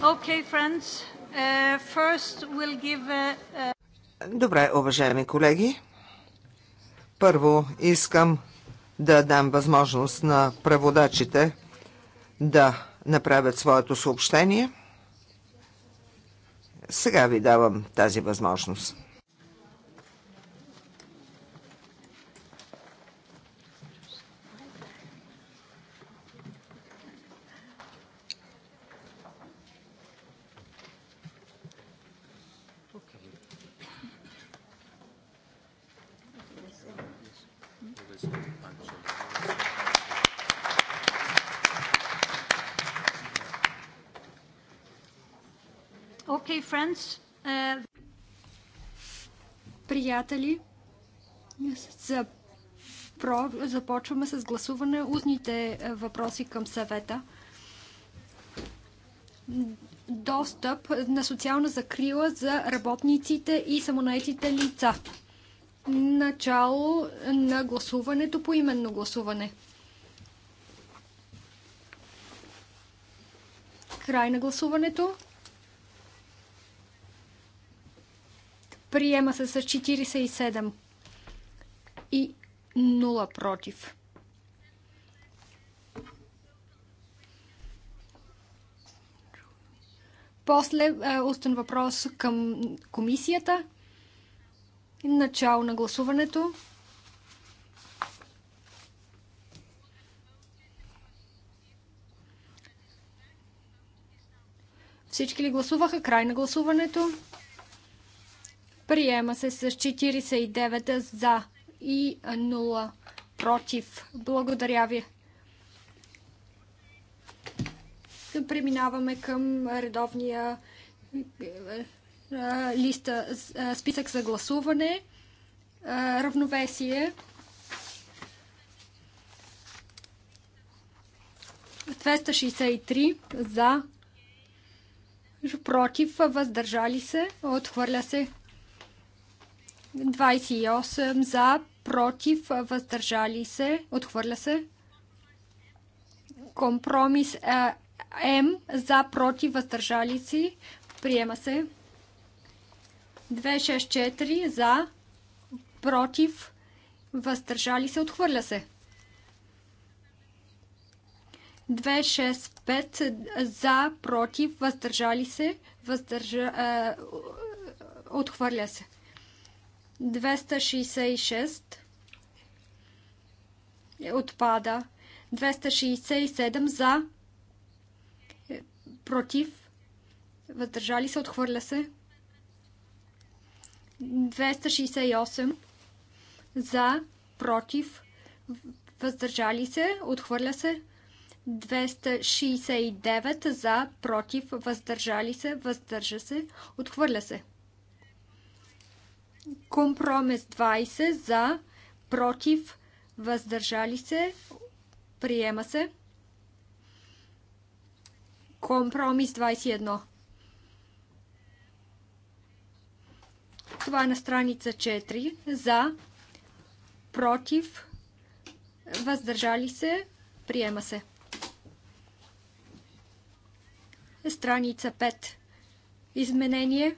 Uh, Добре, уважаеми колеги. Първо искам да дам възможност на преводачите да направят своето съобщение. Сега ви давам тази възможност. приятели, започваме с гласуване устните е, въпроси към съвета. Достъп на социална закрила за работниците и самонаетите лица. Начало на гласуването по именно гласуване. Край на гласуването. Приема се с 47 и 0 против. После е, устен въпрос към комисията. Начало на гласуването. Всички ли гласуваха? Край на гласуването. Приема се с 49 за и 0 против. Благодаря ви. Преминаваме към редовния листа, списък за гласуване. Равновесие. 263 за, против, въздържали се, отхвърля се 28 за, против, въздържали се, отхвърля се. Компромис М за, против, въздържали се, приема се. 264 за, против, въздържали се, отхвърля се. 265 за, против, въздържали се, въздържа, е, отхвърля се. 266 отпада. 267 за, против, въздържали се, отхвърля се. 268 за, против, въздържали се, отхвърля се. 269 за, против, въздържали се, въздържа се, отхвърля се. Компромис 20 за, против, въздържали се, приема се. Компромис 21. Това е на страница 4. За, против, въздържали се, приема се. Страница 5. Изменение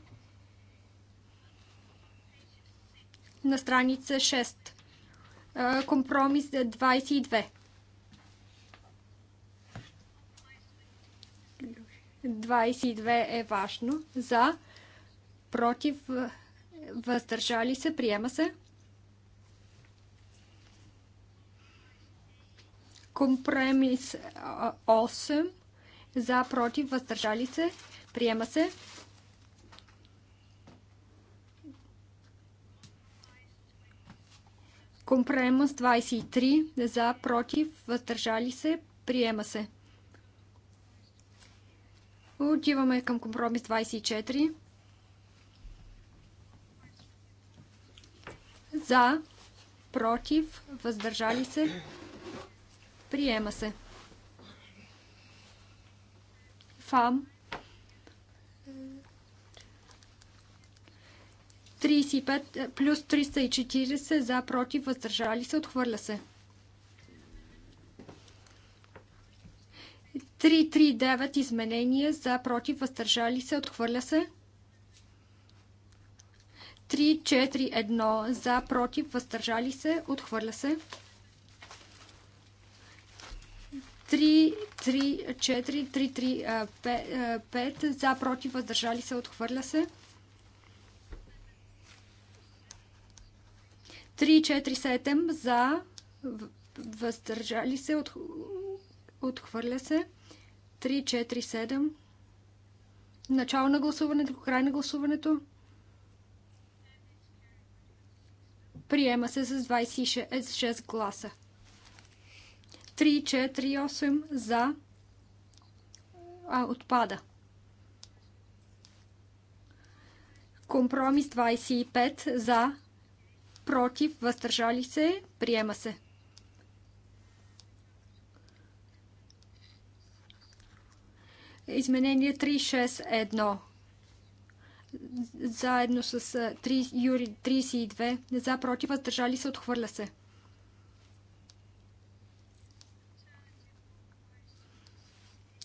на страница 6. Компромис 22. 22 е важно. За, против, въздържали се, приема се. Компромис 8. За, против, въздържали се, приема се. Компромис 23 за, против, въздържали се, приема се. Отиваме към компромис 24. За, против, въздържали се, приема се. ФАМ 35 е, плюс 340 за, против, въздържали се, отхвърля се. 339 изменения за, против, въздържали се, отхвърля се. 341 за, против, въздържали се, отхвърля се. 3-3-4-3-3-5 е, е, за, против, въздържали се, отхвърля се. 3-4-7 за въздържали се, от, отхвърля се. 3-4-7. Начало на гласуването, край на гласуването. Приема се с 26 гласа. 3-4-8 за а, отпада. Компромис 25 за против, въздържали се, приема се. Изменение 361 заедно с 3, Юри 32 за, против, въздържали се, отхвърля се.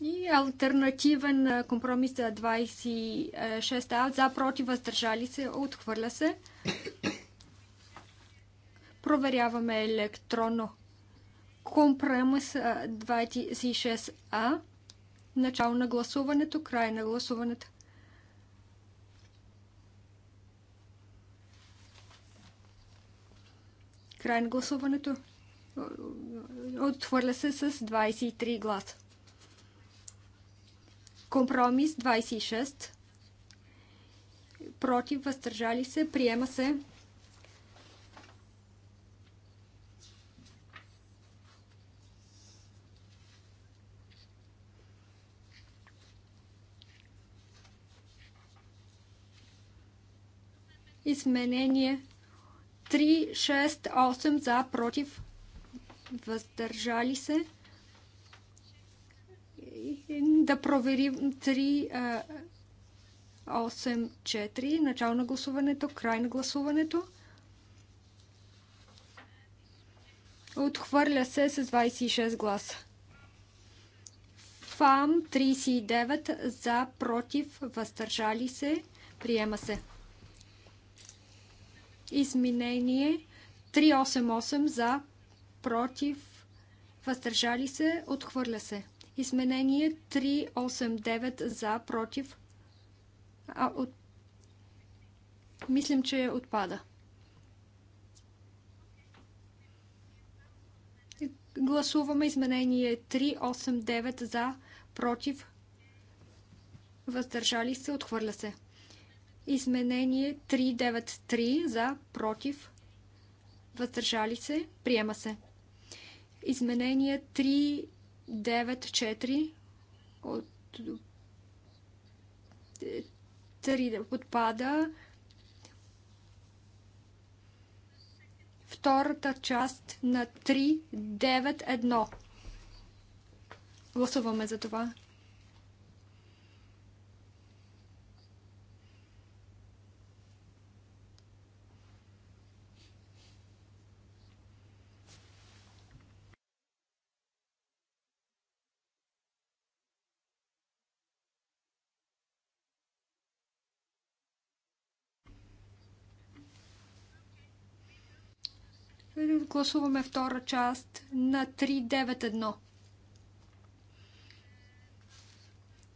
И альтернативен компромис за 26А за, против, въздържали се, отхвърля се. Проверяваме електронно. Компромис 26А. Начало на гласуването, край на гласуването. Край на гласуването. Отвърля се с 23 гласа. Компромис 26. Против, въздържали се, приема се Изменение 3, 6, 8 за, против, въздържали се. Да проверим 4. Начало на гласуването, край на гласуването. Отхвърля се с 26 гласа. ФАМ 39 за, против, въздържали се. Приема се. Изменение 388 за, против, въздържали се, отхвърля се. Изменение 389 за, против. А, от... Мислим, че отпада. Гласуваме изменение 389 за, против, въздържали се, отхвърля се. Изменение 393 за, против, въздържали се, приема се. Изменение 394 от 3 отпада. Втората част на 391. Гласуваме за това. гласуваме втора част на 391.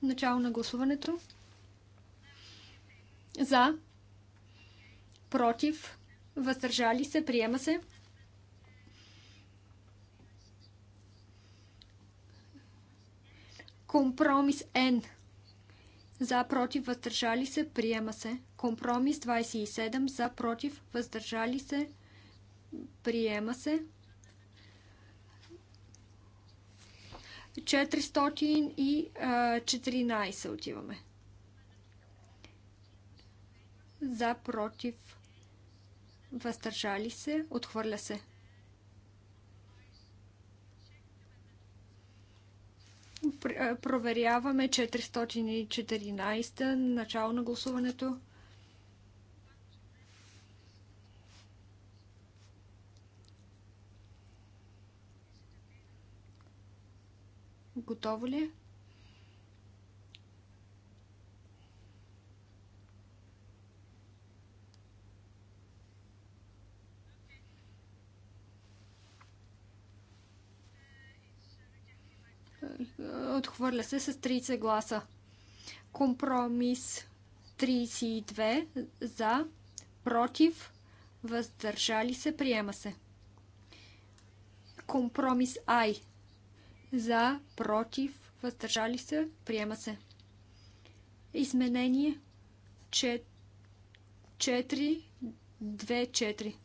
Начало на гласуването. За. Против. Въздържали се. Приема се. Компромис Н. За, против, въздържали се, приема се. Компромис 27. За, против, въздържали се, приема се. Приема се. 414 отиваме. За, против, въздържали се, отхвърля се. Проверяваме 414 начало на гласуването. Готово ли е? Отхвърля се с 30 гласа. Компромис 32 за, против, въздържали се, приема се. Компромис Ай за, против, въздържали се, приема се. Изменение 4-2-4.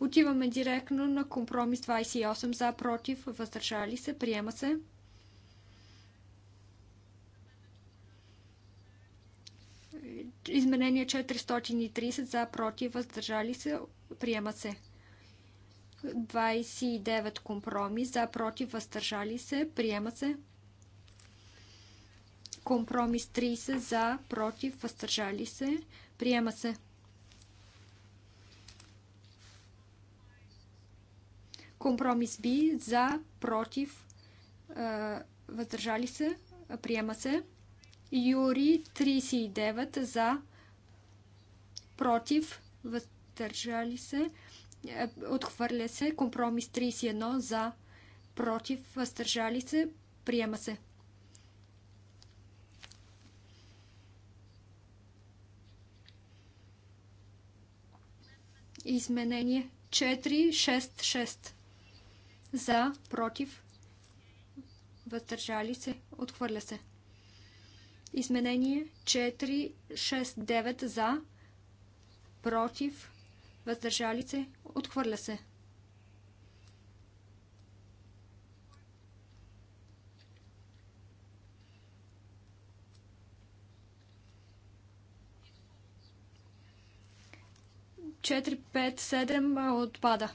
Отиваме директно на компромис 28 за, против, въздържали се, приема се. Изменение 430 за, против, въздържали се, приема се. 29 компромис за, против, въздържали се, приема се. Компромис 30 за, против, въздържали се, приема се. Компромис Б за, против, въздържали се, приема се. Юри 39 за, против, въздържали се, приема се е, отхвърля се. Компромис 31 за. Против. Въздържали се. Приема се. Изменение 466. За, против, въздържали се, отхвърля се. Изменение 469 за, против, въздържали се, отхвърля се. Четири, пет, седем отпада.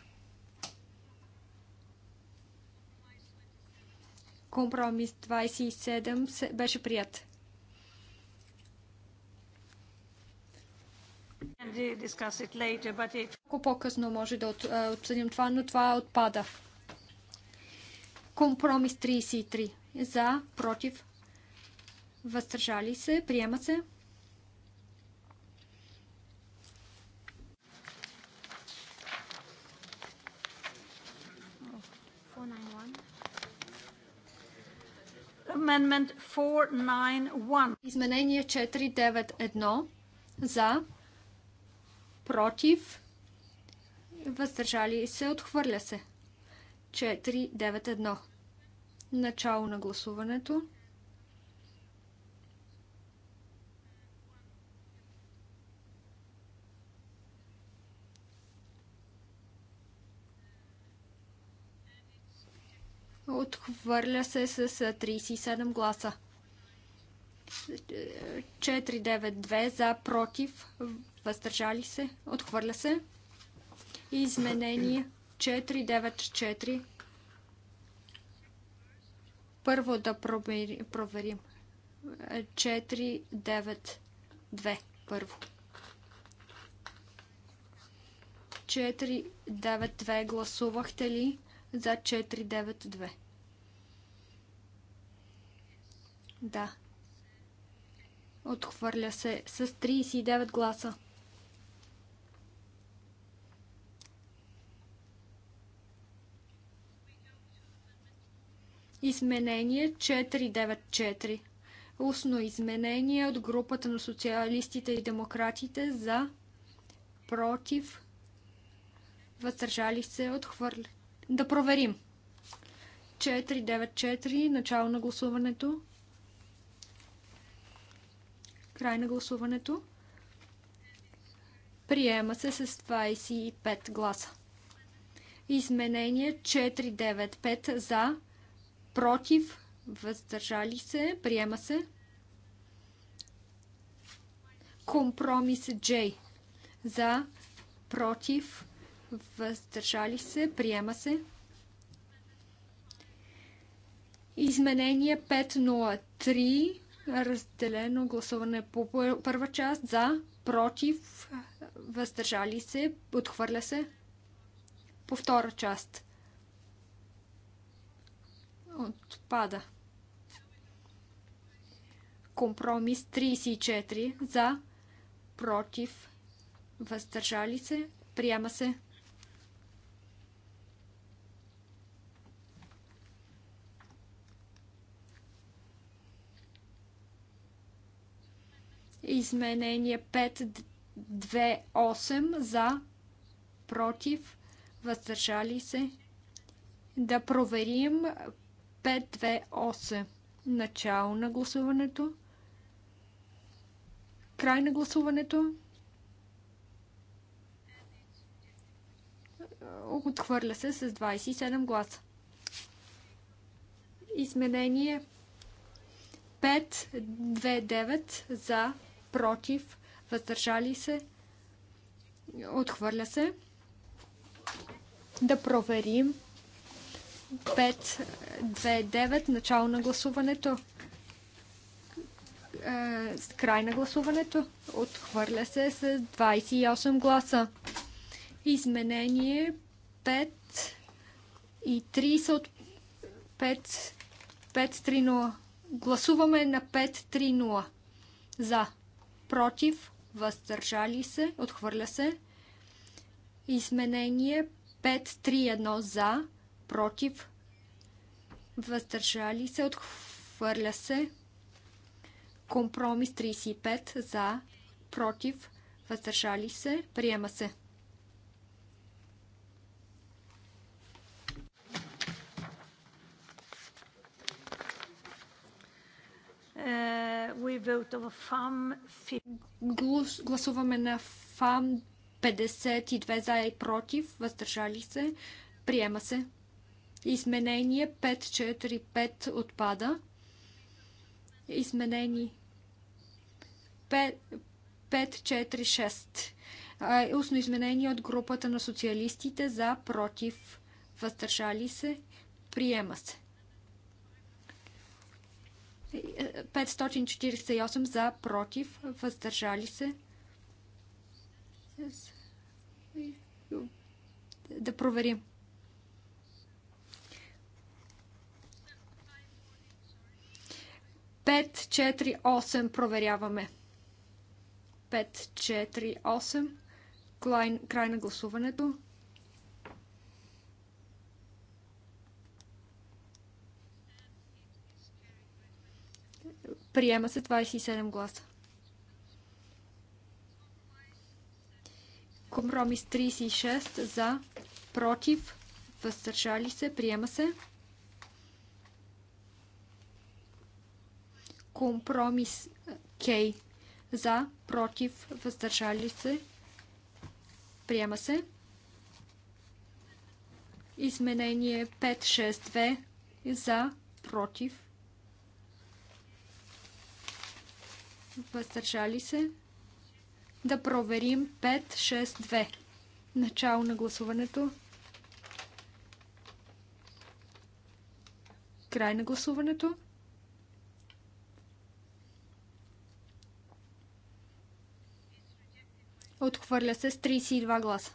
Компромис 27 беше прият. Ако по-късно може да отсъдим това, но това отпада. Компромис 33. За, против, въздържали се, приема се. 491. Изменение 491. За против. Въздържали се, отхвърля се. 4-9-1. Начало на гласуването. Отхвърля се с 37 гласа. 4-9-2 за против въздържали се, отхвърля се. Изменение 494. Първо да проверим. 492. Е, Първо. 492 гласувахте ли за 492? Да. Отхвърля се с 39 гласа. Изменение 494. Устно изменение от групата на социалистите и демократите за против въздържали се отхвърли. Да проверим. 494 начало на гласуването. Край на гласуването. Приема се с 25 гласа. Изменение 495 за, против, въздържали се, приема се. Компромис J за, против, въздържали се, приема се. Изменение 503, разделено гласуване по първа част, за, против, въздържали се, отхвърля се. По втора част. Отпада. Компромис 34 за, против, въздържали се, приема се. Изменение 528 за, против, въздържали се. Да проверим 528. Начало на гласуването. Край на гласуването. Отхвърля се с 27 гласа. Изменение 529 за, против, въздържали се. Отхвърля се. Да проверим 529, начало на гласуването. Е, край на гласуването. Отхвърля се с 28 гласа. Изменение 5 и 30 от 5, 530. Гласуваме на 530. За. Против. Въздържали се. Отхвърля се. Изменение 531 за против, въздържали се, отхвърля се. Компромис 35 за, против, въздържали се, приема се. Uh, гласуваме на ФАМ 52 за и против, въздържали се, приема се. Изменение 545 отпада. Изменени 546. Устно изменение от групата на социалистите за против. Въздържали се. Приема се. 548 е, за против. Въздържали се. Е, да проверим. 5, 4, 8, проверяваме. 5, 4, 8, край, на гласуването. Приема се 27 гласа. Компромис 36 за, против, въздържали се, приема се. Компромис Кей. За, против, въздържали се. Приема се. Изменение 562 за, против, въздържали се. Да проверим 562. Начало на гласуването. Край на гласуването. Отхвърля се с 32 гласа.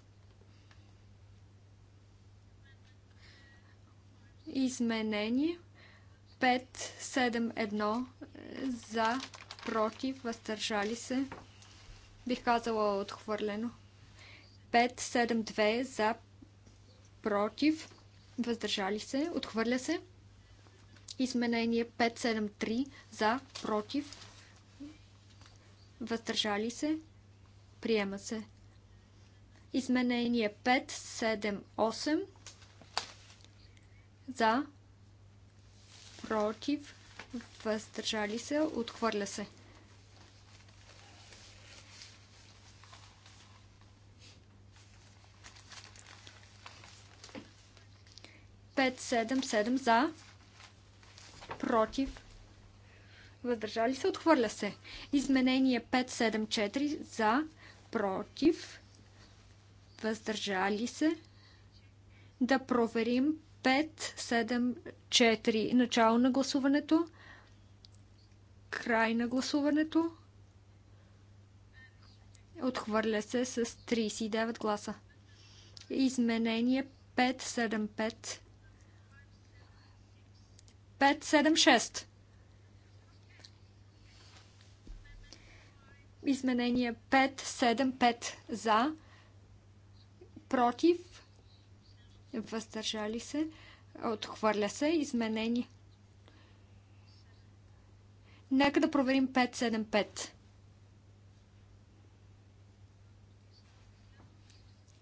Изменение 5-7-1 за, против, въздържали се. Бих казала отхвърлено. 5-7-2 за, против, въздържали се, отхвърля се. Изменение 573 за, против, въздържали се, Приема се. Изменение 5, 7, 8. За. Против. Въздържали се. Отхвърля се. Пет, седем, седем за. Против. Въздържали се. Отхвърля се. Изменение 5, 7, 4 за против, въздържали се. Да проверим 5, 7, 4. Начало на гласуването. Край на гласуването. Отхвърля се с 39 гласа. Изменение 5-7-5. 5-7-6. Изменение 5, 7, 5 за, против, въздържали се, отхвърля се, изменение. Нека да проверим 5, 7, 5.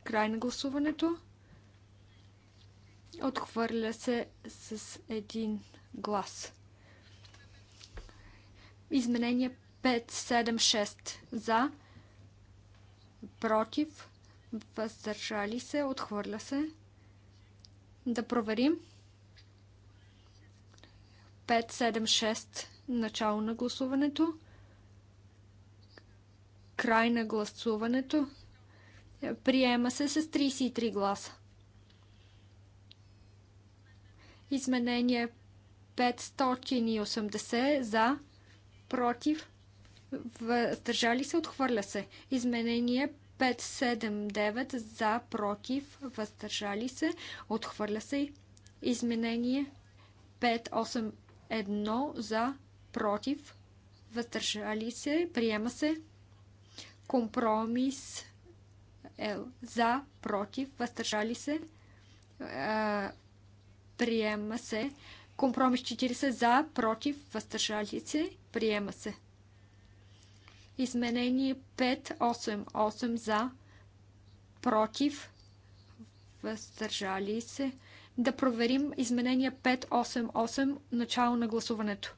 Край на гласуването. Отхвърля се с един глас. Изменение 5. 576 за, против, въздържали се, отхвърля се. Да проверим. 576 начало на гласуването. Край на гласуването. Приема се с 33 гласа. Изменение 580 за, против, въздържали се, отхвърля се. Изменение 579 за, против, въздържали се, отхвърля се. Изменение 581 за, против, въздържали се, приема се. Компромис L е за, против, въздържали се, приема се. Компромис 40 за, против, въздържали се, приема се. Изменение 588 за, против, въздържали се. Да проверим изменение 588, начало на гласуването.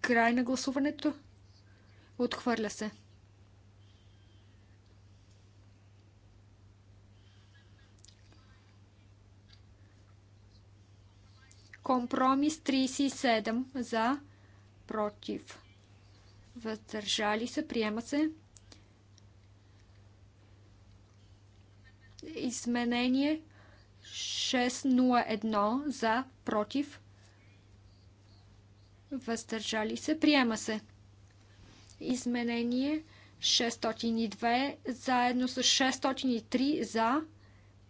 Край на гласуването. Отхвърля се. Компромис 37 за против, въздържали се, приема се. Изменение 601 за, против, въздържали се, приема се. Изменение 602 заедно с 603 за,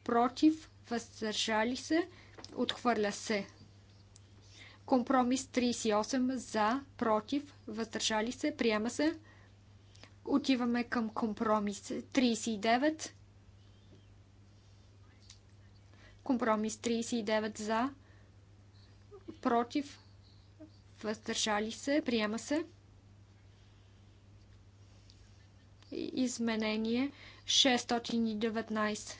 против, въздържали се, отхвърля се. Компромис 38 за, против, въздържали се, приема се. Отиваме към компромис 39. Компромис 39 за, против, въздържали се, приема се. Изменение 619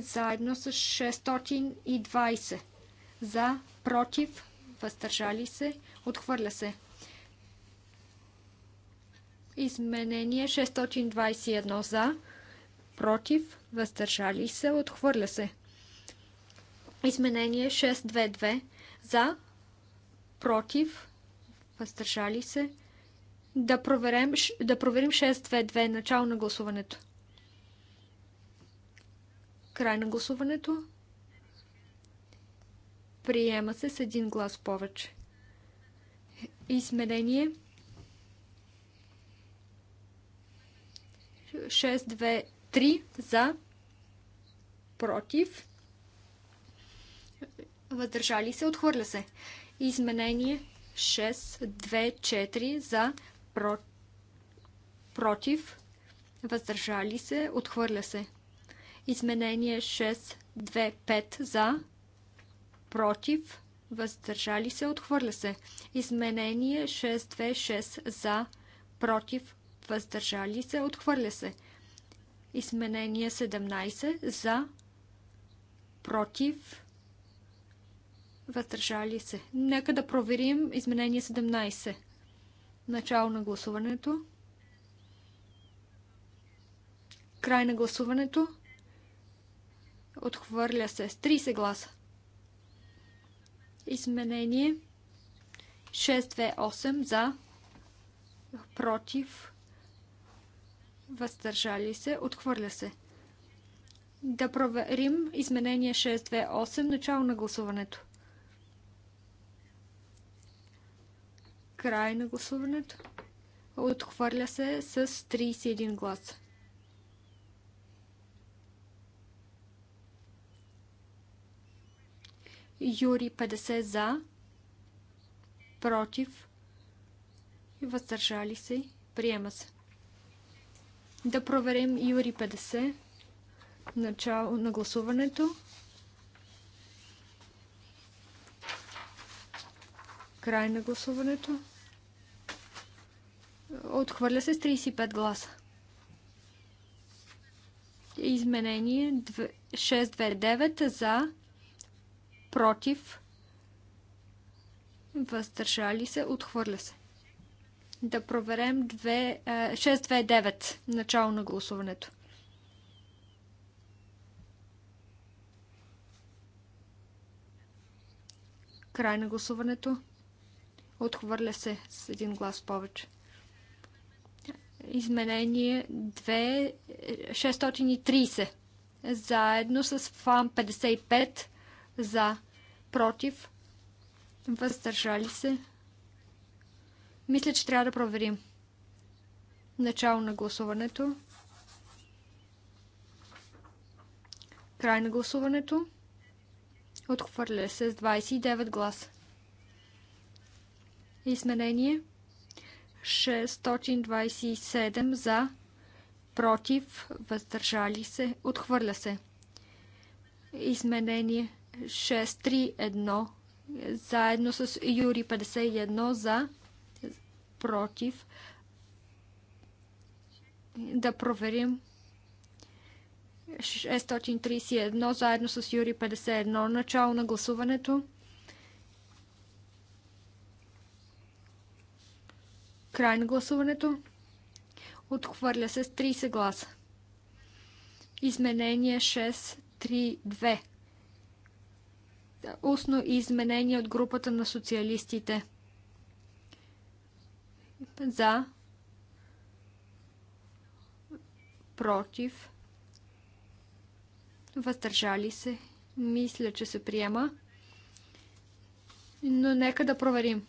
заедно с 620 за, против, въздържали се, отхвърля се. Изменение 621 за, против, въздържали се, отхвърля се. Изменение 622 за, против, въздържали се. Да проверим, да проверим 622 начало на гласуването. Край на гласуването. Приема се с един глас повече. Изменение 6-2-3 за против въздържали се, отхвърля се. Изменение 6-2-4 за про... против въздържали се, отхвърля се. Изменение 6-2-5 за против против, въздържали се, отхвърля се. Изменение 626 за, против, въздържали се, отхвърля се. Изменение 17 за, против, въздържали се. Нека да проверим изменение 17. Начало на гласуването. Край на гласуването. Отхвърля се с 30 гласа. Изменение 628 за, против, въздържали се, отхвърля се. Да проверим изменение 628, начало на гласуването. Край на гласуването. Отхвърля се с 31 гласа. Юри 50 за, против, въздържали се, приема се. Да проверим Юри 50, начало на гласуването. Край на гласуването. Отхвърля се с 35 гласа. Изменение 629 за против, въздържали се, отхвърля се. Да проверим 2, 629, начало на гласуването. Край на гласуването. Отхвърля се с един глас повече. Изменение 2, 630. Е, заедно с ФАМ 55 за, против, въздържали се. Мисля, че трябва да проверим. Начало на гласуването. Край на гласуването. Отхвърля се с 29 гласа. Изменение 627 за, против, въздържали се, отхвърля се. Изменение 631 заедно с Юри 51 за против. Да проверим 631 заедно с Юри 51. Начало на гласуването. Край на гласуването. Отхвърля се с 30 гласа. Изменение 6, 3, 2 устно изменение от групата на социалистите. За. Против. Въздържали се. Мисля, че се приема. Но нека да проверим.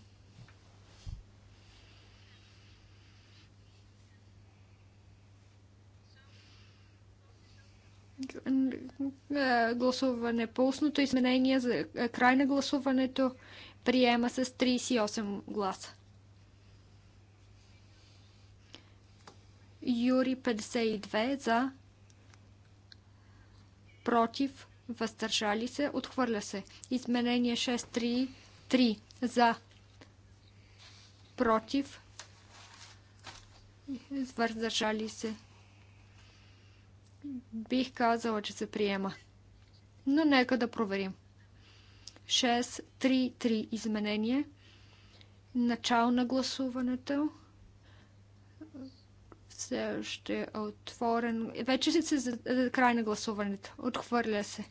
гласуване по устното изменение за е, край на гласуването приема с 38 гласа. Юри 52 за против въздържали се отхвърля се. Изменение 633 за против въздържали се бих казала, че се приема. Но нека да проверим. 6-3-3 изменение. Начало на гласуването. Все още е отворен. Вече се за край на гласуването. Отхвърля се.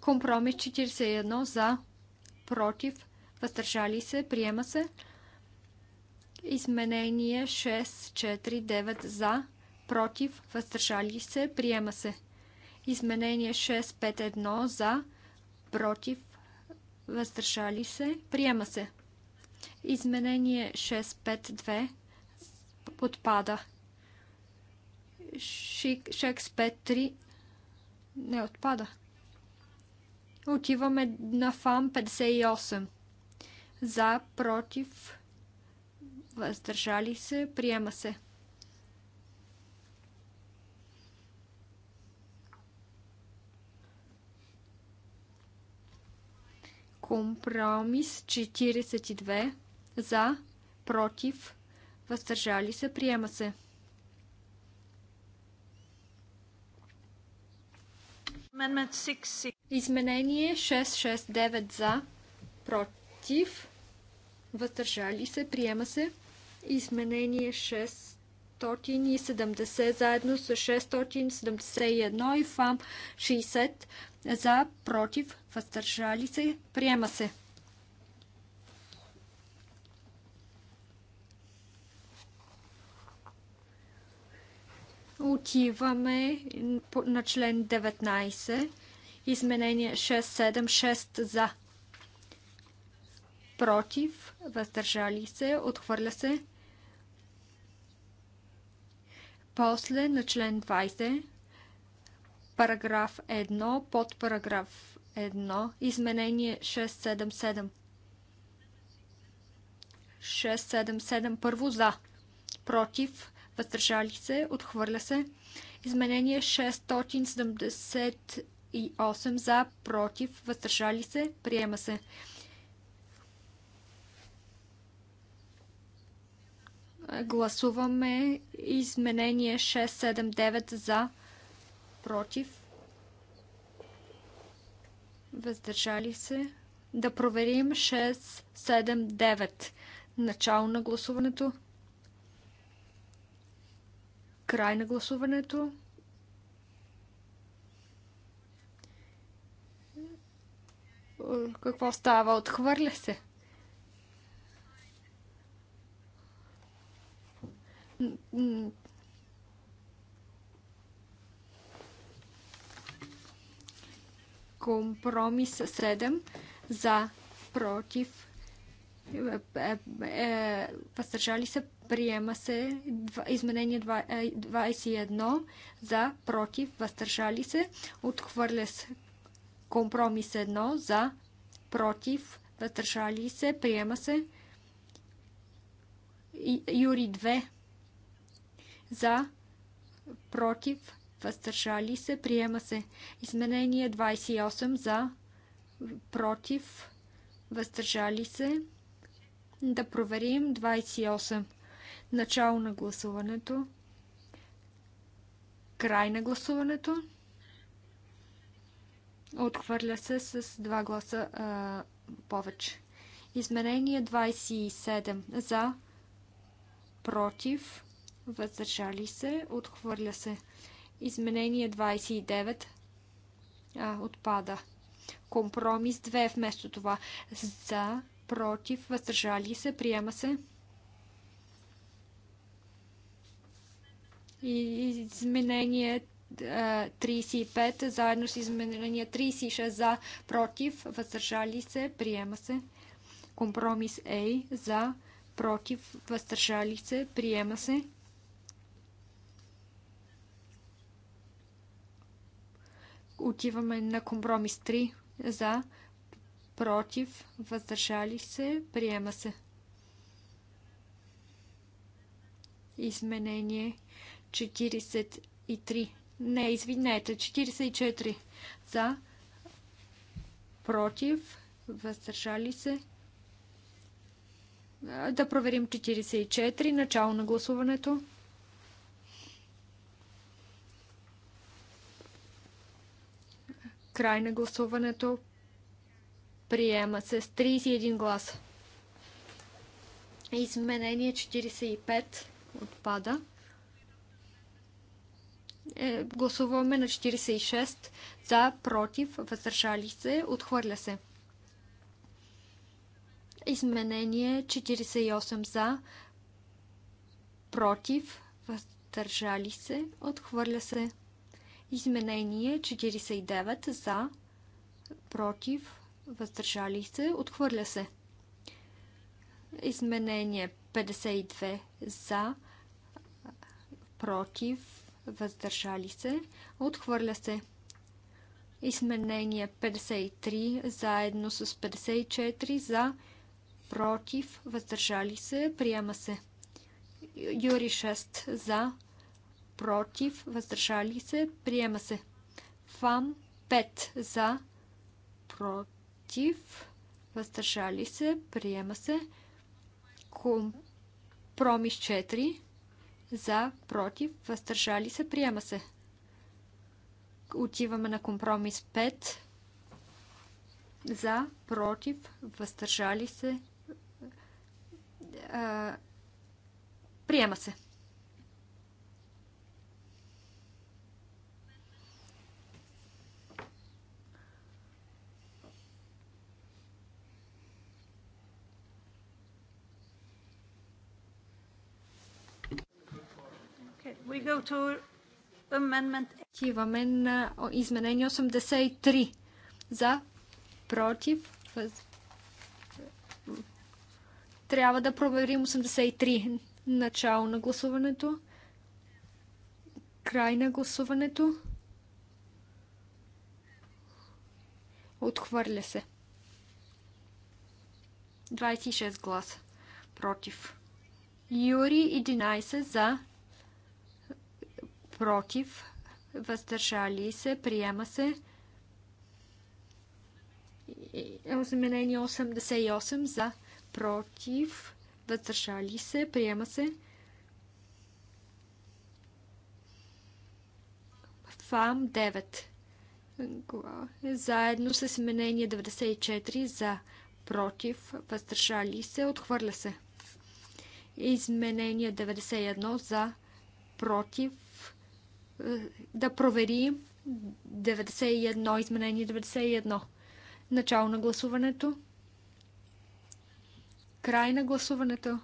Компромис 41 за, против, въздържали се, приема се. Изменение 649 за, против, въздържали се, приема се. Изменение 651 за, против, въздържали се, приема се. Изменение 652 отпада. 653 не отпада. Отиваме на ФАМ 58. За, против, въздържали се, приема се. Компромис 42. За, против, въздържали се, приема се. Изменение 669 за, против, въздържали се, приема се. Изменение 670 заедно с 671 и ФАМ 60 за, против, въздържали се, приема се. Отиваме на член 19. Изменение 676 за. Против. Въздържали се. Отхвърля се. После на член 20. Параграф 1. Под параграф 1. Изменение 677. 677 първо за. Против въздържали се, отхвърля се. Изменение 678 за, против, въздържали се, приема се. Гласуваме изменение 679 за, против, въздържали се. Да проверим 679. Начало на гласуването. Край на гласуването. Какво става? Отхвърля се. Компромис 7 за против. Е, е, е, въздържали се Приема се изменение 21 е, за, против, въздържали се. Отхвърля се компромис 1 за, против, въздържали се. Приема се Юри 2 за, против, въздържали се. Приема се изменение 28 за, против, въздържали се. Да проверим 28. Начало на гласуването. Край на гласуването. Отхвърля се с два гласа а, повече. Изменение 27 за, против, въздържали се, отхвърля се. Изменение 29 а, отпада. Компромис 2 вместо това. За, против, въздържали се, приема се. И изменение 35 заедно с изменение 36 за, против, въздържали се, приема се. Компромис А за, против, въздържали се, приема се. Отиваме на компромис 3 за, против, въздържали се, приема се. Изменение 43. Не, извинете, 44. За, против, въздържали се. Да проверим 44, начало на гласуването. Край на гласуването. Приема се с 31 гласа. Изменение 45 отпада. Е, гласуваме на 46 за, против, въздържали се, отхвърля се. Изменение 48 за, против, въздържали се, отхвърля се. Изменение 49 за, против, въздържали се, отхвърля се. Изменение 52 за, против, въздържали се, отхвърля се. Изменение 53 заедно с 54 за, против, въздържали се, приема се. Юри 6 за, против, въздържали се, приема се. ФАМ 5 за, против, въздържали се, приема се. Компромис 4 за, против, въздържали се, приема се. Отиваме на компромис 5. За, против, въздържали се, приема се. Отиваме на изменение 83. За, против, Трябва да проверим 83. Начало на гласуването. Край на гласуването. Отхвърля се. 26 гласа против. Юри 11 за против, въздържали се, приема се. Е, изменение 88 за против, въздържали се, приема се. ФАМ 9 заедно с изменение 94 за против, въздържали се, отхвърля се. Изменение 91 за против, да провери 91, изменение 91. Начало на гласуването. Край на гласуването.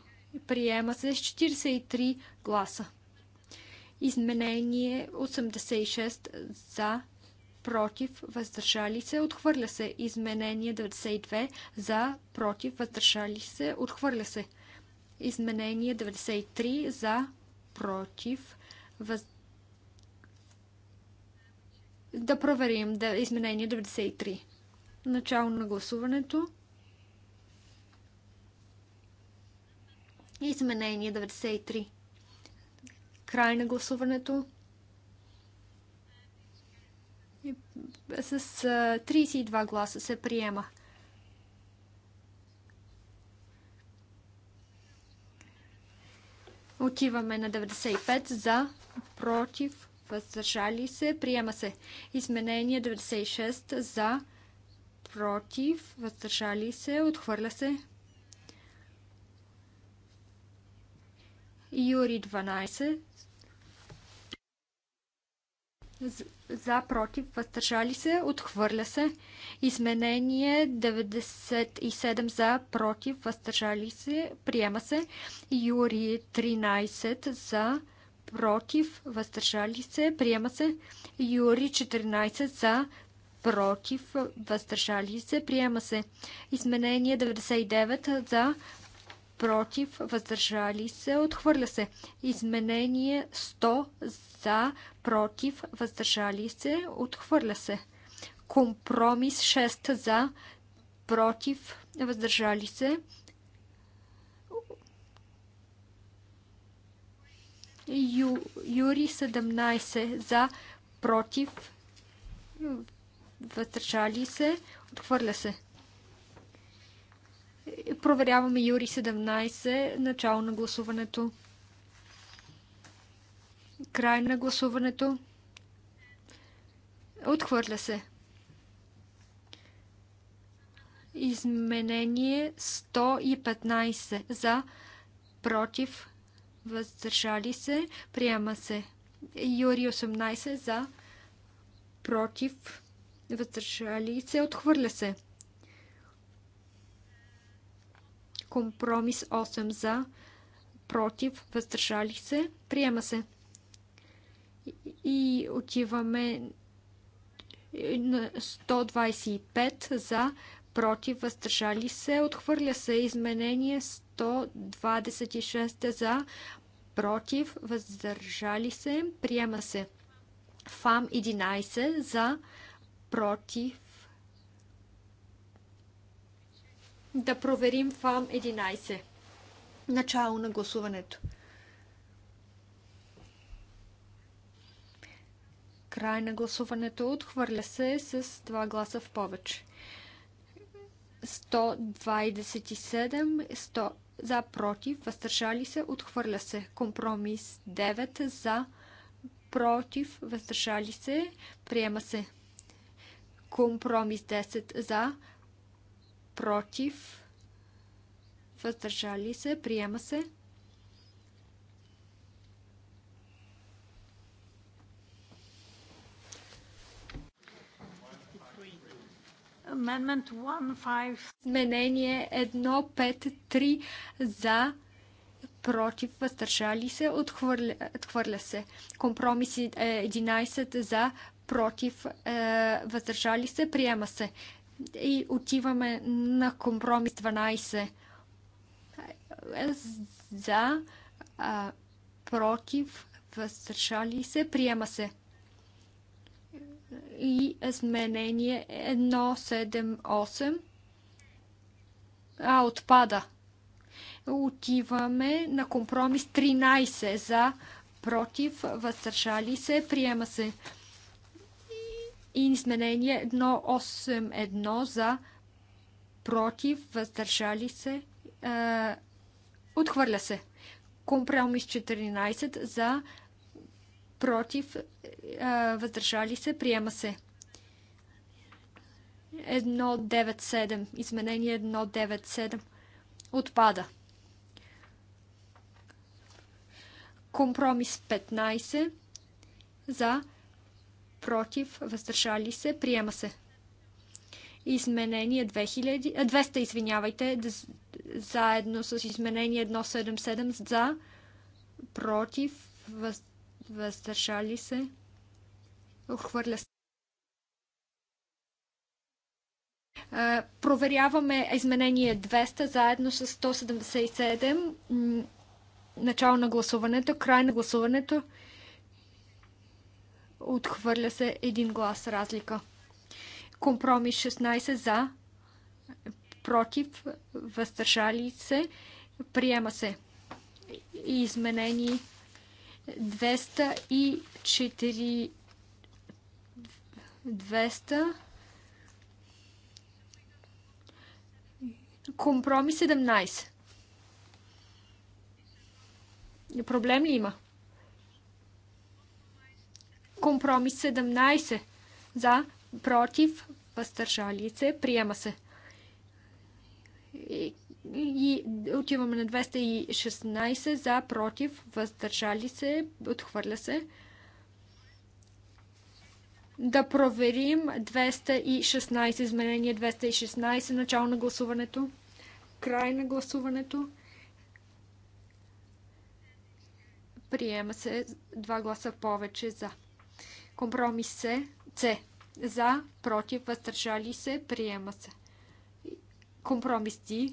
Приема се с 43 гласа. Изменение 86 за, против, въздържали се, отхвърля се. Изменение 92 за, против, въздържали се, отхвърля се. Изменение 93 за, против, въздържали се да проверим да, изменение 93. Начало на гласуването. Изменение 93. Край на гласуването. Е, с 32 гласа се приема. Отиваме на 95 за, против, въздържали се, приема се. Изменение 96 за, против, въздържали се, отхвърля се. Юри 12 за, против, въздържали се, отхвърля се. Изменение 97 за, против, въздържали се, приема се. Юри 13 за, против, против, въздържали се, приема се. Юри 14 за, против, въздържали се, приема се. Изменение 99 за, против, въздържали се, отхвърля се. Изменение 100 за, против, въздържали се, отхвърля се. Компромис 6 за, против, въздържали се, Ю, Юри 17 за, против, въздържали се, отхвърля се. Проверяваме Юри 17, начало на гласуването. Край на гласуването. Отхвърля се. Изменение 115 за, против, въздържали се, приема се. Юри 18 за, против, въздържали се, отхвърля се. Компромис 8 за, против, въздържали се, приема се. И отиваме на 125 за, против, въздържали се, отхвърля се изменение 100 126 за, против, въздържали се, приема се. ФАМ 11 за, против. Да проверим ФАМ 11. Начало на гласуването. Край на гласуването отхвърля се с 2 гласа в повече. 127, 100, за, против, въздържали се, отхвърля се. Компромис 9 за, против, въздържали се, приема се. Компромис 10 за, против, въздържали се, приема се. 5 153 за против, въздържали се, отхвърля, отхвърля се. Компромиси е, 11 за против, е, въздържали се, приема се. И отиваме на компромис 12 е, за против, въздържали се, приема се и изменение 178. А, отпада. Отиваме на компромис 13 за против, въздържали се, приема се и изменение 181 за против, въздържали се, е, отхвърля се. Компромис 14 за против, против, е, въздържали се, приема се. 197, изменение 197 отпада. Компромис 15 за, против, въздържали се, приема се. Изменение 2000, 200, извинявайте, заедно с изменение 177 за, против, въздържали въздържали се, отхвърля се. Проверяваме изменение 200 заедно с 177. Начало на гласуването, край на гласуването. Отхвърля се един глас разлика. Компромис 16 за, против, въздържали се, приема се. Изменение 204 200 Компроми 17. Проблем ли има? Компроми 17. За, против, въздържали се, приема се. и Отиваме на 216 за, против, въздържали се, отхвърля се. Да проверим 216, изменение 216, начало на гласуването, край на гласуването. Приема се два гласа повече за. Компромис се. С. За, против, въздържали се, приема се. Компромис Д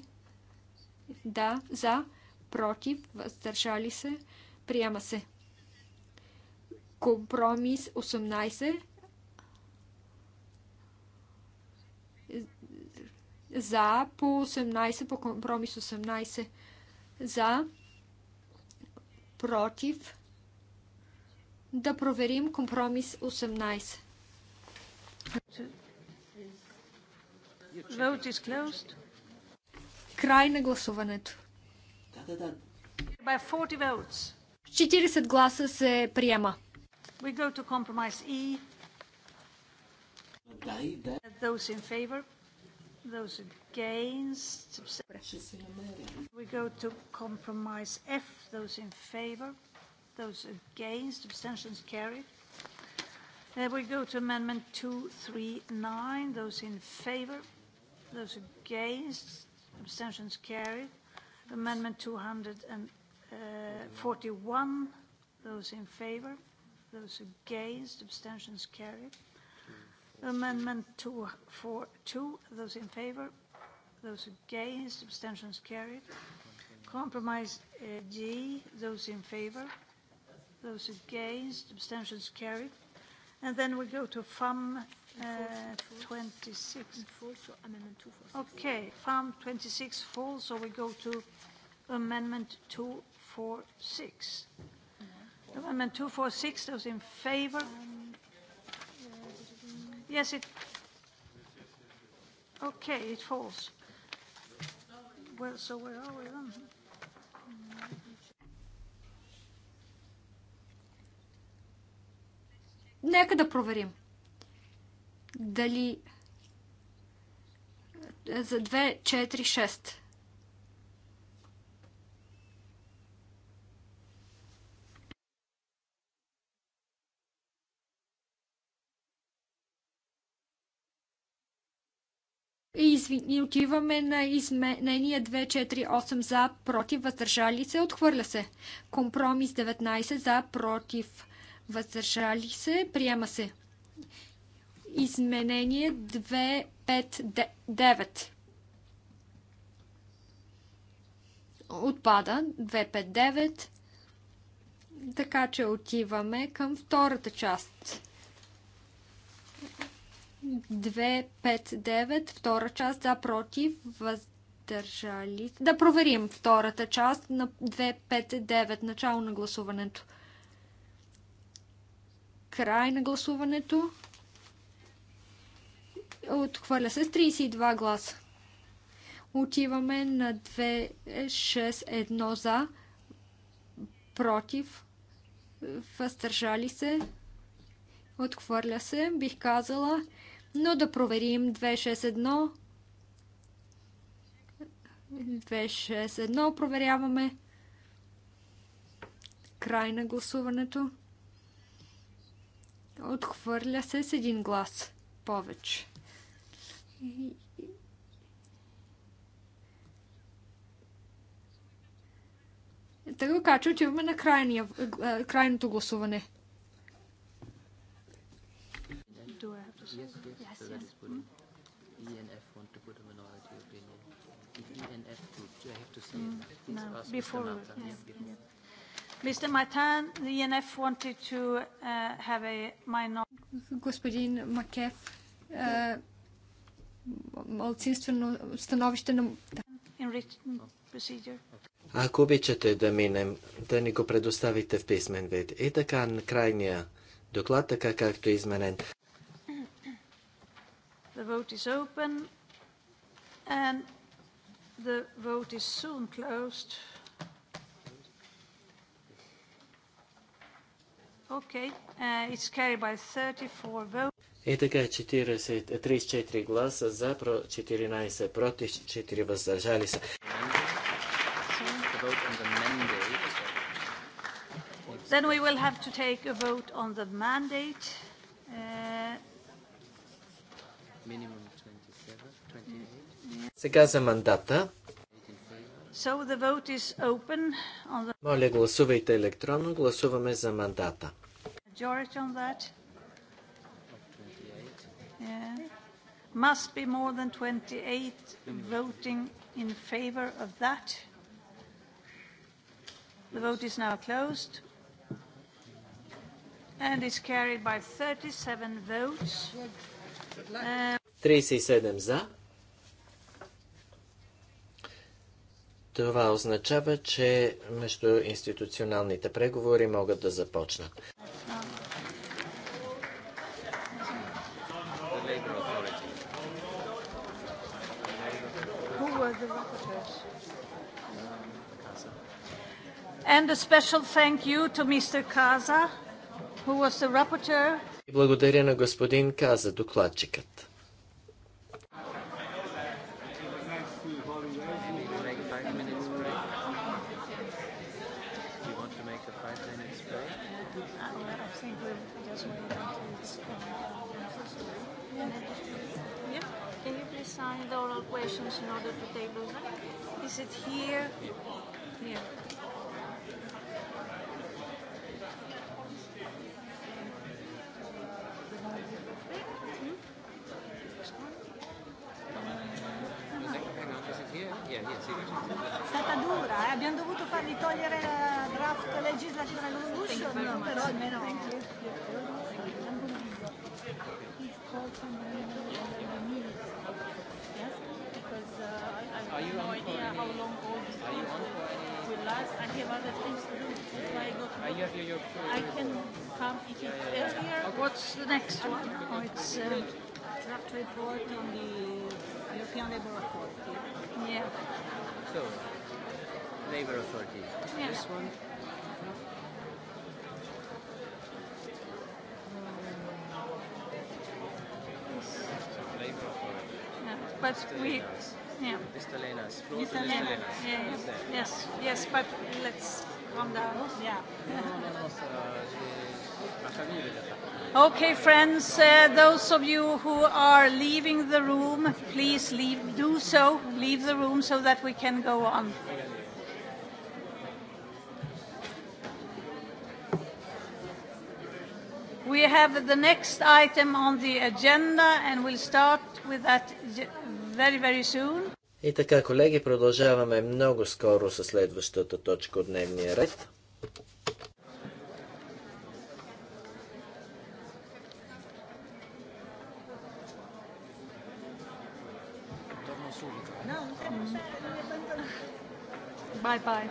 да, за, против, въздържали се, приема се. Компромис 18 за по 18, по компромис 18 за, против, да проверим компромис 18. Vote is closed. Край на гласуването. Да, да, да. 40 гласа се приема. We go to compromise E. Дай, дай. Those in favor, those against. We go to compromise F. Those in favor, those against. Abstentions carried. Then we go to amendment 239. Those in favor, those against. Abstentions carried. Amendment 241. Those in favor? Those against? Abstentions carried. Amendment 242. Those in favor? Those against? Abstentions carried. Compromise uh D, Those in favor? Those against? Abstentions carried. And then we go to FUM 26 Okay, from 26 falls, so we go to amendment 246. Amendment 246, those in favor? Yes, it... Okay, it falls. Well, so where are we then? Нека да проверим дали е, за 2, 4, 6. И, извин, и отиваме на изменение 248 за, против, въздържали се, отхвърля се. Компромис 19 за, против, въздържали се, приема се изменение 259. Отпада 259. Така че отиваме към втората част. 259, втора част да против, въздържали. Да проверим втората част на 259, начало на гласуването. Край на гласуването. Отхвърля се с 32 гласа. Отиваме на 261 за, против, въздържали се, отхвърля се, бих казала, но да проверим 261. 261 проверяваме. Край на гласуването. Отхвърля се с един глас повече. Така така, че отиваме на крайния, крайното гласуване. Mr. Martin, the ENF e wanted to uh, have a minority. Господин Макев, uh, малцинствено становище на... Ако обичате да минем, да ни го предоставите в писмен вид. И така на крайния доклад, така както е изменен. The vote is open and the vote is soon closed. Okay, uh, it's carried by 34 votes. Е и така 40, 34 гласа за, 14 против, 4 въздържали се. Then we will have to take a vote on the mandate. Uh... 27, 28. Сега за мандата. So the vote is open on the... Моля, гласувайте електронно. Гласуваме за мандата. Majority on that must be more than 28 voting in favor of that. The vote is now closed and is carried by 37 votes. 37 за. Това означава, че между институционалните преговори могат да започнат. And a special thank you to Mr. Kaza, who was the rapporteur. Благодаря на господин Каза, докладчикът. sign the oral questions in order to table them? Is it here? Here. È stata dura, eh? abbiamo dovuto fargli togliere la draft legislativa resolution, però almeno... Are you on how long all will last? I have other things to do. That's why I I can come if earlier. What's the next one? Oh, it's uh draft report on the European Labour Accord. Yeah. So, labor authority. Yeah. This one? No? Labor authority. Yeah. But we. Yeah. Vistalenas. Floor Vistalenas. to Yeah, yes. yes, yes, but let's calm down. Yeah. Okay, friends, uh, those of you who are leaving the room, please leave, do so, leave the room so that we can go on. We have the next item on the agenda and we'll start with that very, very soon. И така, колеги, продължаваме много скоро със следващата точка от дневния ред. Bye bye.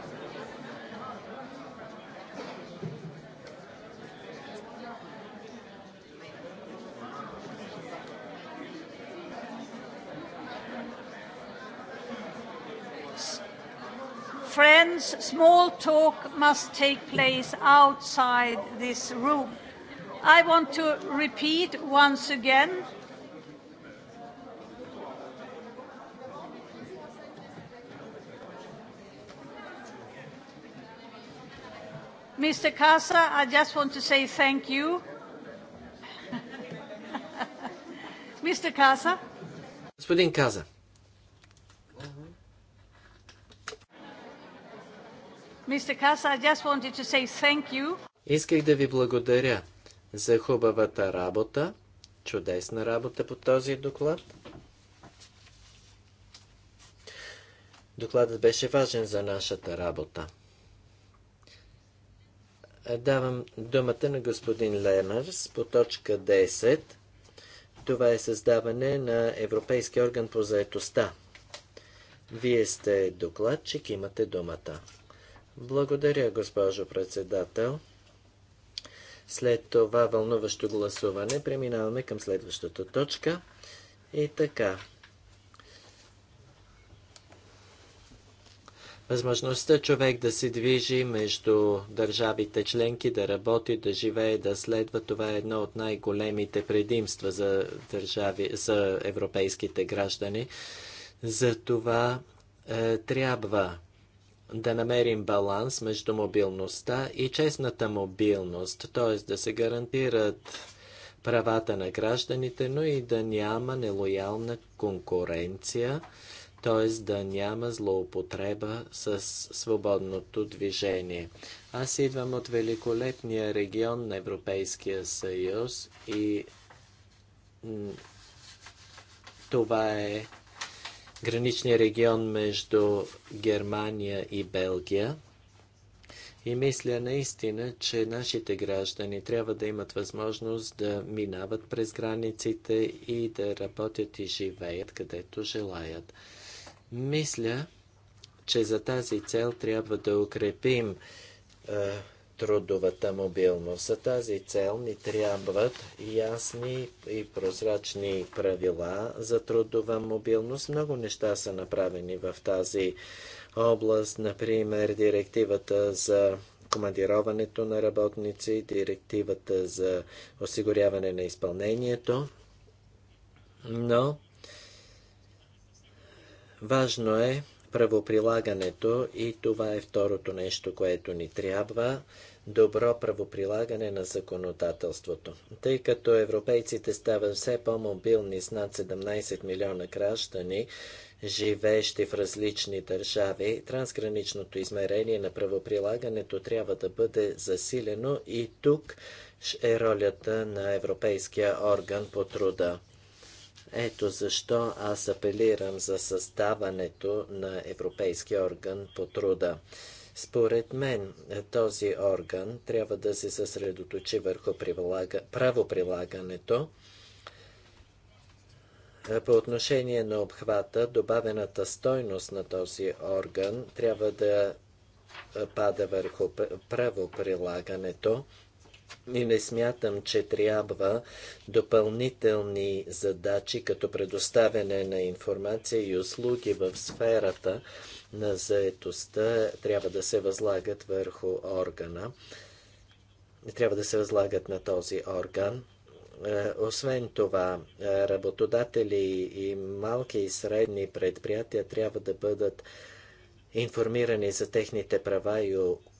Friends, small talk must take place outside this room. I want to repeat once again Mr. Casa, I just want to say thank you. Mr. Casa. Господин Каза. Mr. Casa, I just wanted to say thank you. Исках да ви благодаря за хубавата работа, чудесна работа по този доклад. Докладът беше важен за нашата работа. Давам думата на господин Ленърс по точка 10. Това е създаване на Европейски орган по заетостта. Вие сте докладчик, имате думата. Благодаря, госпожо председател. След това вълнуващо гласуване преминаваме към следващата точка. И така, Възможността човек да се движи между държавите членки, да работи, да живее, да следва, това е едно от най-големите предимства за, държави, за европейските граждани. За това е, трябва да намерим баланс между мобилността и честната мобилност, т.е. да се гарантират правата на гражданите, но и да няма нелоялна конкуренция т.е. да няма злоупотреба с свободното движение. Аз идвам от великолепния регион на Европейския съюз и това е граничния регион между Германия и Белгия. И мисля наистина, че нашите граждани трябва да имат възможност да минават през границите и да работят и живеят където желаят. Мисля, че за тази цел трябва да укрепим е, трудовата мобилност. За тази цел ни трябват ясни и прозрачни правила за трудова мобилност. Много неща са направени в тази област, например директивата за командироването на работници, директивата за осигуряване на изпълнението, но Важно е правоприлагането и това е второто нещо, което ни трябва добро правоприлагане на законодателството. Тъй като европейците стават все по-мобилни с над 17 милиона граждани, живеещи в различни държави, трансграничното измерение на правоприлагането трябва да бъде засилено и тук е ролята на Европейския орган по труда. Ето защо аз апелирам за създаването на Европейски орган по труда. Според мен този орган трябва да се съсредоточи върху правоприлагането. По отношение на обхвата, добавената стойност на този орган трябва да пада върху правоприлагането. И не смятам, че трябва допълнителни задачи, като предоставяне на информация и услуги в сферата на заетостта, трябва да се възлагат върху органа. Трябва да се възлагат на този орган. Е, освен това, е, работодатели и малки и средни предприятия трябва да бъдат информирани за техните права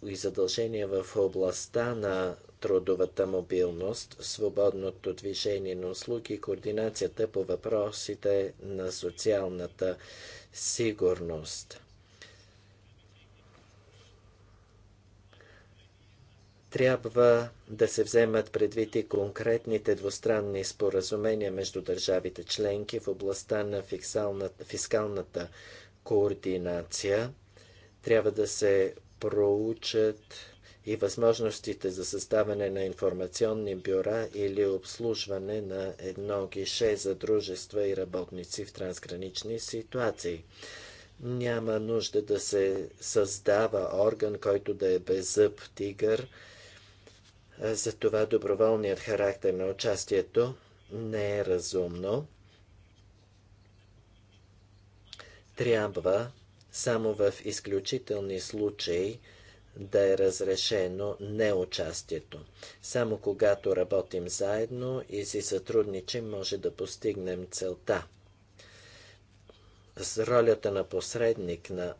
и задължения в областта на трудовата мобилност, свободното движение на услуги и координацията по въпросите на социалната сигурност. трябва да се вземат предвид и конкретните двустранни споразумения между държавите членки в областта на фискалната, фискалната координация. Трябва да се проучат и възможностите за съставане на информационни бюра или обслужване на едно гише за дружества и работници в трансгранични ситуации. Няма нужда да се създава орган, който да е беззъб тигър. Затова доброволният характер на участието не е разумно. Трябва само в изключителни случаи да е разрешено неучастието. Само когато работим заедно и си сътрудничим, може да постигнем целта. С ролята на посредник на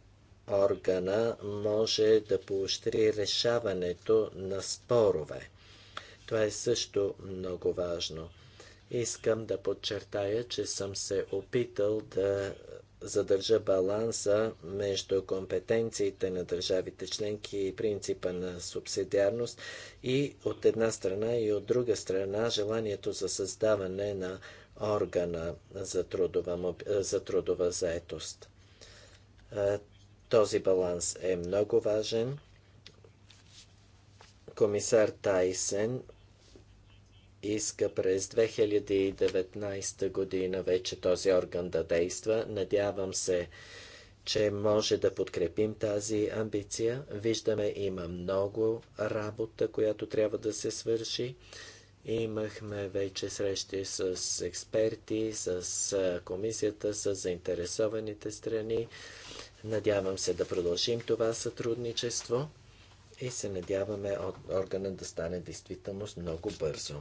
органа може да поощри решаването на спорове. Това е също много важно. Искам да подчертая, че съм се опитал да задържа баланса между компетенциите на държавите членки и принципа на субсидиарност и от една страна и от друга страна желанието за създаване на органа за трудова, за трудова заетост. Този баланс е много важен. Комисар Тайсен иска през 2019 година вече този орган да действа. Надявам се, че може да подкрепим тази амбиция. Виждаме, има много работа, която трябва да се свърши. Имахме вече срещи с експерти, с комисията, с заинтересованите страни. Надявам се да продължим това сътрудничество и се надяваме органът да стане действителност много бързо.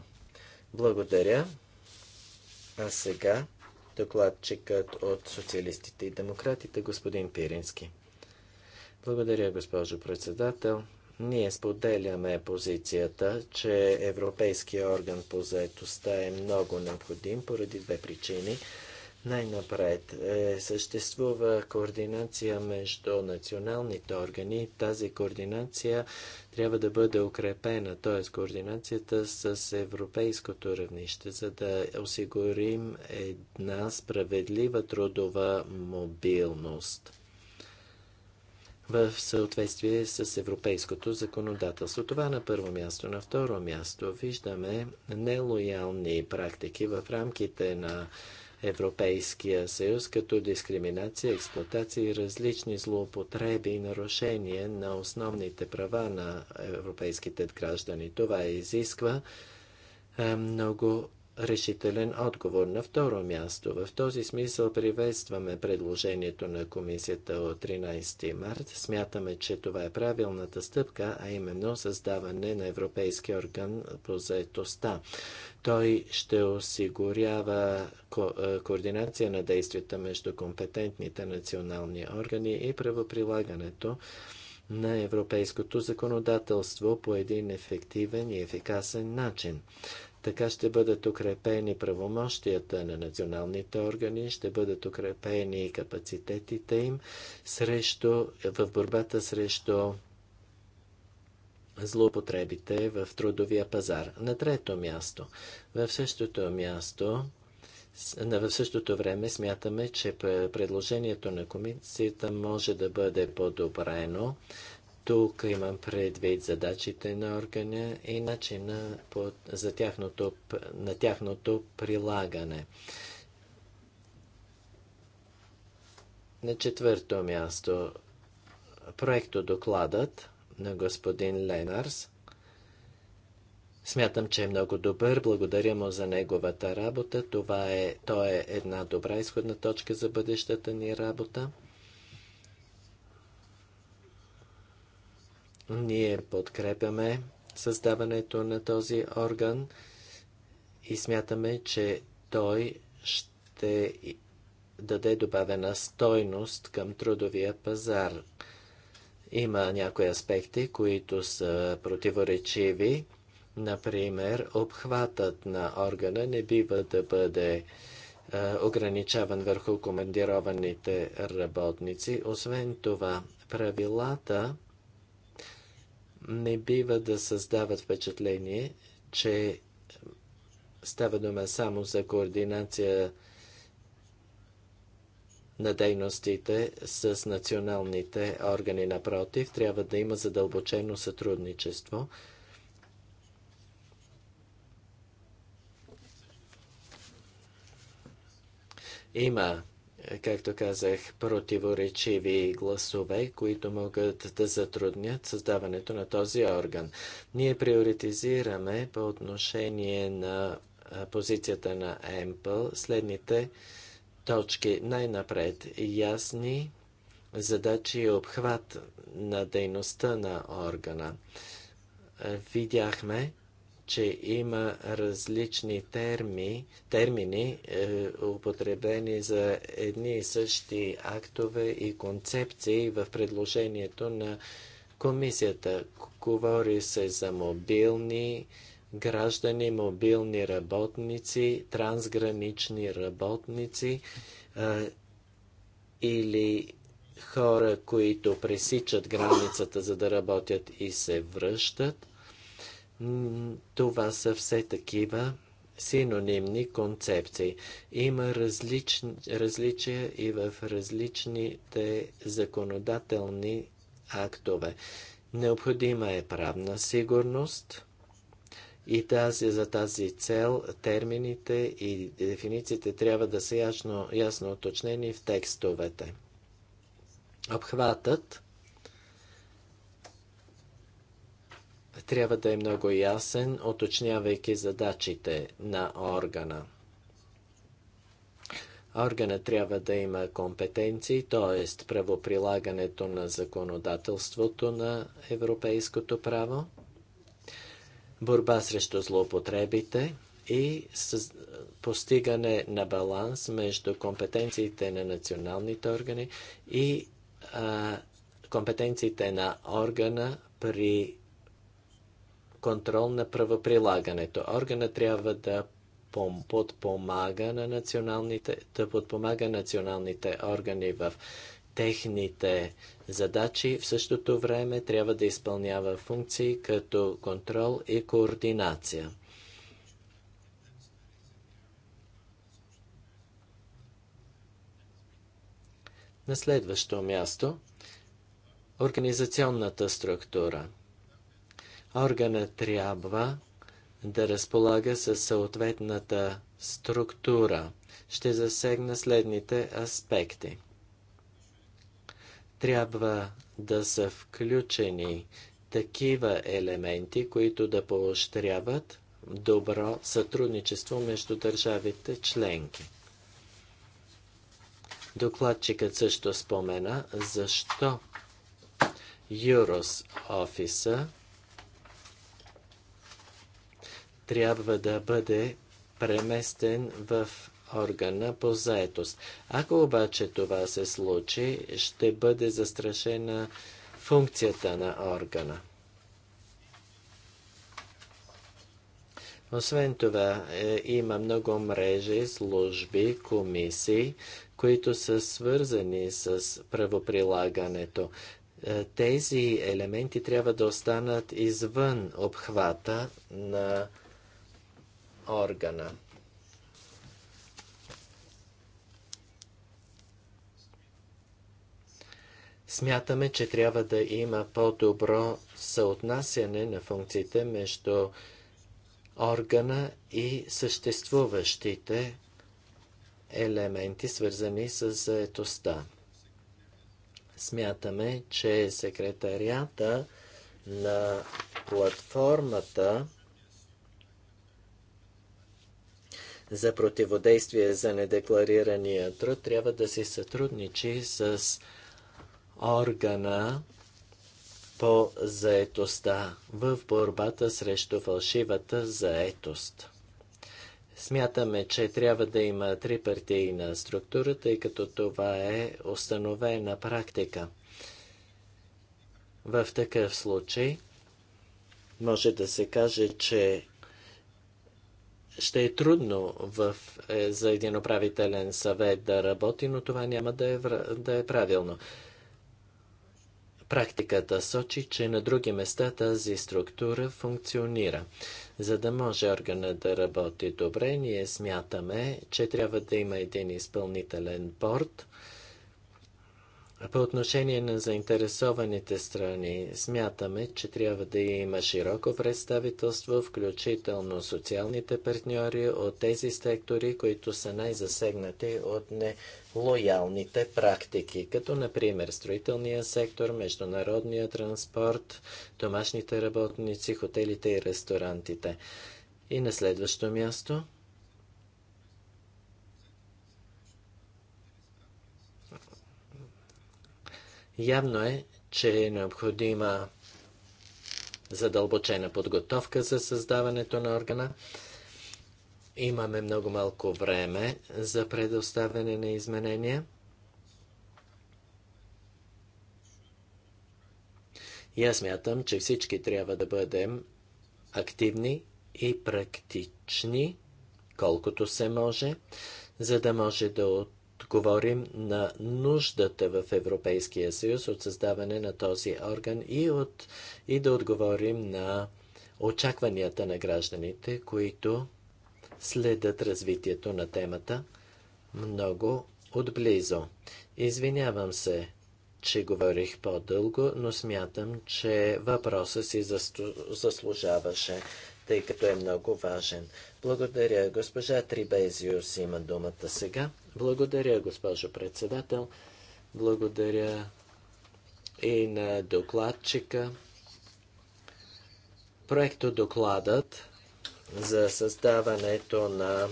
Благодаря. А сега докладчикът от социалистите и демократите, господин Пирински. Благодаря, госпожо председател. Ние споделяме позицията, че Европейския орган по заетостта е много необходим поради две причини – най-напред е, съществува координация между националните органи. Тази координация трябва да бъде укрепена, т.е. координацията с европейското равнище, за да осигурим една справедлива трудова мобилност в съответствие с европейското законодателство. Това на първо място. На второ място виждаме нелоялни практики в рамките на Европейския съюз, като дискриминация, експлоатация и различни злоупотреби и нарушение на основните права на европейските граждани. Това изисква много решителен отговор. На второ място, в този смисъл приветстваме предложението на комисията от 13 март. Смятаме, че това е правилната стъпка, а именно създаване на Европейски орган по заетостта. Той ще осигурява ко- е, координация на действията между компетентните национални органи и правоприлагането на европейското законодателство по един ефективен и ефикасен начин. Така ще бъдат укрепени правомощията на националните органи, ще бъдат укрепени капацитетите им срещу, в борбата срещу злоупотребите в трудовия пазар. На трето място, в същото място, в същото време смятаме, че предложението на комисията може да бъде подобрено тук имам предвид задачите на органа и начина под, за тяхното, на тяхното прилагане. На четвърто място проекто докладът на господин Ленарс. Смятам, че е много добър. Благодаря му за неговата работа. Това е, то е една добра изходна точка за бъдещата ни работа. Ние подкрепяме създаването на този орган и смятаме, че той ще даде добавена стойност към трудовия пазар. Има някои аспекти, които са противоречиви. Например, обхватът на органа не бива да бъде ограничаван върху командированите работници. Освен това, правилата не бива да създават впечатление, че става дума само за координация на дейностите с националните органи. Напротив, трябва да има задълбочено сътрудничество. Има както казах, противоречиви гласове, които могат да затруднят създаването на този орган. Ние приоритизираме по отношение на позицията на Емпъл следните точки. Най-напред ясни задачи и обхват на дейността на органа. Видяхме, че има различни терми, термини, е, употребени за едни и същи актове и концепции в предложението на комисията. Говори се за мобилни граждани, мобилни работници, трансгранични работници е, или хора, които пресичат границата, за да работят и се връщат – това са все такива синонимни концепции. Има различ, различия и в различните законодателни актове. Необходима е правна сигурност и тази, за тази цел термините и дефинициите трябва да са ясно, ясно уточнени в текстовете. Обхватът трябва да е много ясен, оточнявайки задачите на органа. Органа трябва да има компетенции, т.е. правоприлагането на законодателството на европейското право, борба срещу злоупотребите и постигане на баланс между компетенциите на националните органи и а, компетенциите на органа при контрол на правоприлагането. Органа трябва да подпомага на националните, да подпомага националните органи в техните задачи. В същото време трябва да изпълнява функции като контрол и координация. На следващо място организационната структура – Органа трябва да разполага със съответната структура. Ще засегна следните аспекти. Трябва да са включени такива елементи, които да поощряват добро сътрудничество между държавите членки. Докладчикът също спомена защо Юрос офиса трябва да бъде преместен в органа по заетост. Ако обаче това се случи, ще бъде застрашена функцията на органа. Освен това, е, има много мрежи, служби, комисии, които са свързани с правоприлагането. Е, тези елементи трябва да останат извън обхвата на органа. Смятаме, че трябва да има по-добро съотнасяне на функциите между органа и съществуващите елементи, свързани с заетостта. Смятаме, че секретарията на платформата за противодействие за недекларирания труд трябва да се сътрудничи с органа по заетостта в борбата срещу фалшивата заетост. Смятаме, че трябва да има три партийна структура, тъй като това е установена практика. В такъв случай може да се каже, че ще е трудно в, е, за един управителен съвет да работи, но това няма да е, да е правилно. Практиката сочи, че на други места тази структура функционира. За да може органа да работи добре, ние смятаме, че трябва да има един изпълнителен борт – по отношение на заинтересованите страни, смятаме, че трябва да има широко представителство, включително социалните партньори от тези сектори, които са най-засегнати от нелоялните практики, като например строителния сектор, международния транспорт, домашните работници, хотелите и ресторантите. И на следващо място – Явно е, че е необходима задълбочена подготовка за създаването на органа. Имаме много малко време за предоставяне на изменения. И аз мятам, че всички трябва да бъдем активни и практични, колкото се може, за да може да от отговорим на нуждата в Европейския съюз от създаване на този орган и, от, и да отговорим на очакванията на гражданите, които следят развитието на темата много отблизо. Извинявам се, че говорих по-дълго, но смятам, че въпросът си заслужаваше, тъй като е много важен. Благодаря. Госпожа Трибезиус има думата сега. Благодаря, госпожо председател. Благодаря и на докладчика. Проекто докладът за създаването на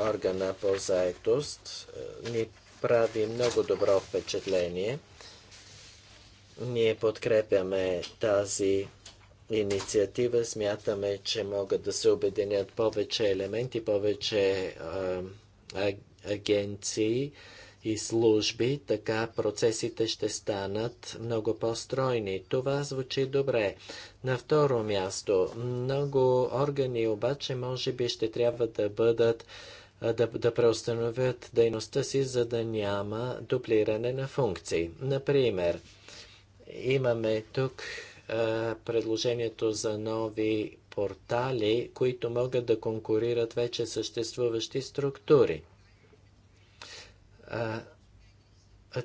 органа по заетост е, ни прави много добро впечатление. Ние подкрепяме тази инициатива. Смятаме, че могат да се обединят повече елементи, повече е, а, а, агенции и служби, така процесите ще станат много по-стройни. Това звучи добре. На второ място, много органи обаче може би ще трябва да бъдат да, да преустановят дейността си, за да няма дуплиране на функции. Например, имаме тук а, предложението за нови портали, които могат да конкурират вече съществуващи структури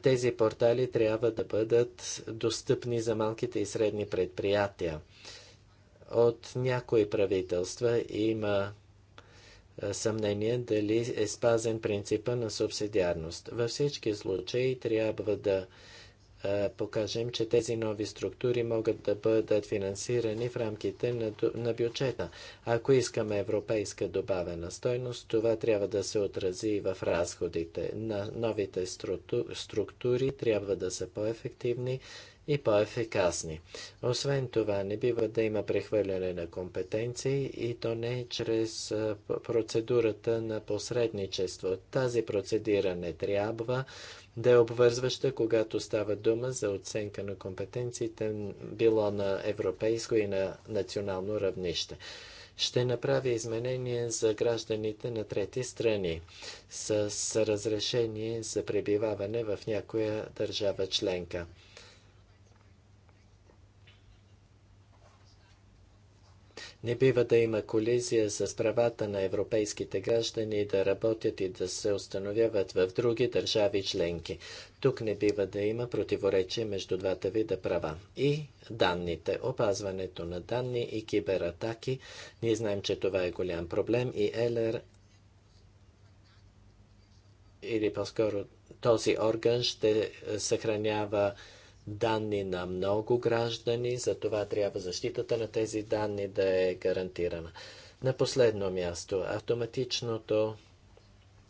тези портали трябва да бъдат достъпни за малките и средни предприятия. От някои правителства има съмнение дали е спазен принципа на субсидиарност. Във всички случаи трябва да покажем, че тези нови структури могат да бъдат финансирани в рамките на, на бюджета. Ако искаме европейска добавена стойност, това трябва да се отрази и в разходите. На новите структури трябва да са по-ефективни и по-ефикасни. Освен това, не бива да има прехвърляне на компетенции и то не чрез процедурата на посредничество. Тази процедира не трябва да е обвързваща, когато става дума за оценка на компетенциите, било на европейско и на национално равнище. Ще направя изменение за гражданите на трети страни с разрешение за пребиваване в някоя държава членка. Не бива да има колизия с правата на европейските граждани да работят и да се установяват в други държави членки. Тук не бива да има противоречие между двата вида права. И данните. Опазването на данни и кибератаки. Ние знаем, че това е голям проблем и Елер или по-скоро този орган ще съхранява данни на много граждани, затова трябва защитата на тези данни да е гарантирана. На последно място, автоматичното,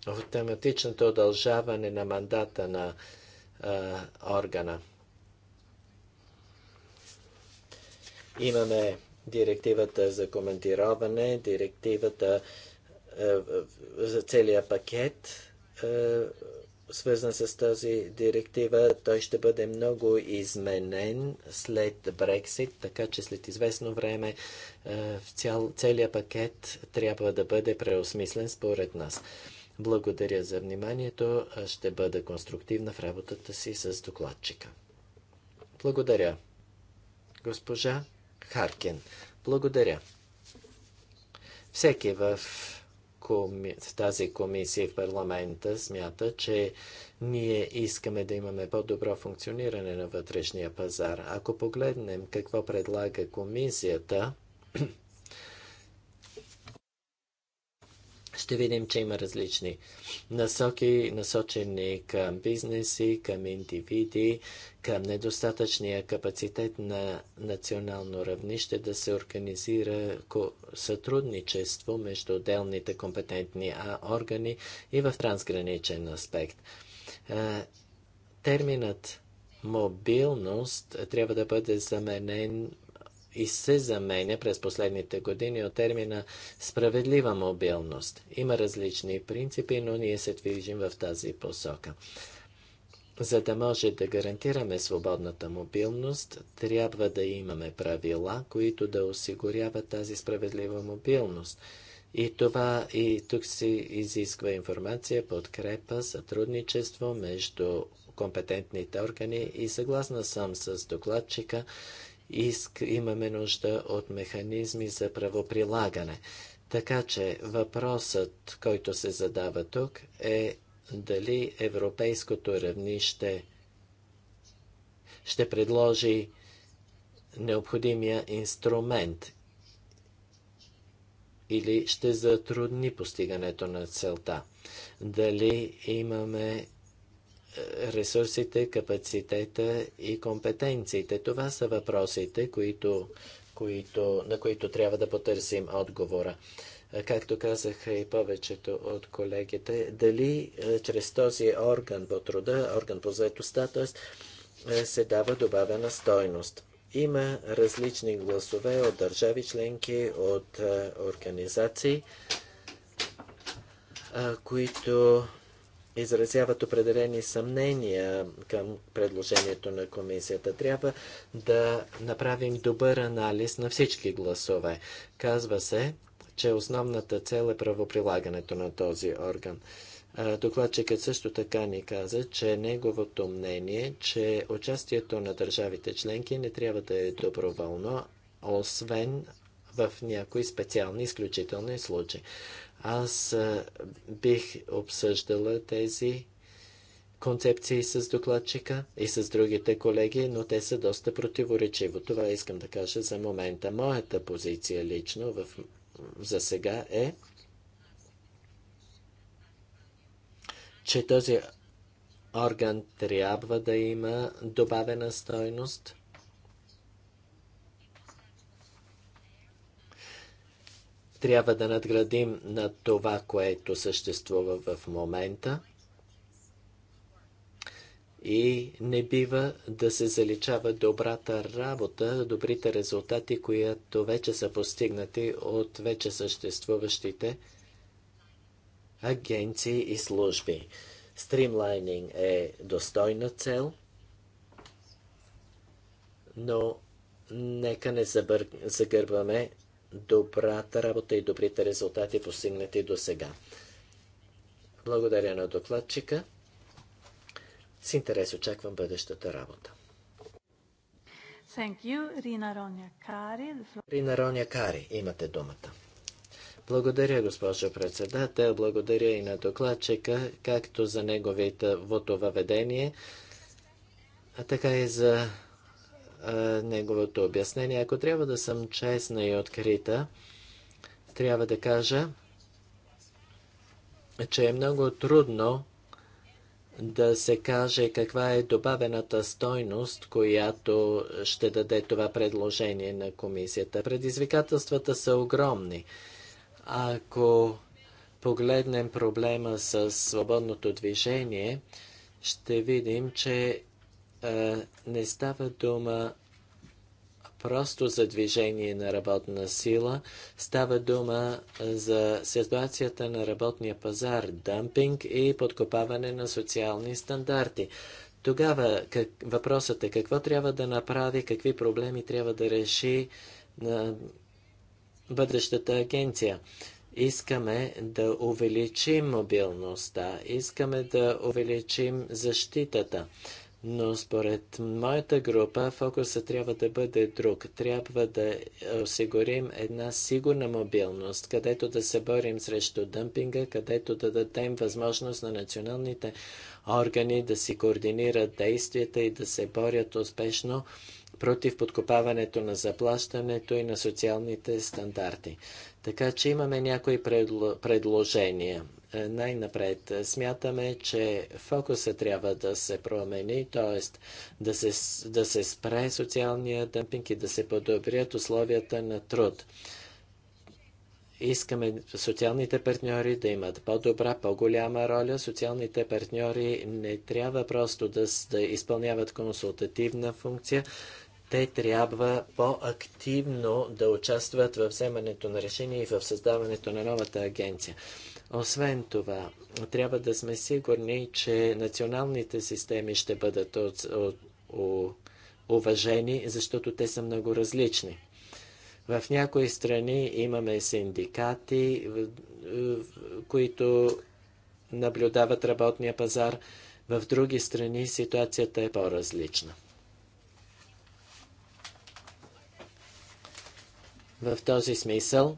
автоматичното удължаване на мандата на а, органа. Имаме директивата за коментироване, директивата а, за целия пакет а, свързан с тази директива. Той ще бъде много изменен след Брексит, така че след известно време е, цял, целият пакет трябва да бъде преосмислен според нас. Благодаря за вниманието. Ще бъда конструктивна в работата си с докладчика. Благодаря. Госпожа Харкин, благодаря. Всеки в тази комисия в парламента смята, че ние искаме да имаме по-добро функциониране на вътрешния пазар. Ако погледнем какво предлага комисията, ще видим, че има различни насоки, насочени към бизнеси, към индивиди, към недостатъчния капацитет на национално равнище да се организира сътрудничество между отделните компетентни органи и в трансграничен аспект. Терминът мобилност трябва да бъде заменен и се заменя през последните години от термина справедлива мобилност. Има различни принципи, но ние се движим в тази посока. За да може да гарантираме свободната мобилност, трябва да имаме правила, които да осигуряват тази справедлива мобилност. И това и тук се изисква информация, подкрепа, сътрудничество между компетентните органи и съгласна съм с докладчика, Иск, имаме нужда от механизми за правоприлагане. Така че въпросът, който се задава тук е дали европейското равнище ще предложи необходимия инструмент или ще затрудни постигането на целта. Дали имаме ресурсите, капацитета и компетенциите. Това са въпросите, които, които, на които трябва да потърсим отговора. Както казаха и повечето от колегите, дали чрез този орган по труда, орган по заедостта, т.е. се дава добавена стойност. Има различни гласове от държави членки, от организации, които изразяват определени съмнения към предложението на комисията. Трябва да направим добър анализ на всички гласове. Казва се, че основната цел е правоприлагането на този орган. Докладчикът също така ни каза, че неговото мнение, че участието на държавите членки не трябва да е доброволно, освен в някои специални изключителни случаи. Аз бих обсъждала тези концепции с докладчика и с другите колеги, но те са доста противоречиво. Това искам да кажа за момента. Моята позиция лично в, за сега е, че този орган трябва да има добавена стойност Трябва да надградим на това, което съществува в момента и не бива да се заличава добрата работа, добрите резултати, които вече са постигнати от вече съществуващите агенции и служби. Стримлайнинг е достойна цел, но нека не загърбваме добрата работа и добрите резултати, постигнати до сега. Благодаря на докладчика. С интерес очаквам бъдещата работа. Thank you, Рина Kari. Кари. Rina Роня Кари, имате думата. Благодаря, госпожо председател, благодаря и на докладчика, както за неговите въведение, а така и за е, неговото обяснение. Ако трябва да съм честна и открита, трябва да кажа, че е много трудно да се каже каква е добавената стойност, която ще даде това предложение на комисията. Предизвикателствата са огромни. Ако погледнем проблема с свободното движение, ще видим, че не става дума просто за движение на работна сила, става дума за ситуацията на работния пазар, дампинг и подкопаване на социални стандарти. Тогава как, въпросът е какво трябва да направи, какви проблеми трябва да реши на бъдещата агенция. Искаме да увеличим мобилността, искаме да увеличим защитата. Но според моята група фокуса трябва да бъде друг. Трябва да осигурим една сигурна мобилност, където да се борим срещу дъмпинга, където да дадем възможност на националните органи да си координират действията и да се борят успешно против подкопаването на заплащането и на социалните стандарти. Така че имаме някои предло... предложения. Е, най-напред. Смятаме, че фокуса трябва да се промени, т.е. Да се, да се спре социалния дъмпинг и да се подобрят условията на труд. Искаме социалните партньори да имат по-добра, по-голяма роля. Социалните партньори не трябва просто да, да изпълняват консултативна функция. Те трябва по-активно да участват в вземането на решения и в създаването на новата агенция. Освен това, трябва да сме сигурни, че националните системи ще бъдат от, от, у, уважени, защото те са много различни. В някои страни имаме синдикати, които наблюдават работния пазар. В други страни ситуацията е по-различна. В този смисъл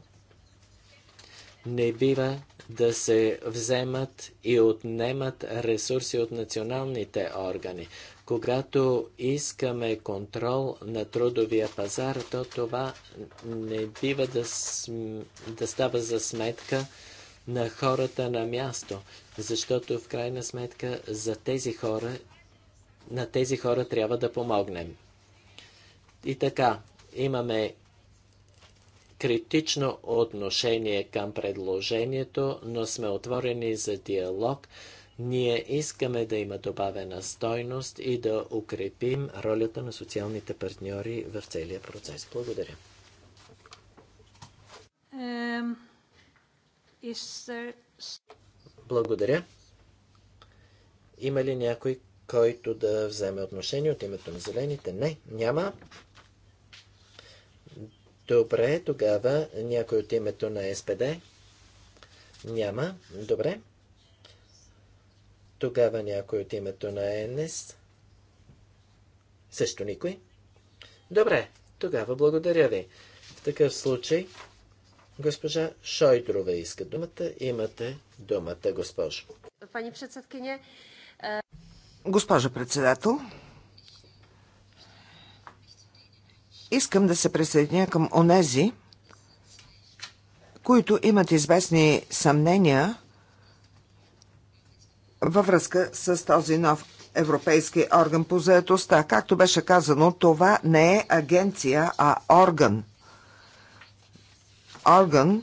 не бива да се вземат и отнемат ресурси от националните органи. Когато искаме контрол на трудовия пазар, то това не бива да, см... да става за сметка на хората на място, защото в крайна сметка за тези хора, на тези хора трябва да помогнем. И така, имаме критично отношение към предложението, но сме отворени за диалог. Ние искаме да има добавена стойност и да укрепим ролята на социалните партньори в целия процес. Благодаря. Благодаря. Има ли някой, който да вземе отношение от името на зелените? Не, няма. Добре, тогава някой от името на СПД? Няма. Добре. Тогава някой от името на ЕНС. Също никой? Добре, тогава благодаря ви. В такъв случай, госпожа Шойдрова иска думата. Имате думата, госпожо. Пани председкиня. Е, госпожа председател, Искам да се присъединя към онези, които имат известни съмнения във връзка с този нов Европейски орган по заедостта. Както беше казано, това не е агенция, а орган. Орган,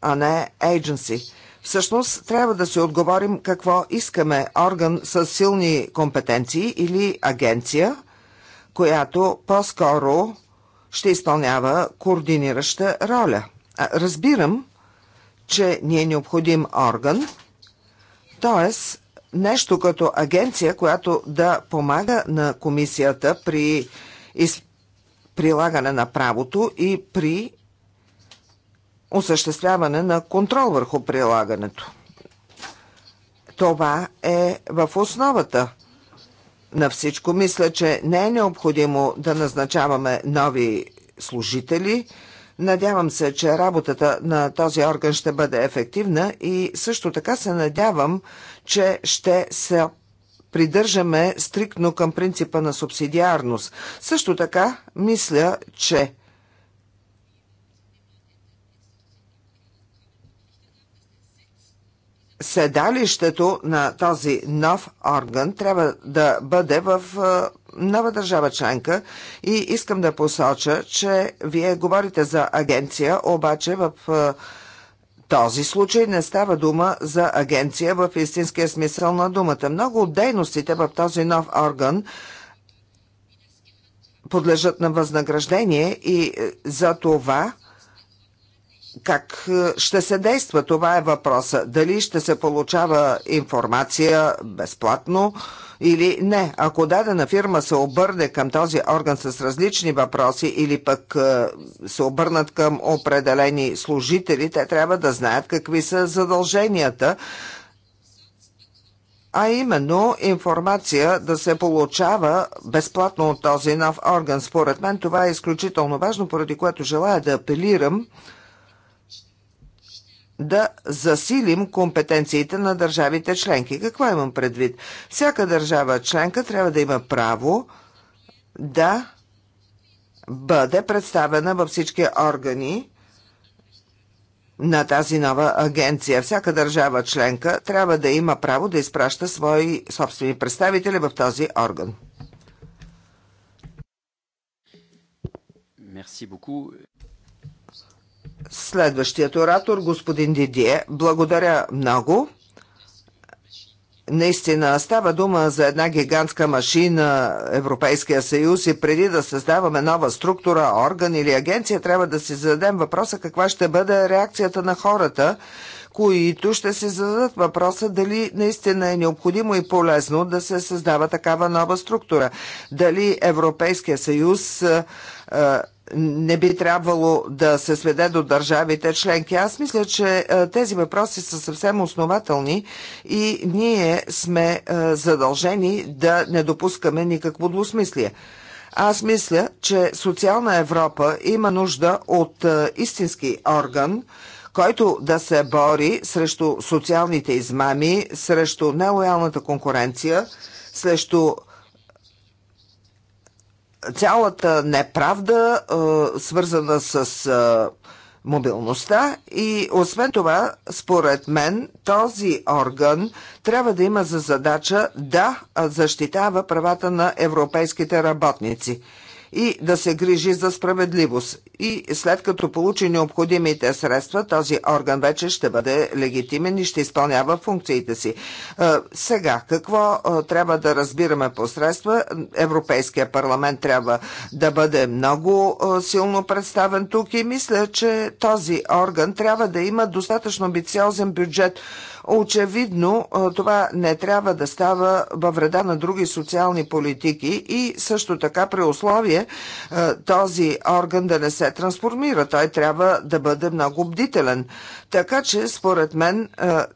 а не agency. Всъщност трябва да си отговорим какво искаме орган с силни компетенции или агенция – която по-скоро ще изпълнява координираща роля. Разбирам, че ни е необходим орган, т.е. нещо като агенция, която да помага на комисията при из... прилагане на правото и при осъществяване на контрол върху прилагането. Това е в основата на всичко, мисля, че не е необходимо да назначаваме нови служители. Надявам се, че работата на този орган ще бъде ефективна и също така се надявам, че ще се придържаме стриктно към принципа на субсидиарност. Също така мисля, че седалището на този нов орган трябва да бъде в нова държава членка и искам да посоча, че вие говорите за агенция, обаче в този случай не става дума за агенция в истинския смисъл на думата. Много от дейностите в този нов орган подлежат на възнаграждение и е, за това как е, ще се действа? Това е въпроса. Дали ще се получава информация безплатно или не? Ако дадена фирма се обърне към този орган с различни въпроси или пък е, се обърнат към определени служители, те трябва да знаят какви са задълженията а именно информация да се получава безплатно от този нов орган. Според мен това е изключително важно, поради което желая да апелирам да засилим компетенциите на държавите членки. Какво имам предвид? Всяка държава членка трябва да има право да бъде представена във всички органи на тази нова агенция. Всяка държава членка трябва да има право да изпраща свои собствени представители в този орган. Merci beaucoup. Следващият оратор, господин Дидие. Благодаря много. Наистина става дума за една гигантска машина Европейския съюз и преди да създаваме нова структура, орган или агенция, трябва да си зададем въпроса каква ще бъде реакцията на хората, които ще се зададат въпроса дали наистина е необходимо и полезно да се създава такава нова структура. Дали Европейския съюз а, е, не би трябвало да се сведе до държавите членки. Аз мисля, че е, тези въпроси са съвсем основателни и ние сме е, задължени да не допускаме никакво двусмислие. Аз мисля, че социална Европа има нужда от е, истински орган, който да се бори срещу социалните измами, срещу нелоялната конкуренция, срещу цялата неправда, е, свързана с е, мобилността и освен това, според мен, този орган трябва да има за задача да защитава правата на европейските работници и да се грижи за справедливост. И след като получи необходимите средства, този орган вече ще бъде легитимен и ще изпълнява функциите си. Сега, какво трябва да разбираме по средства? Европейския парламент трябва да бъде много силно представен тук и мисля, че този орган трябва да има достатъчно амбициозен бюджет – Очевидно това не трябва да става във вреда на други социални политики и също така при условие този орган да не се трансформира. Той трябва да бъде много бдителен. Така че, според мен,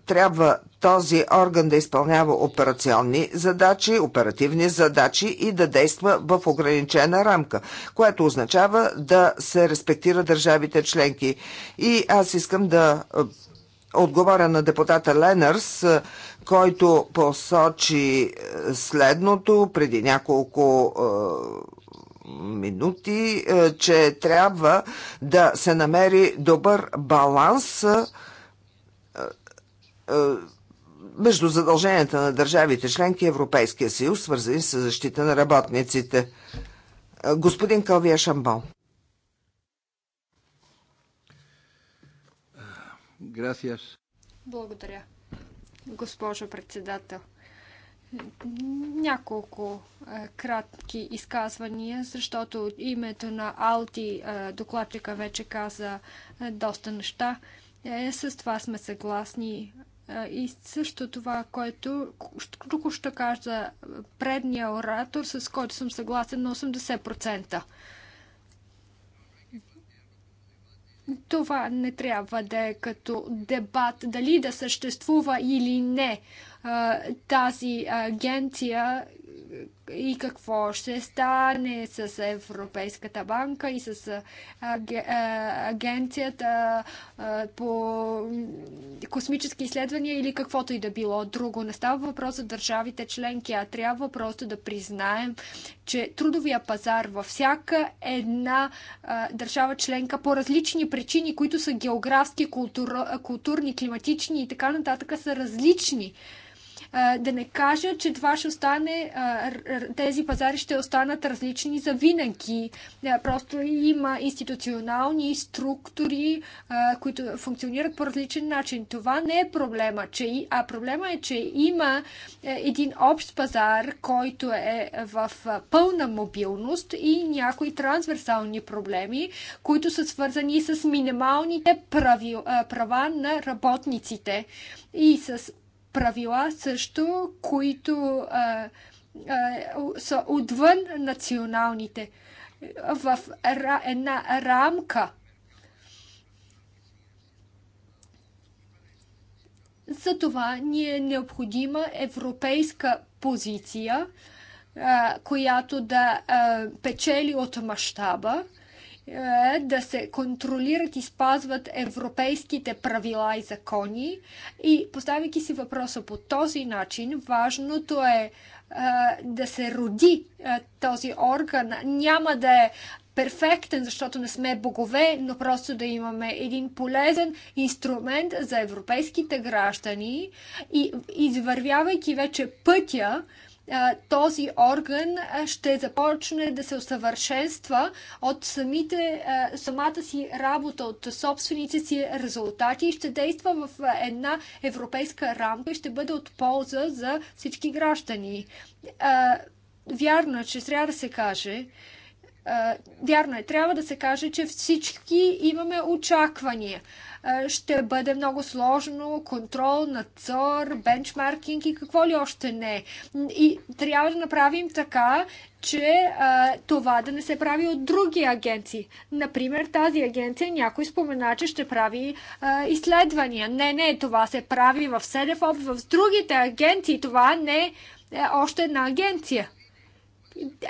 трябва този орган да изпълнява операционни задачи, оперативни задачи и да действа в ограничена рамка, което означава да се респектира държавите членки. И аз искам да отговоря на депутата Ленърс, е, който посочи е, следното преди няколко е, минути, че трябва да се намери добър баланс между задълженията на държавите членки и Европейския съюз, свързани с защита на работниците. Господин Калвия Шамбал. Gracias. Благодаря, госпожо председател. Няколко е, кратки изказвания, защото от името на Алти е, докладчика вече каза е, доста неща. Е, с това сме съгласни. Е, и също това, което току-що каза предния оратор, с който съм съгласен на 80%. Това не трябва да е като дебат дали да съществува или не тази агенция и какво ще стане с Европейската банка и с агенцията по космически изследвания или каквото и да било друго. Не става въпрос за държавите членки, а трябва просто да признаем, че трудовия пазар във всяка една държава членка по различни причини, които са географски, култур, културни, климатични и така нататък, са различни да не кажа, че това ще остане, тези пазари ще останат различни за винаги. Просто има институционални структури, които функционират по различен начин. Това не е проблема, че, а проблема е, че има е, един общ пазар, който е в пълна мобилност и някои трансверсални проблеми, които са свързани с минималните прави, права на работниците и с правила също, които а, а, са отвън националните, в една рамка. Затова ни е необходима европейска позиция, която да печели от мащаба е, да се контролират и спазват европейските правила и закони. И поставяйки си въпроса по този начин, важното е, е да се роди е, този орган. Няма да е перфектен, защото не сме богове, но просто да имаме един полезен инструмент за европейските граждани и извървявайки вече пътя, този орган ще започне да се усъвършенства от самите, самата си работа, от собствените си резултати и ще действа в една европейска рамка и ще бъде от полза за всички граждани. Вярно, е, че трябва да се каже, Вярно е, трябва да се каже, че всички имаме очаквания. Ще бъде много сложно контрол, надзор, бенчмаркинг и какво ли още не. И трябва да направим така, че а, това да не се прави от други агенции. Например, тази агенция някой спомена, че ще прави а, изследвания. Не, не, това се прави в СЕДЕФОП, в другите агенции. Това не е още една агенция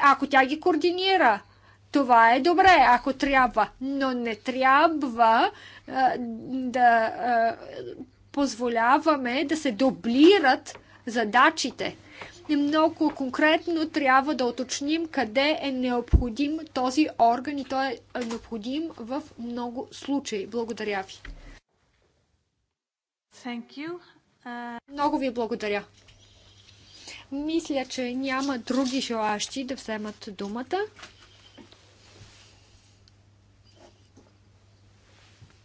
ако тя ги координира. Това е добре, ако трябва, но не трябва а, да а, позволяваме да се дублират задачите. Много конкретно трябва да уточним къде е необходим този орган и той е необходим в много случаи. Благодаря ви. Uh... Много ви благодаря. Мисля, че няма други желащи да вземат думата.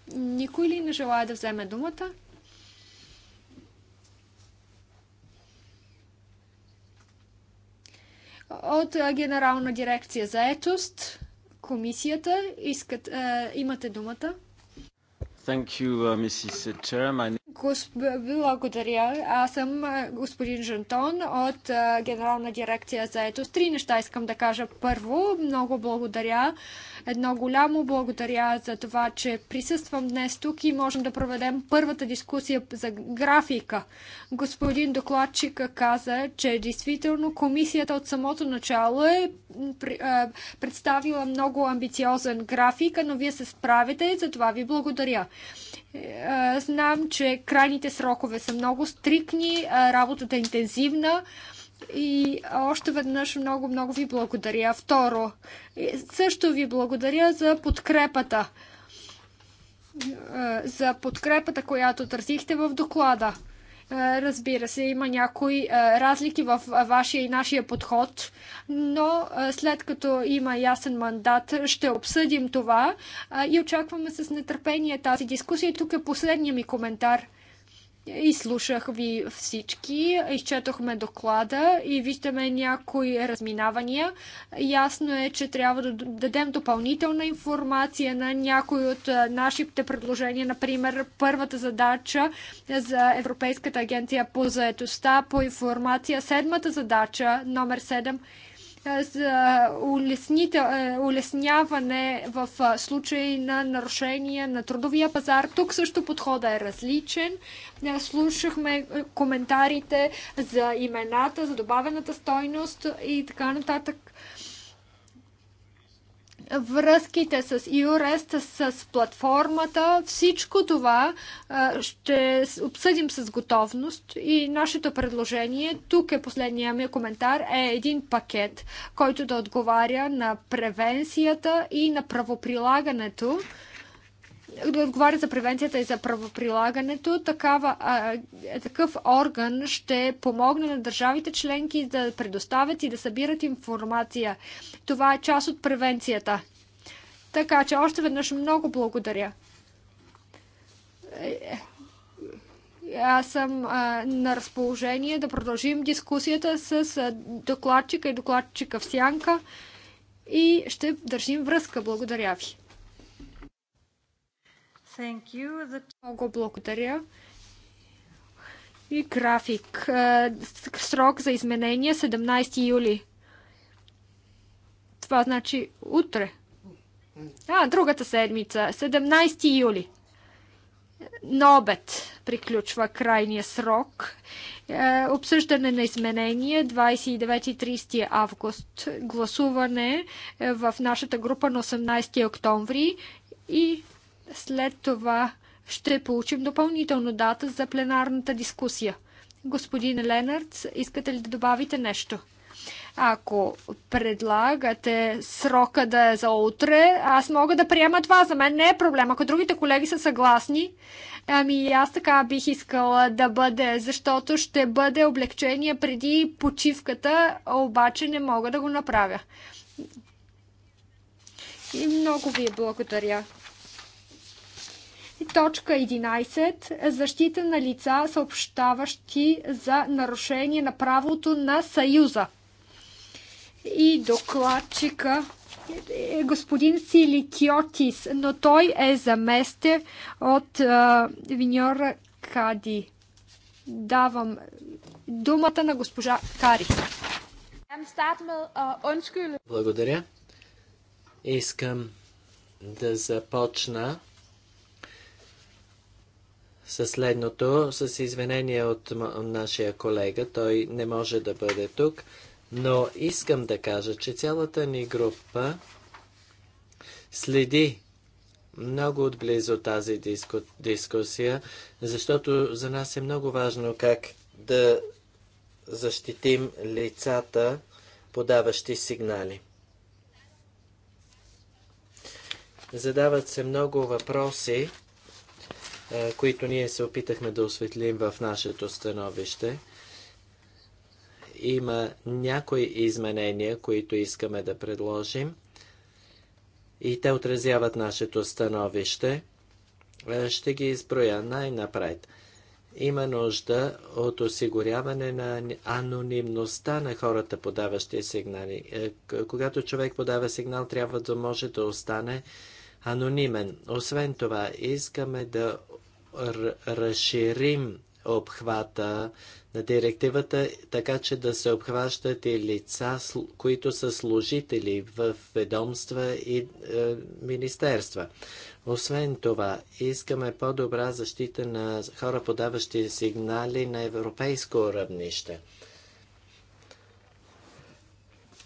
Никой ли не желая да вземе думата? От Генерална дирекция за етост, комисията, искат, е, имате думата. Thank you, uh, Mrs. Chairman. Госп... Благодаря. Аз съм господин Жантон от Генерална дирекция за етост. Три неща искам да кажа. Първо, много благодаря едно голямо благодаря за това, че присъствам днес тук и можем да проведем първата дискусия за графика. Господин докладчик каза, че действително комисията от самото начало е, е представила много амбициозен график, но вие се справите и за това ви благодаря. Е, е, знам, че крайните срокове са много стрикни, работата е интензивна. И още веднъж много-много ви благодаря. Второ, също ви благодаря за подкрепата. Е, за подкрепата, която търсихте в доклада. Е, разбира се, има някои е, разлики в вашия и нашия подход, но след като има ясен мандат, ще обсъдим това и очакваме с нетърпение тази дискусия. Тук е последния ми коментар – Изслушах ви всички, изчетохме доклада и виждаме някои разминавания. Ясно е, че трябва да дадем допълнителна информация на някои от нашите предложения. Например, първата задача за Европейската агенция по заетостта по информация, седмата задача, номер 7 е, за е, улесняване в е, случай на нарушение на трудовия пазар. Тук също подхода е различен. Слушахме коментарите за имената, за добавената стойност и така нататък връзките с ЮРЕСТ, с платформата, всичко това ще обсъдим с готовност и нашето предложение, тук е последния ми коментар, е един пакет, който да отговаря на превенцията и на правоприлагането отговаря за превенцията и за правоприлагането, такава, а, такъв орган ще помогне на държавите членки да предоставят и да събират информация. Това е част от превенцията. Така че още веднъж много благодаря. Аз съм а, на разположение да продължим дискусията с а, докладчика и докладчика в сянка и ще държим връзка. Благодаря ви. The... Много благодаря. И график. Срок за изменение 17 е юли. Това значи утре. А, другата седмица. 17 юли. На обед приключва крайния срок. Е, обсъждане на изменение 29-30 август. Гласуване е, в нашата група на 18 октомври и след това ще получим допълнително дата за пленарната дискусия. Господин Ленардс, искате ли да добавите нещо? Ако предлагате срока да е за утре, аз мога да приема това. За мен не е проблем. Ако другите колеги са съгласни, ами аз така бих искала да бъде, защото ще бъде облегчение преди почивката, обаче не мога да го направя. И много ви благодаря. Точка 11. Защита на лица, съобщаващи за нарушение на правото на Съюза. И докладчика е господин Силикиотис, но той е заместен от а, Виньора Кади. Давам думата на госпожа Кари. Благодаря. Искам да започна със следното, с извинение от нашия колега, той не може да бъде тук, но искам да кажа, че цялата ни група следи много отблизо тази диску, дискусия, защото за нас е много важно как да защитим лицата, подаващи сигнали. Задават се много въпроси които ние се опитахме да осветлим в нашето становище. Има някои изменения, които искаме да предложим и те отразяват нашето становище. Ще ги изброя най-напред. Има нужда от осигуряване на анонимността на хората, подаващи сигнали. Когато човек подава сигнал, трябва да може да остане анонимен. Освен това, искаме да разширим обхвата на директивата, така че да се обхващат и лица, които са служители в ведомства и е, министерства. Освен това, искаме по-добра защита на хора, подаващи сигнали на европейско равнище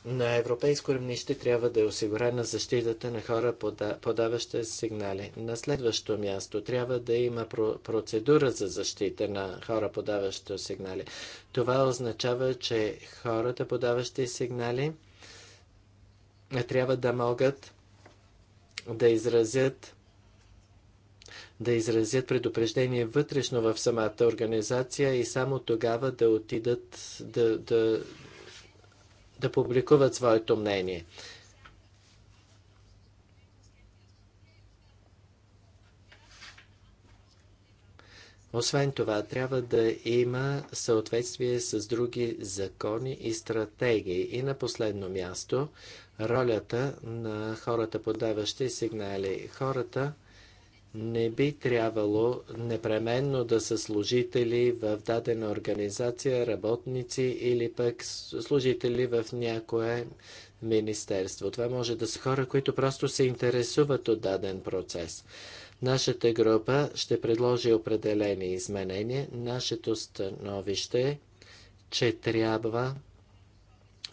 на европейско равнище трябва да е осигурена защитата на хора, подаващи сигнали. На следващо място трябва да има процедура за защита на хора, подаващи сигнали. Това означава, че хората, подаващи сигнали, трябва да могат да изразят да изразят предупреждение вътрешно в самата организация и само тогава да отидат да, да, да публикуват своето мнение. Освен това, трябва да има съответствие с други закони и стратегии. И на последно място, ролята на хората, подаващи сигнали. Хората, не би трябвало непременно да са служители в дадена организация, работници или пък служители в някое министерство. Това може да са хора, които просто се интересуват от даден процес. Нашата група ще предложи определени изменения. Нашето становище е, че трябва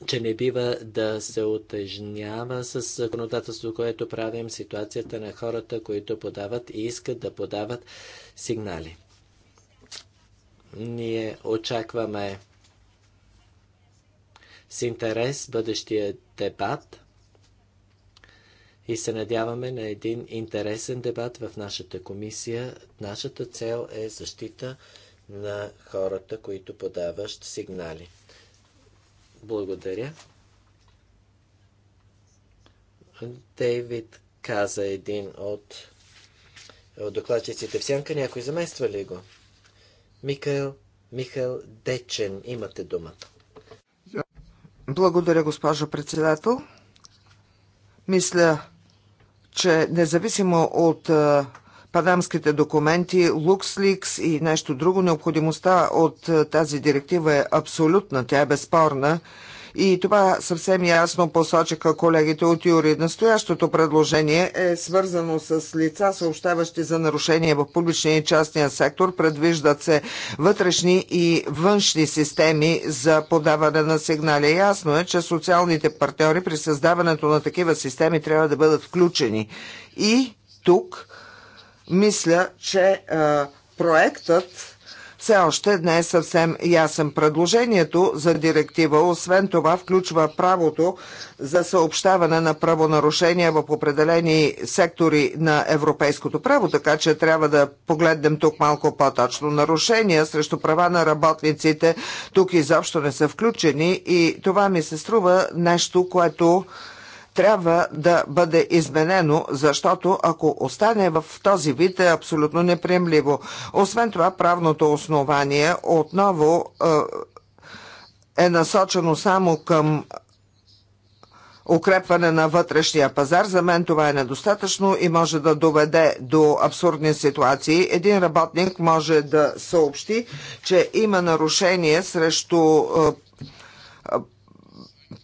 че не бива да се отежнява с законодателство, което правим ситуацията на хората, които подават и искат да подават сигнали. Ние очакваме с интерес бъдещия дебат и се надяваме на един интересен дебат в нашата комисия. Нашата цел е защита на хората, които подават сигнали. Благодаря. Дейвид каза един от, докладчиците в сянка. Някой замества ли го? Михаил, Михаил Дечен, имате думата. Благодаря, госпожо председател. Мисля, че независимо от панамските документи, LuxLeaks и нещо друго. Необходимостта от е, тази директива е абсолютна, тя е безспорна. И това съвсем ясно посочиха колегите от Юри. Настоящото предложение е свързано с лица, съобщаващи за нарушения в публичния и частния сектор. Предвиждат се вътрешни и външни системи за подаване на сигнали. Ясно е, че социалните партньори при създаването на такива системи трябва да бъдат включени. И тук мисля, че а, проектът все още не е съвсем ясен. Предложението за директива, освен това, включва правото за съобщаване на правонарушения в определени сектори на европейското право, така че трябва да погледнем тук малко по-точно. Нарушения срещу права на работниците тук изобщо не са включени и това ми се струва нещо, което трябва да бъде изменено, защото ако остане в този вид е абсолютно неприемливо. Освен това, правното основание отново е, е насочено само към укрепване на вътрешния пазар. За мен това е недостатъчно и може да доведе до абсурдни ситуации. Един работник може да съобщи, че има нарушение срещу е,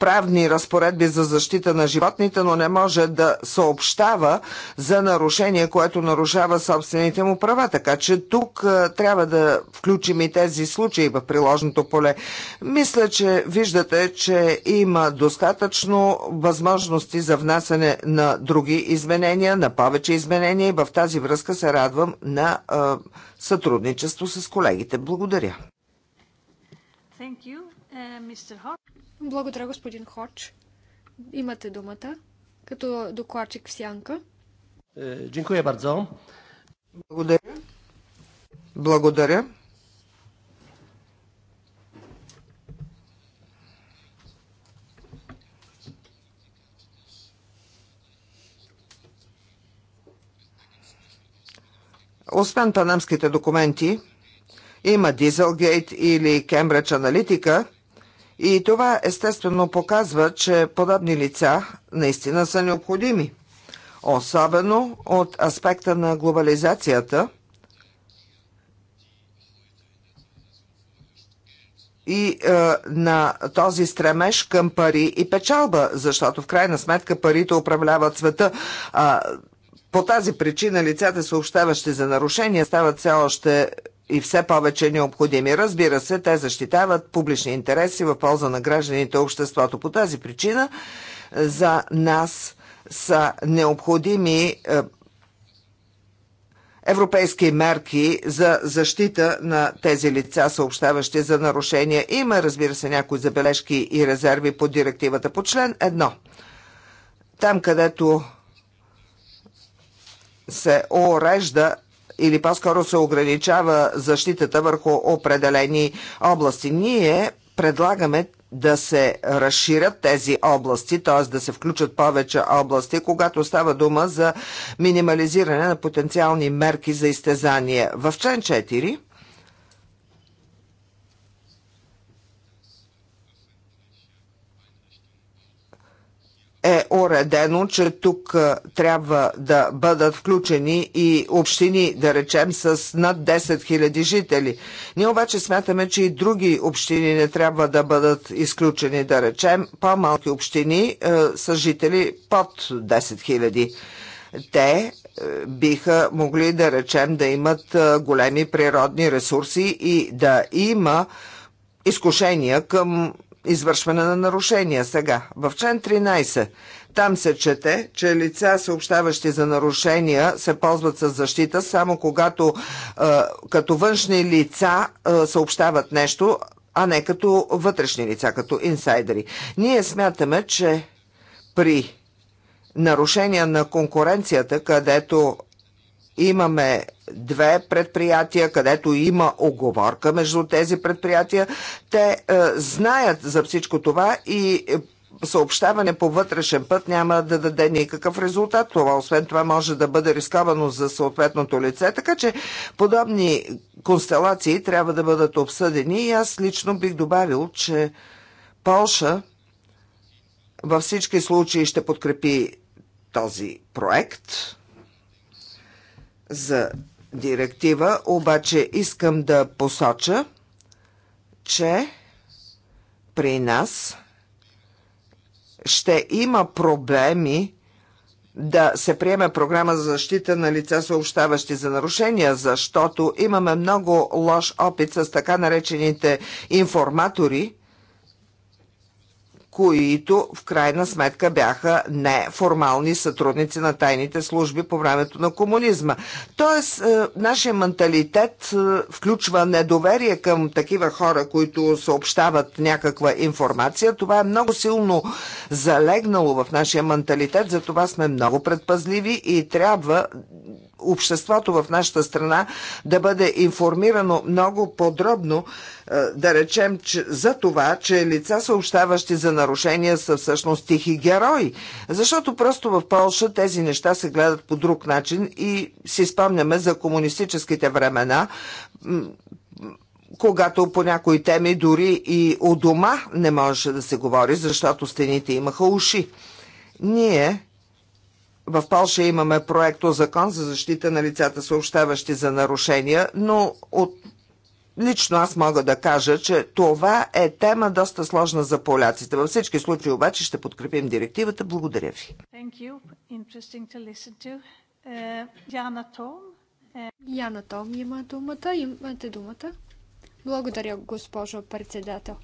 правни разпоредби за защита на животните, но не може да съобщава за нарушение, което нарушава собствените му права. Така че тук трябва да включим и тези случаи в приложното поле. Мисля, че виждате, че има достатъчно възможности за внасяне на други изменения, на повече изменения и в тази връзка се радвам на е, сътрудничество с колегите. Благодаря. Thank you. Uh, благодаря, господин Ходж. Имате думата като докладчик в сянка. Е, дякую бардзо. Благодаря. Благодаря. Освен панамските документи, има Дизелгейт или Кембридж Аналитика – и това естествено показва, че подобни лица наистина са необходими. Особено от аспекта на глобализацията и е, на този стремеж към пари и печалба, защото в крайна сметка парите управляват света. А, по тази причина лицата, съобщаващи за нарушения, стават все още и все повече необходими. Разбира се, те защитават публични интереси в полза на гражданите и обществото. По тази причина е, за нас са необходими е, европейски мерки за защита на тези лица, съобщаващи за нарушения. Има, разбира се, някои забележки и резерви по директивата по член 1. Там, където се орежда или по-скоро се ограничава защитата върху определени области. Ние предлагаме да се разширят тези области, т.е. да се включат повече области, когато става дума за минимализиране на потенциални мерки за изтезание. В член 4 е уредено, че тук трябва да бъдат включени и общини, да речем, с над 10 000 жители. Ние обаче смятаме, че и други общини не трябва да бъдат изключени, да речем, по-малки общини е, с жители под 10 000. Те биха могли, да речем, да имат големи природни ресурси и да има изкушения към извършване на нарушения. Сега, в член 13, там се чете, че лица, съобщаващи за нарушения, се ползват с защита само когато е, като външни лица е, съобщават нещо, а не като вътрешни лица, като инсайдери. Ние смятаме, че при нарушения на конкуренцията, където имаме две предприятия, където има оговорка между тези предприятия. Те е, знаят за всичко това и е, съобщаване по вътрешен път няма да даде никакъв резултат. Това, освен това, може да бъде рисковано за съответното лице, така че подобни констелации трябва да бъдат обсъдени и аз лично бих добавил, че Полша във всички случаи ще подкрепи този проект за директива, обаче искам да посоча, че при нас ще има проблеми да се приеме програма за защита на лица съобщаващи за нарушения, защото имаме много лош опит с така наречените информатори, които в крайна сметка бяха неформални сътрудници на тайните служби по времето на комунизма. Тоест, е, нашия менталитет е, включва недоверие към такива хора, които съобщават някаква информация. Това е много силно залегнало в нашия менталитет, затова сме много предпазливи и трябва обществото в нашата страна да бъде информирано много подробно, е, да речем че, за това, че лица съобщаващи за нарушения са всъщност тихи герои. Защото просто в Полша тези неща се гледат по друг начин и си спомняме за комунистическите времена, когато по някои теми дори и у дома не можеше да се говори, защото стените имаха уши. Ние в Польша имаме проекто закон за защита на лицата съобщаващи за нарушения, но от Лично аз мога да кажа, че това е тема доста сложна за поляците. Във всички случаи обаче ще подкрепим директивата. Благодаря ви. Яна Том. Uh, uh, Яна Том има думата. Имате думата. Благодаря, госпожо председател.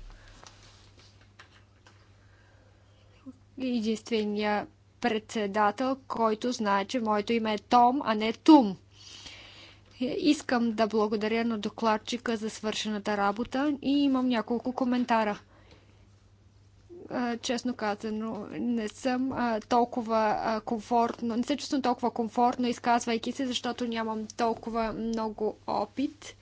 Единствения председател, който знае, че моето име е Том, а не Тум. Искам да благодаря на докладчика за свършената работа и имам няколко коментара. Честно казано, не съм толкова комфортно, не се чувствам толкова комфортно изказвайки се, защото нямам толкова много опит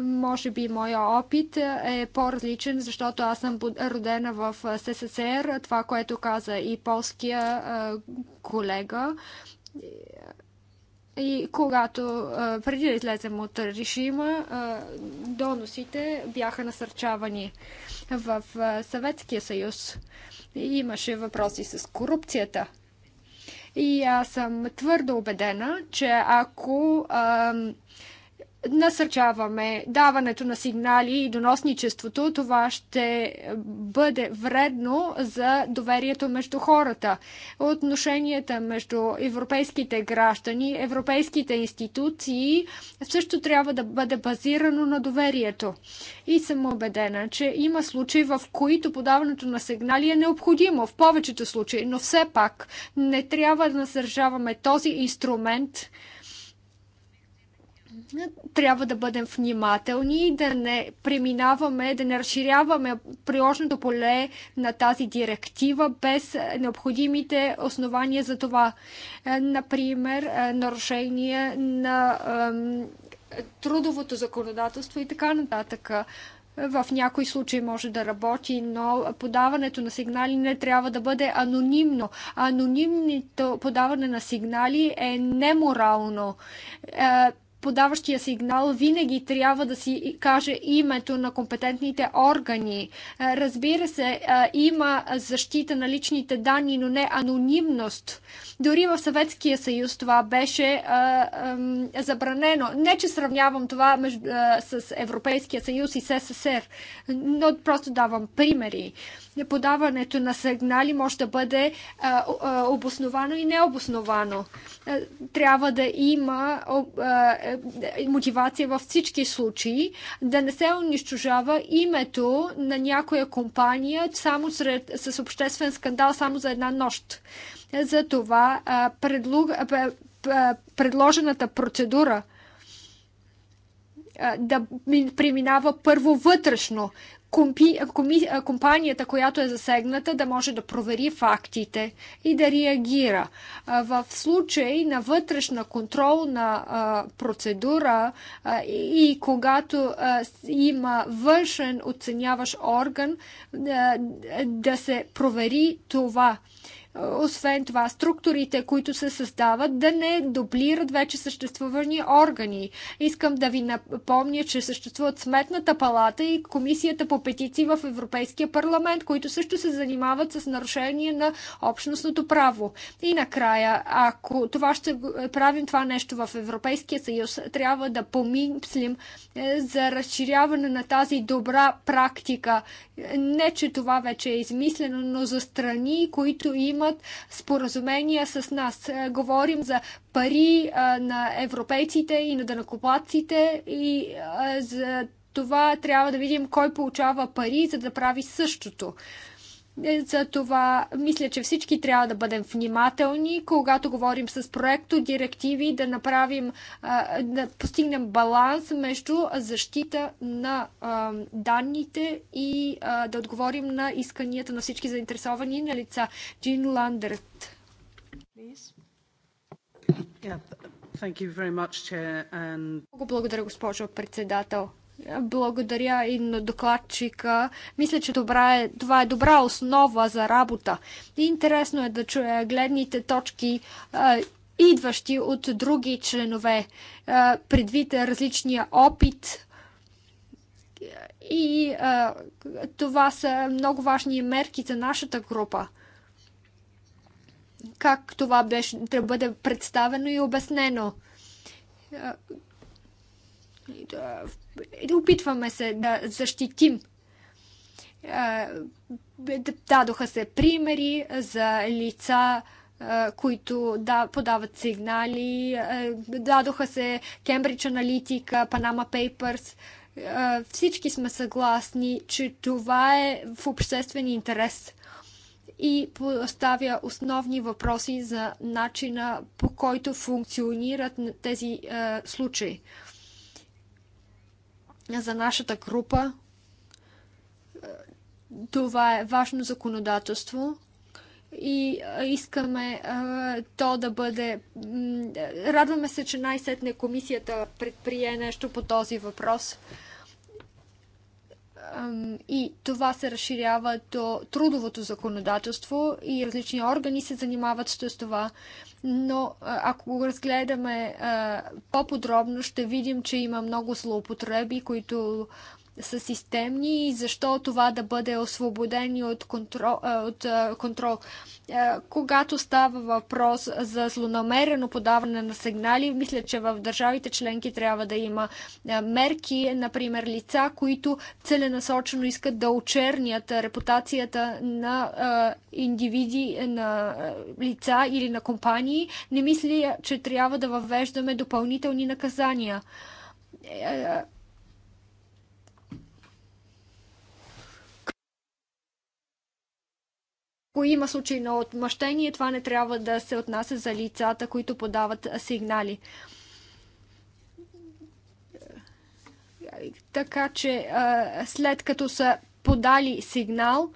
може би моя опит е по-различен, защото аз съм родена в СССР. Това, което каза и полския колега, и когато преди да излезем от режима, доносите бяха насърчавани в Съветския съюз. Имаше въпроси с корупцията. И аз съм твърдо убедена, че ако ам, насърчаваме даването на сигнали и доносничеството. Това ще бъде вредно за доверието между хората. Отношенията между европейските граждани, европейските институции също трябва да бъде базирано на доверието. И съм убедена, че има случаи, в които подаването на сигнали е необходимо, в повечето случаи, но все пак не трябва да насържаваме този инструмент, трябва да бъдем внимателни и да не преминаваме, да не разширяваме приложното поле на тази директива без необходимите основания за това. Е, например, е, нарушение на трудовото законодателство и така нататък. В някои случаи може да работи, но подаването на сигнали не трябва да бъде анонимно. Анонимното подаване на сигнали е неморално е, подаващия сигнал винаги трябва да си каже името на компетентните органи. Е, разбира се, е, има защита на личните данни, но не анонимност. Дори в Съветския съюз това беше е, забранено. Не, че сравнявам това с Европейския съюз и СССР, но просто давам примери. Подаването на сигнали може да бъде обосновано и необосновано. Трябва да има е, мотивация във всички случаи, да не се унищожава името на някоя компания само сред, с обществен скандал само за една нощ. Затова предлог, предложената процедура да преминава първо вътрешно компанията, която е засегната, да може да провери фактите и да реагира. В случай на вътрешна контролна процедура и когато има външен оценяващ орган, да се провери това освен това, структурите, които се създават, да не дублират вече съществувани органи. Искам да ви напомня, че съществуват Сметната палата и Комисията по петиции в Европейския парламент, които също се занимават с нарушение на общностното право. И накрая, ако това ще правим това нещо в Европейския съюз, трябва да помислим е, за разширяване на тази добра практика. Не, че това вече е измислено, но за страни, които им имат споразумения с нас. Е, говорим за пари е, на европейците и на данакоплаците и е, за това трябва да видим кой получава пари, за да прави същото. За това мисля, че всички трябва да бъдем внимателни, когато говорим с проекто директиви, да направим, да постигнем баланс между защита на данните и да отговорим на исканията на всички заинтересовани на лица. Джин Ландерт. Много благодаря, госпожо председател. Благодаря и на докладчика. Мисля, че добра е, това е добра основа за работа. интересно е да чуя гледните точки, идващи от други членове, предвид различния опит. И това са много важни мерки за нашата група. Как това беше да бъде представено и обяснено опитваме се да защитим дадоха се примери за лица, които да, подават сигнали. Дадоха се Кембридж Аналитика, Панама Papers. Всички сме съгласни, че това е в обществен интерес и поставя основни въпроси за начина по който функционират тези случаи за нашата група. Е, това е важно законодателство и е, искаме а, е, то да бъде. Радваме се, че най-сетне комисията предприе нещо по този въпрос. И това се разширява до трудовото законодателство и различни органи се занимават с това но ако го разгледаме по-подробно, ще видим, че има много злоупотреби, които са системни и защо това да бъде освободени от контрол. Е, от е, контрол. Е, когато става въпрос за злонамерено подаване на сигнали, мисля, че в държавите членки трябва да има мерки, например лица, които целенасочено искат да очернят репутацията на индивиди, на лица или на компании. Не мисля, че трябва да въвеждаме допълнителни наказания Ако има случай на отмъщение, това не трябва да се отнася за лицата, които подават сигнали. Така че след като са подали сигнал,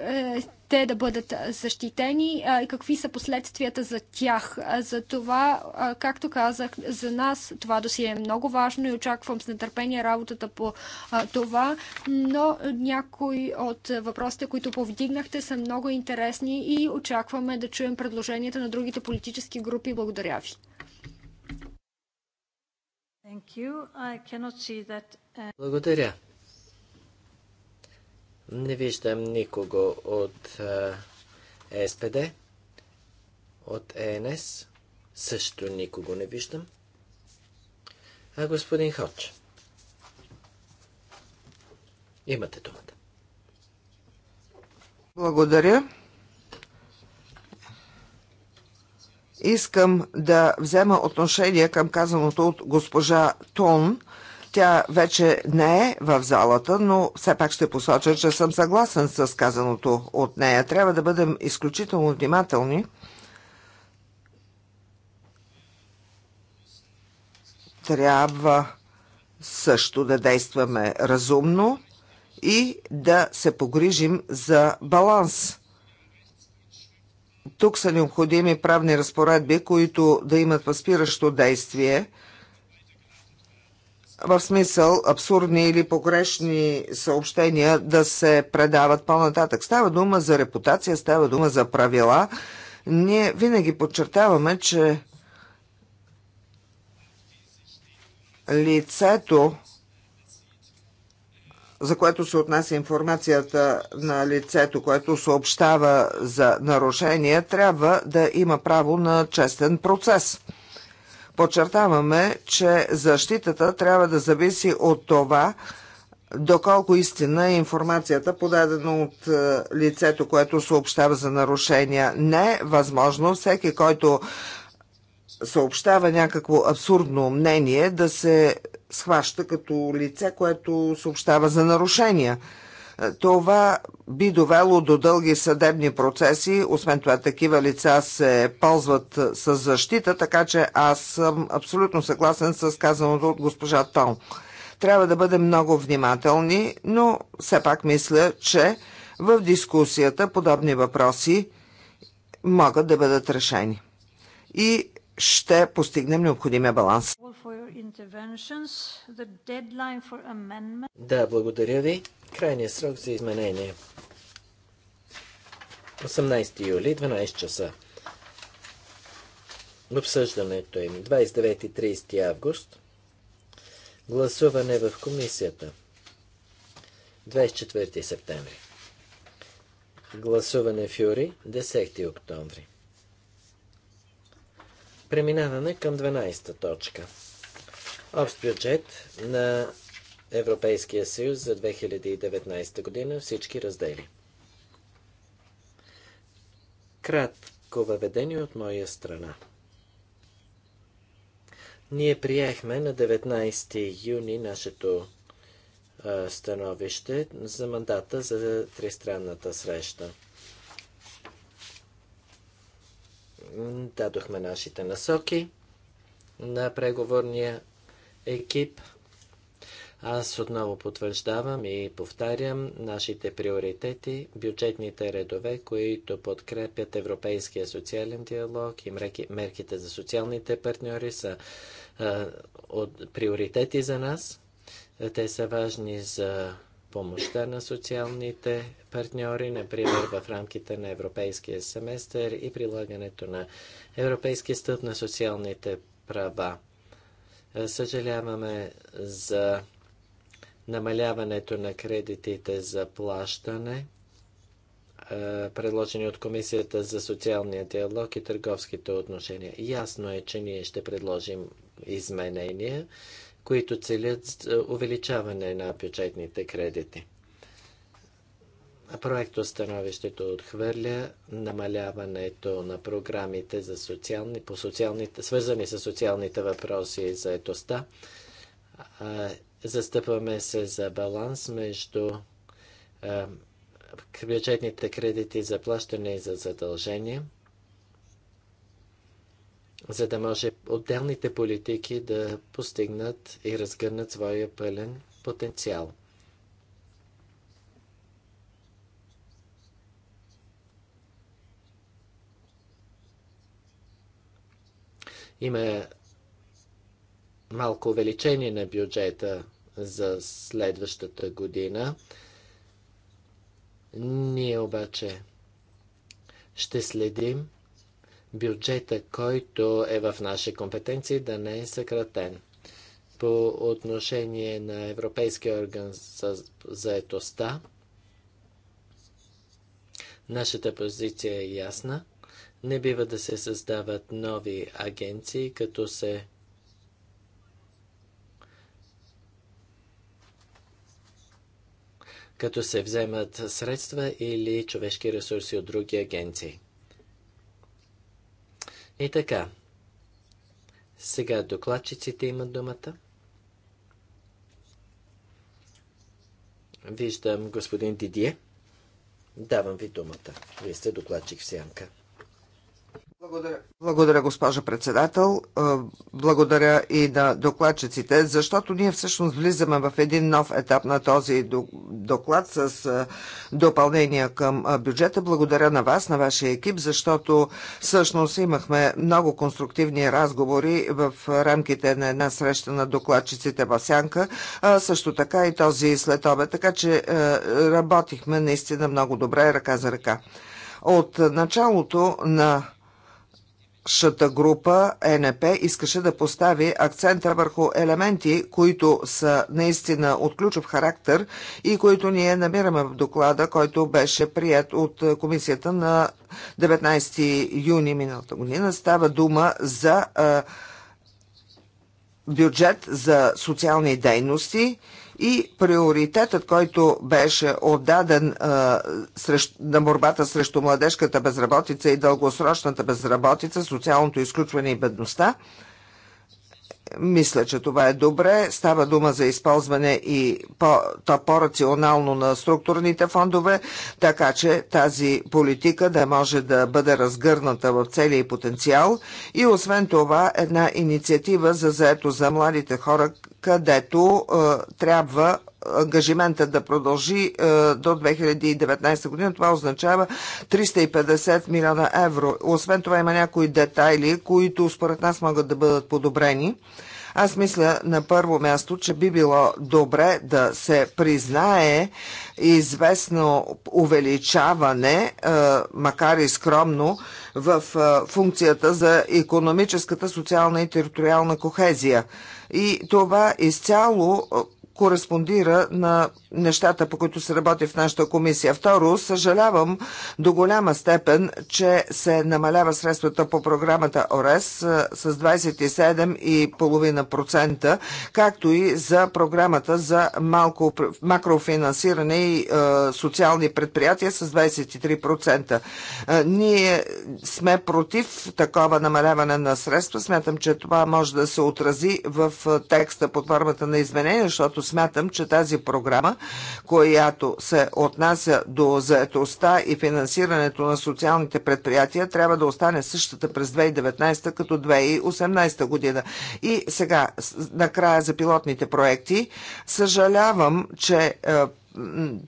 е, те да бъдат защитени и какви са последствията за тях. За това, както казах, за нас това досие е много важно и очаквам с нетърпение работата по това, но някои от въпросите, които повдигнахте, са много интересни и очакваме да чуем предложенията на другите политически групи. Благодаря ви. Uh, Благодаря. Не виждам никого от е, СПД, от ЕНС. Също никого не виждам. А господин Ходж, имате думата. Благодаря. Искам да взема отношение към казаното от госпожа Тон – тя вече не е в залата, но все пак ще посоча, че съм съгласен с казаното от нея. Трябва да бъдем изключително внимателни. Трябва също да действаме разумно и да се погрижим за баланс. Тук са необходими правни разпоредби, които да имат възпиращо действие – в смисъл абсурдни или погрешни съобщения да се предават по-нататък. Става дума за репутация, става дума за правила. Ние винаги подчертаваме, че лицето, за което се отнася информацията на лицето, което съобщава за нарушение, трябва да има право на честен процес. Подчертаваме, че защитата трябва да зависи от това, доколко истина е информацията, подадена от е, лицето, което съобщава за нарушения. Не е възможно всеки, който съобщава някакво абсурдно мнение, да се схваща като лице, което съобщава за нарушения. Това би довело до дълги съдебни процеси. Освен това, такива лица се ползват с защита, така че аз съм абсолютно съгласен с казаното от госпожа Тон. Трябва да бъдем много внимателни, но все пак мисля, че в дискусията подобни въпроси могат да бъдат решени. И ще постигнем необходимия баланс. Да, благодаря ви. Крайния срок за изменение. 18 юли, 12 часа. Обсъждането им 29-30 август. Гласуване в комисията 24 септември. Гласуване в Юри 10 октомври. Преминаваме към 12 точка. Общ бюджет на Европейския съюз за 2019 година, всички раздели. Кратко въведение от моя страна. Ние приехме на 19 юни нашето становище за мандата за тристранната среща. Дадохме нашите насоки на преговорния екип – аз отново потвърждавам и повтарям нашите приоритети, бюджетните редове, които подкрепят Европейския социален диалог и мерките за социалните партньори са а, от, приоритети за нас. Те са важни за помощта на социалните партньори, например в рамките на Европейския семестър и прилагането на Европейски стъп на социалните права. Съжаляваме за намаляването на кредитите за плащане, предложени от Комисията за социалния диалог и търговските отношения. Ясно е, че ние ще предложим изменения, които целят увеличаване на бюджетните кредити. становището отхвърля намаляването на програмите за социални, по социалните, свързани с социалните въпроси и заетостта Застъпваме се за баланс между а, бюджетните кредити за плащане и за задължение, за да може отделните политики да постигнат и разгърнат своя пълен потенциал. Има малко увеличение на бюджета за следващата година. Ние обаче ще следим бюджета, който е в наши компетенции, да не е съкратен. По отношение на Европейския орган за заетостта, нашата позиция е ясна. Не бива да се създават нови агенции, като се като се вземат средства или човешки ресурси от други агенции. И така, сега докладчиците имат думата. Виждам господин Дидие. Давам ви думата. Вие сте докладчик в сянка. Благодаря. Благодаря, госпожа председател. Е, благодаря и на докладчиците, защото ние всъщност влизаме в един нов етап на този доклад с е, допълнение към е, бюджета. Благодаря на вас, на вашия екип, защото всъщност имахме много конструктивни разговори в рамките на една среща на докладчиците в Сянка, също така и този след обед, така че работихме наистина много добре ръка за ръка. От началото на Нашата група е НП искаше да постави акцента върху елементи, които са наистина от ключов характер и които ние намираме в доклада, който беше прият от комисията на 19 юни миналата година. Става дума за бюджет за социални дейности – и приоритетът, който беше отдаден а, срещ, на борбата срещу младежката безработица и дългосрочната безработица, социалното изключване и бедността – мисля, че това е добре. Става дума за използване и по-рационално по на структурните фондове, така че тази политика да може да бъде разгърната в целия и потенциал. И освен това, една инициатива за заето за младите хора, където е, трябва ангажимента да продължи е, до 2019 година. Това означава 350 милиона евро. Освен това има някои детайли, които според нас могат да бъдат подобрени. Аз мисля на първо място, че би било добре да се признае известно увеличаване, е, макар и скромно, в е, функцията за економическата, социална и териториална кохезия. И това изцяло кореспондира на нещата, по които се работи в нашата комисия. Второ, съжалявам до голяма степен, че се намалява средствата по програмата ОРЕС с 27,5%, както и за програмата за малко, макрофинансиране и е, социални предприятия с 23%. Е, ние сме против такова намаляване на средства. Смятам, че това може да се отрази в текста под формата на изменение, защото смятам, че тази програма, която се отнася до заетостта и финансирането на социалните предприятия, трябва да остане същата през 2019 като 2018 година. И сега, накрая за пилотните проекти. Съжалявам, че е,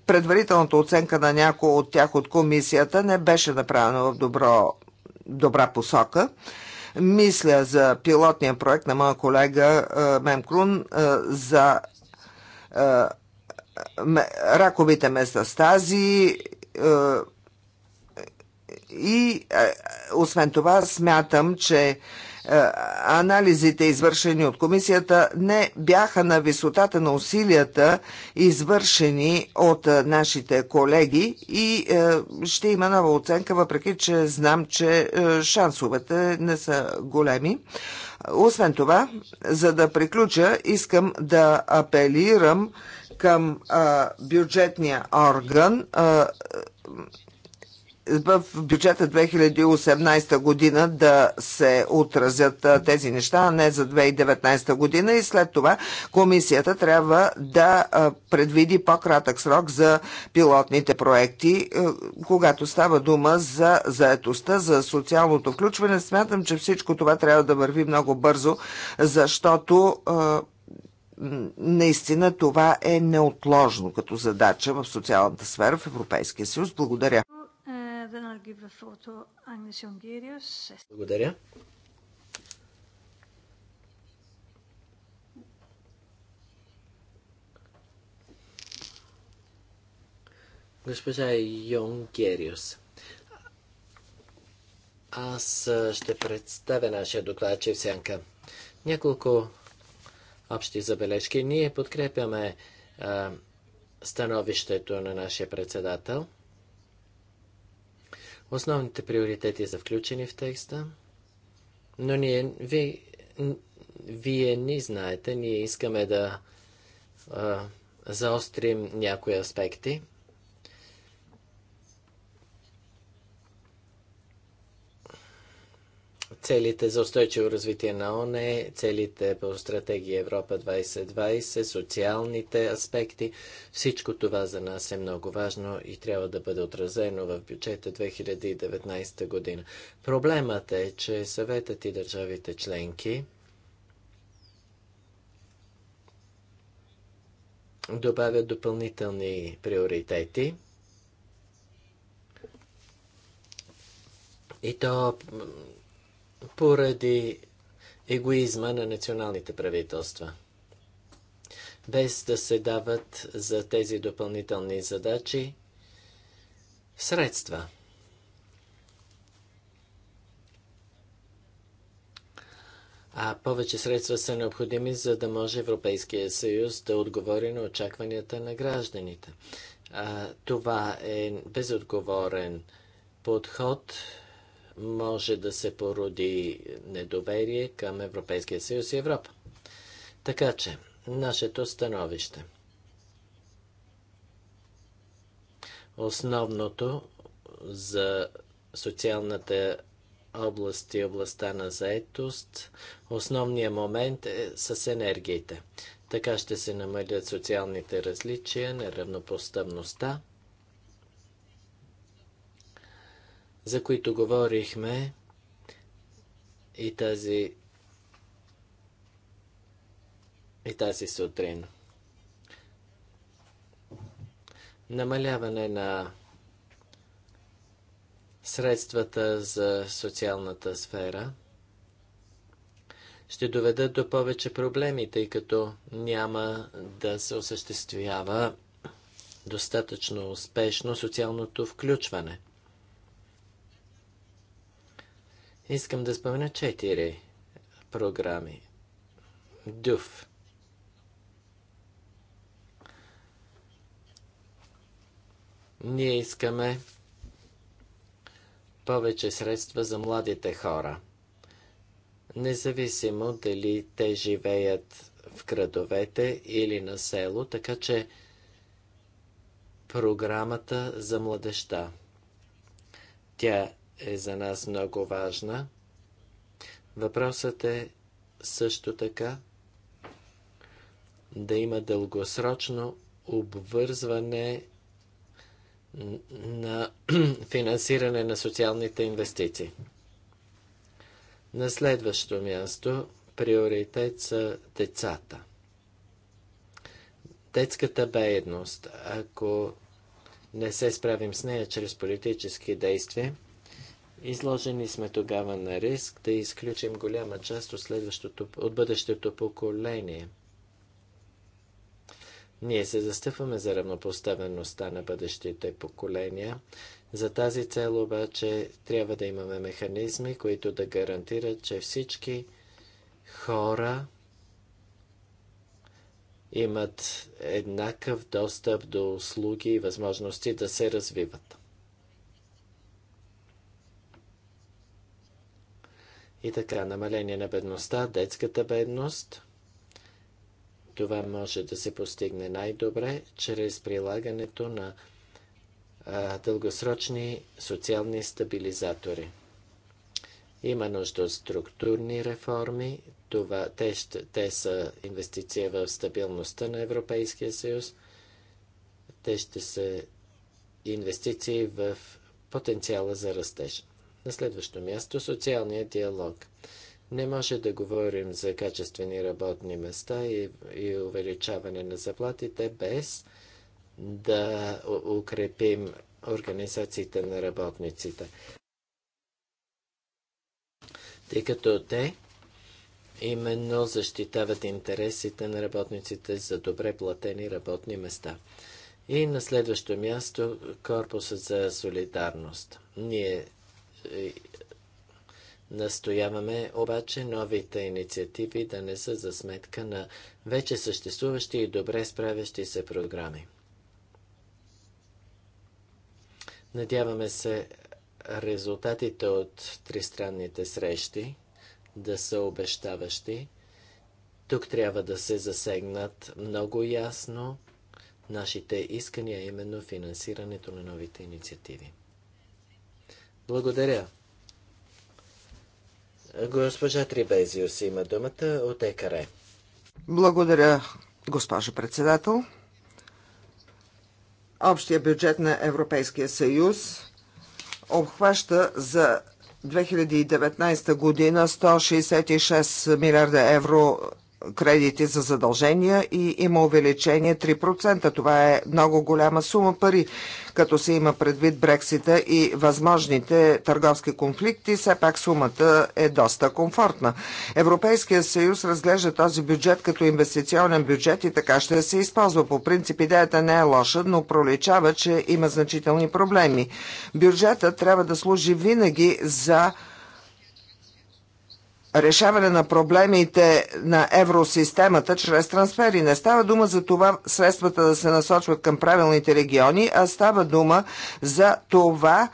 предварителната оценка на някои от тях от комисията не беше направена в добро, добра посока. Мисля за пилотния проект на моя колега е, Мемкрун е, за раковите местастази е, и е, освен това смятам, че е, анализите, извършени от комисията, не бяха на висотата на усилията, извършени от нашите колеги и ще има нова оценка, въпреки че знам, че шансовете не са големи. Освен това, за да приключа, искам да апелирам към а, бюджетния орган а, в бюджета 2018 година да се отразят тези неща, а не за 2019 година и след това комисията трябва да предвиди по-кратък срок за пилотните проекти, е, когато става дума за заетостта, за социалното включване. Смятам, че всичко това трябва да върви много бързо, защото наистина това е неотложно като задача в социалната сфера в Европейския съюз. Благодаря. Благодаря. Госпожа Йонгериус, аз ще представя нашия доклад всянка. Няколко общи забележки. Ние подкрепяме а, становището на нашия председател. Основните приоритети са включени в текста, но ние, ви, вие ни знаете, ние искаме да а, заострим някои аспекти. целите за устойчиво развитие на ОНЕ, целите по стратегия Европа 2020, социалните аспекти. Всичко това за нас е много важно и трябва да бъде отразено в бюджета 2019 година. Проблемът е, че съветът и държавите членки добавят допълнителни приоритети. И то поради егоизма на националните правителства. Без да се дават за тези допълнителни задачи средства. А повече средства са необходими, за да може Европейския съюз да отговори на очакванията на гражданите. А, това е безотговорен подход може да се породи недоверие към Европейския съюз и Европа. Така че, нашето становище. Основното за социалната област и областта на заетост, основният момент е с енергиите. Така ще се намалят социалните различия, неравнопоставността. за които говорихме и тази, и тази сутрин. Намаляване на средствата за социалната сфера ще доведат до повече проблеми, тъй като няма да се осъществява достатъчно успешно социалното включване – Искам да спомена четири програми. ДЮФ. Ние искаме повече средства за младите хора. Независимо дали те живеят в градовете или на село, така че програмата за младеща. Тя е за нас много важна. Въпросът е също така да има дългосрочно обвързване на финансиране на социалните инвестиции. На следващо място приоритет са децата. Детската бедност, ако не се справим с нея чрез политически действия, Изложени сме тогава на риск да изключим голяма част от, следващото, от бъдещето поколение. Ние се застъпваме за равнопоставеността на бъдещите поколения. За тази цел обаче трябва да имаме механизми, които да гарантират, че всички хора имат еднакъв достъп до услуги и възможности да се развиват. И така, намаление на бедността, детската бедност. Това може да се постигне най-добре чрез прилагането на а, дългосрочни социални стабилизатори. Има нужда от структурни реформи. Това, те, те са инвестиция в стабилността на Европейския съюз. Те ще са инвестиции в потенциала за растеж. На следващо място социалният диалог. Не може да говорим за качествени работни места и, и увеличаване на заплатите без да укрепим организациите на работниците. Тъй като те именно защитават интересите на работниците за добре платени работни места. И на следващо място Корпуса за солидарност. Ние е, настояваме обаче новите инициативи да не са за сметка на вече съществуващи и добре справящи се програми. Надяваме се резултатите от тристранните срещи да са обещаващи. Тук трябва да се засегнат много ясно нашите искания, именно финансирането на новите инициативи. Благодаря. Госпожа Трибезиус има думата от ЕКРЕ. Благодаря, госпожа председател. Общия бюджет на Европейския съюз обхваща за 2019 година 166 милиарда евро кредити за задължения и има увеличение 3%. Това е много голяма сума пари. Като се има предвид Брексита и възможните търговски конфликти, все пак сумата е доста комфортна. Европейския съюз разглежда този бюджет като инвестиционен бюджет и така ще се използва. По принцип идеята не е лоша, но проличава, че има значителни проблеми. Бюджетът трябва да служи винаги за решаване на проблемите на евросистемата чрез трансфери. Не става дума за това средствата да се насочват към правилните региони, а става дума за това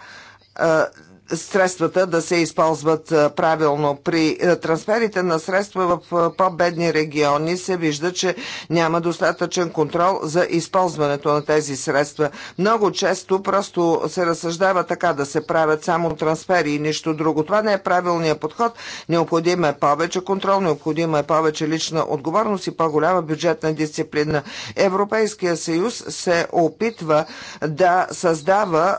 средствата да се използват правилно. При трансферите на средства в по-бедни региони се вижда, че няма достатъчен контрол за използването на тези средства. Много често просто се разсъждава така да се правят само трансфери и нищо друго. Това не е правилният подход. Необходимо е повече контрол, необходима е повече лична отговорност и по-голяма бюджетна дисциплина. Европейския съюз се опитва да създава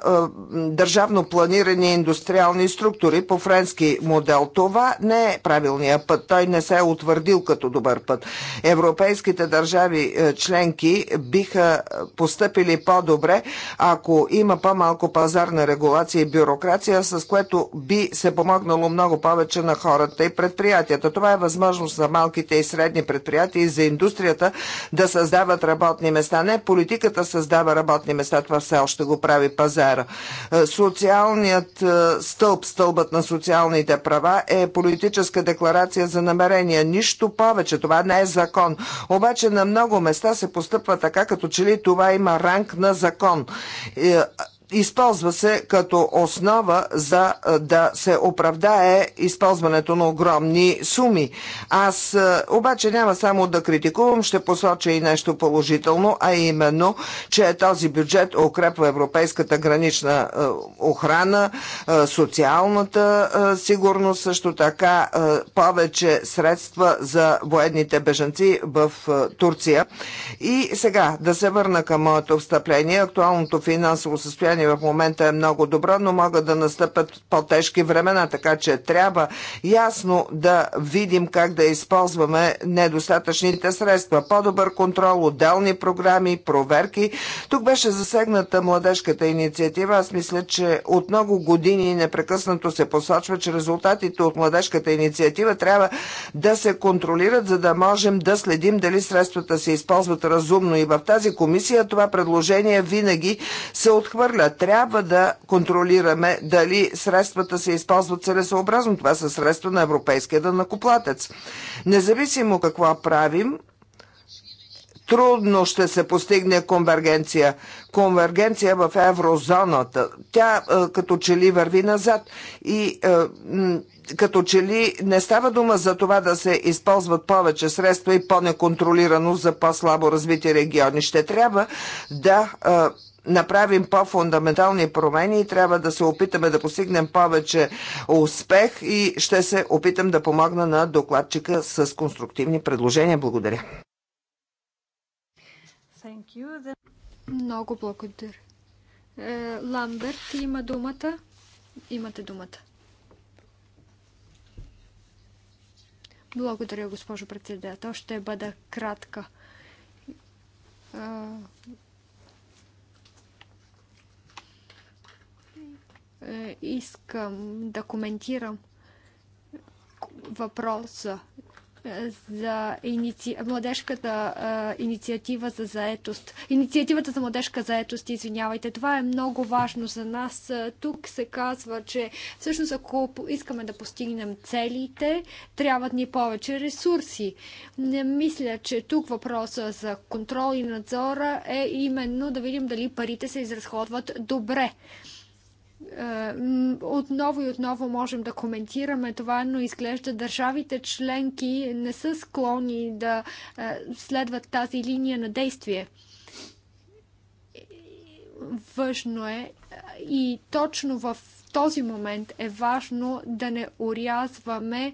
държавно планиране и индустрия индустриални структури по френски модел. Това не е правилният път. Той не се е утвърдил като добър път. Европейските държави е, членки биха е, постъпили по-добре, ако има по-малко пазарна регулация и бюрокрация, с което би се помогнало много повече на хората и предприятията. Това е възможност за малките и средни предприятия и за индустрията да създават работни места. Не политиката създава работни места, това все още го прави пазара. Е, социалният стълб, стълбът на социалните права, е политическа декларация за намерения. Нищо повече. Това не е закон. Обаче на много места се постъпва така, като че ли това има ранг на закон. Е, използва се като основа за да се оправдае използването на огромни суми. Аз обаче няма само да критикувам, ще посоча и нещо положително, а именно, че този бюджет укрепва европейската гранична охрана, социалната сигурност, също така повече средства за военните бежанци в Турция. И сега да се върна към моето встъпление. Актуалното финансово състояние състояние в момента е много добро, но могат да настъпят по-тежки времена, така че трябва ясно да видим как да използваме недостатъчните средства. По-добър контрол, отделни програми, проверки. Тук беше засегната младежката инициатива. Аз мисля, че от много години непрекъснато се посочва, че резултатите от младежката инициатива трябва да се контролират, за да можем да следим дали средствата се използват разумно. И в тази комисия това предложение винаги се отхвърля трябва да контролираме дали средствата се използват целесообразно. Това са средства на европейския данакоплатец. Независимо какво правим, трудно ще се постигне конвергенция. Конвергенция в еврозоната. Тя е, като че ли върви назад и е, като че ли не става дума за това да се използват повече средства и по-неконтролирано за по-слабо развити региони. Ще трябва да е, направим по-фундаментални промени и трябва да се опитаме да постигнем повече успех и ще се опитам да помогна на докладчика с конструктивни предложения. Благодаря. Много благодаря. Е, Ламберт има думата. Имате думата. Благодаря, госпожо председател. Ще бъда кратка е, Е, искам да коментирам въпроса е, за иници... младежката а, е, инициатива за заетост. Инициативата за младежка заетост, извинявайте, това е много важно за нас. Тук се казва, че всъщност ако искаме да постигнем целите, трябват ни повече ресурси. Не мисля, че тук въпроса за контрол и надзора е именно да видим дали парите се изразходват добре. Е, отново и отново можем да коментираме това, но изглежда държавите членки не са склонни да е, следват тази линия на действие. Важно е и точно в този момент е важно да не урязваме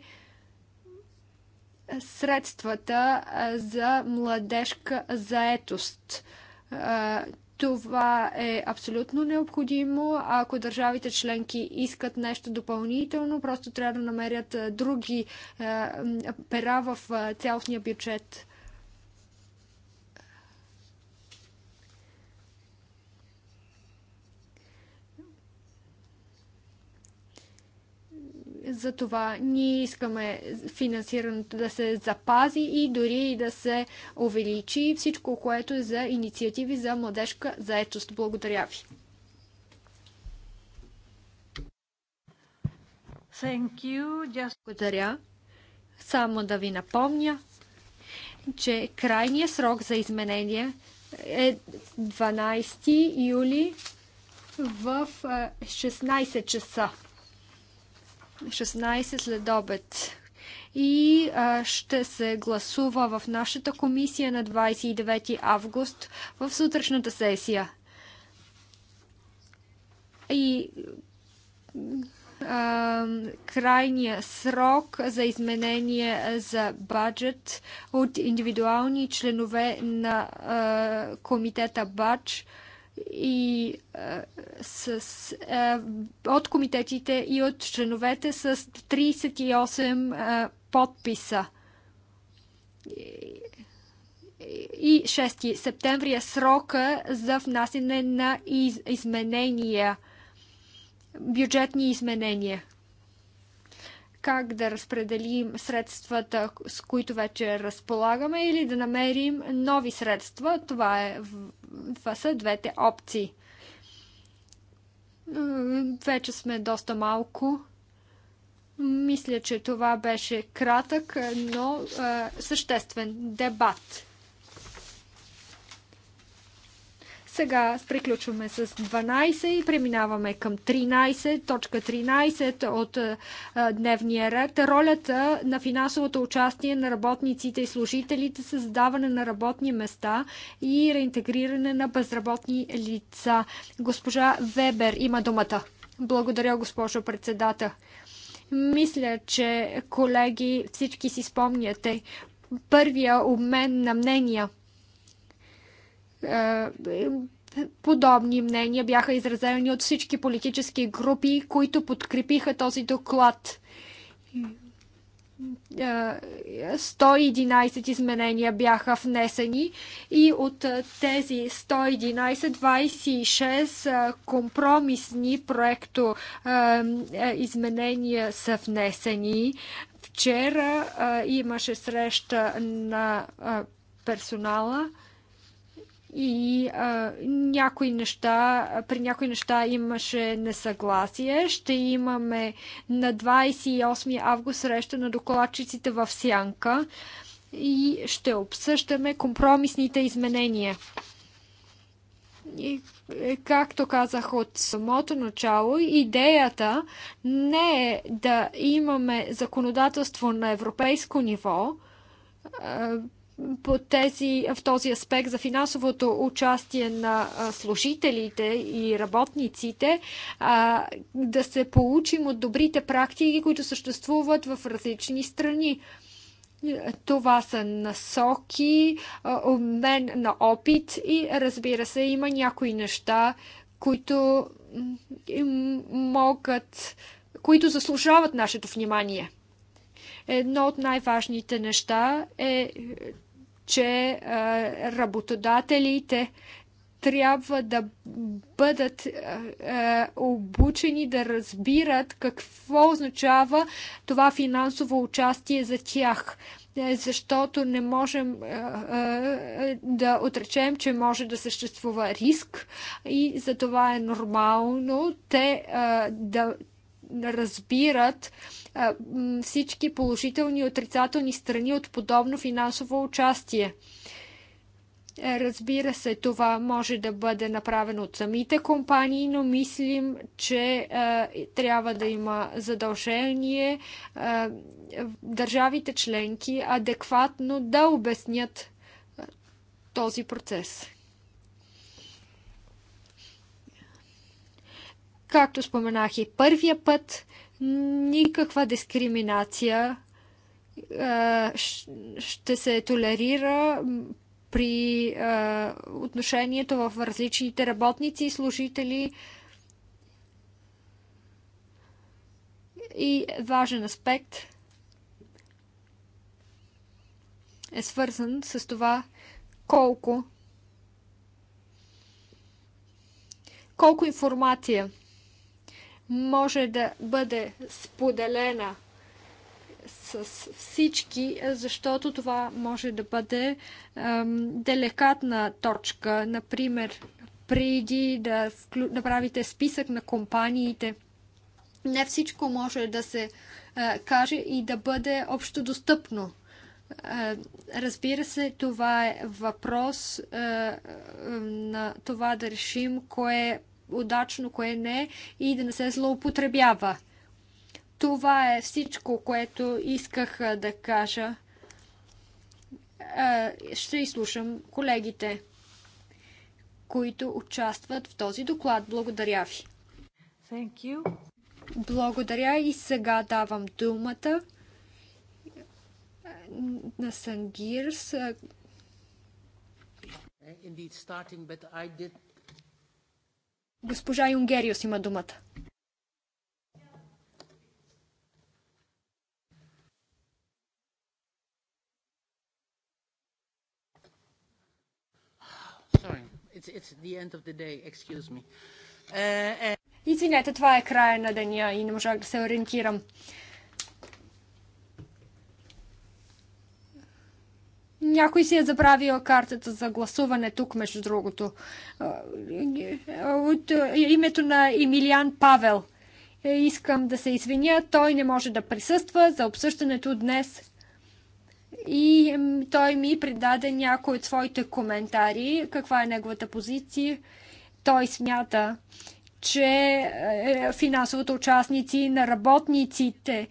средствата е, за младежка заетост това е абсолютно необходимо. Ако държавите членки искат нещо допълнително, просто трябва да намерят други пера в цялостния бюджет. Затова ние искаме финансирането да се запази и дори да се увеличи всичко, което е за инициативи за младежка заетост. Благодаря ви. Just... Благодаря. Само да ви напомня, че крайният срок за изменение е 12 юли в 16 е, часа. 16 след обед. И а, ще се гласува в нашата комисия на 29 август в сутрешната сесия. И крайния срок за изменение за баджет от индивидуални членове на комитета БАДЖ и а, с, а, от комитетите и от членовете с 38 а, подписа. И 6 септември е срока за внасяне на из, изменения, бюджетни изменения как да разпределим средствата, с които вече разполагаме, или да намерим нови средства. Това, е, това са двете опции. Вече сме доста малко. Мисля, че това беше кратък, но е, съществен дебат. Сега приключваме с 12 и преминаваме към 13, точка 13 от е, е, дневния ред. Ролята на финансовото участие на работниците и служителите, създаване на работни места и реинтегриране на безработни лица. Госпожа Вебер има думата. Благодаря, госпожо председател. Мисля, че колеги всички си спомняте първия обмен на мнения подобни мнения бяха изразени от всички политически групи, които подкрепиха този доклад. 111 е, изменения бяха внесени и от тези 111 26 е, компромисни проекто е, изменения са внесени. Вчера имаше среща на персонала и а, някои неща, при някои неща имаше несъгласие. Ще имаме на 28 август среща на докладчиците в Сянка и ще обсъждаме компромисните изменения. И, е, както казах от самото начало, идеята не е да имаме законодателство на европейско ниво, по тези, в този аспект за финансовото участие на служителите и работниците, да се получим от добрите практики, които съществуват в различни страни. Това са насоки, обмен на опит и разбира се, има някои неща, които могат, които заслужават нашето внимание едно от най-важните неща е, че работодателите трябва да бъдат обучени да разбират какво означава това финансово участие за тях е, защото не можем да отречем, че може да съществува риск и за това е нормално те да разбират а, всички положителни и отрицателни страни от подобно финансово участие. Е, разбира се, това може да бъде направено от самите компании, но мислим, че е, трябва да има задължение е, държавите членки адекватно да обяснят този процес. Както споменах и първия път, никаква дискриминация ще се толерира при отношението в различните работници и служители. И важен аспект е свързан с това колко колко информация може да бъде споделена с всички, защото това може да бъде ем, деликатна точка. Например, преди да направите списък на компаниите, не всичко може да се е, каже и да бъде общо достъпно. Е, разбира се, това е въпрос е, на това да решим кое удачно, кое не и да не се злоупотребява. Това е всичко, което исках да кажа. Ще изслушам колегите, които участват в този доклад. Благодаря ви. Thank you. Благодаря и сега давам думата на Сангирс. Indeed, starting, but I did Госпожа Юнгериус има думата. Извинете, това е края на деня и не можах да се ориентирам. Uh, Някой си е забравил картата за гласуване тук, между другото. От името на Емилиан Павел. Е, искам да се извиня, той не може да присъства за обсъждането днес. И той ми предаде някои от своите коментари, каква е неговата позиция. Той смята, че е, финансовото участници на работниците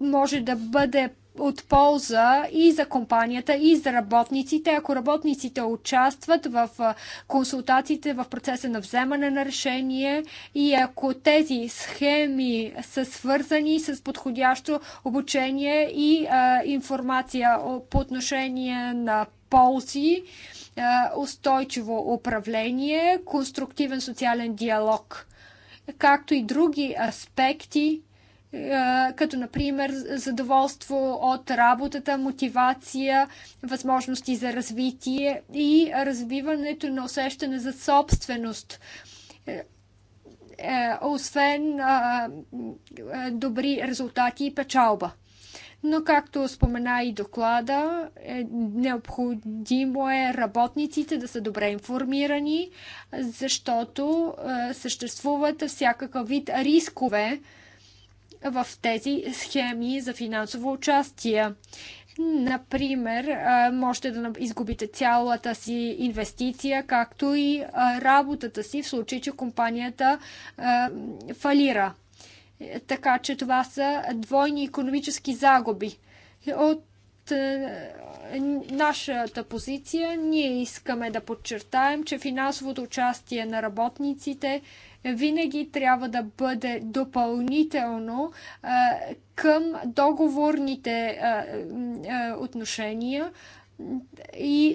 може да бъде от полза и за компанията, и за работниците, ако работниците участват в консултациите в процеса на вземане на решение и ако тези схеми са свързани с подходящо обучение и а, информация по отношение на ползи, а, устойчиво управление, конструктивен социален диалог, както и други аспекти, е, като например задоволство от работата, мотивация, възможности за развитие и развиването на усещане за собственост. Е, е, освен добри резултати и печалба. Но, както спомена и доклада, е, необходимо е работниците да са добре информирани, защото съществуват всякакъв вид рискове, в тези схеми за финансово участие. Например, можете да изгубите цялата си инвестиция, както и работата си в случай, че компанията фалира. Така че това са двойни економически загуби. От нашата позиция ние искаме да подчертаем, че финансовото участие на работниците – винаги трябва да бъде допълнително към договорните отношения и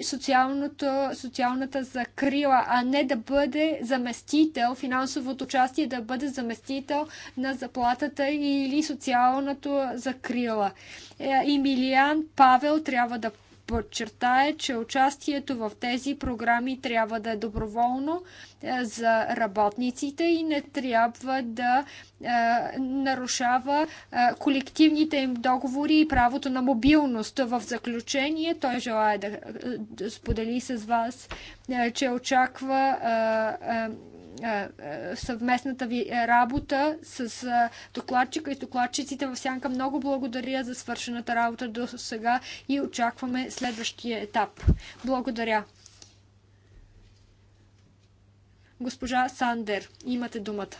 социалната закрила, а не да бъде заместител, финансовото участие да бъде заместител на заплатата или социалната закрила. Е, Емилиан Павел трябва да подчертая, че участието в тези програми трябва да е доброволно е, за работниците и не трябва да е, нарушава е, колективните им договори и правото на мобилност. В заключение той желая да сподели с вас, че очаква съвместната ви работа с докладчика и докладчиците в Сянка. Много благодаря за свършената работа до сега и очакваме следващия етап. Благодаря. Госпожа Сандер, имате думата.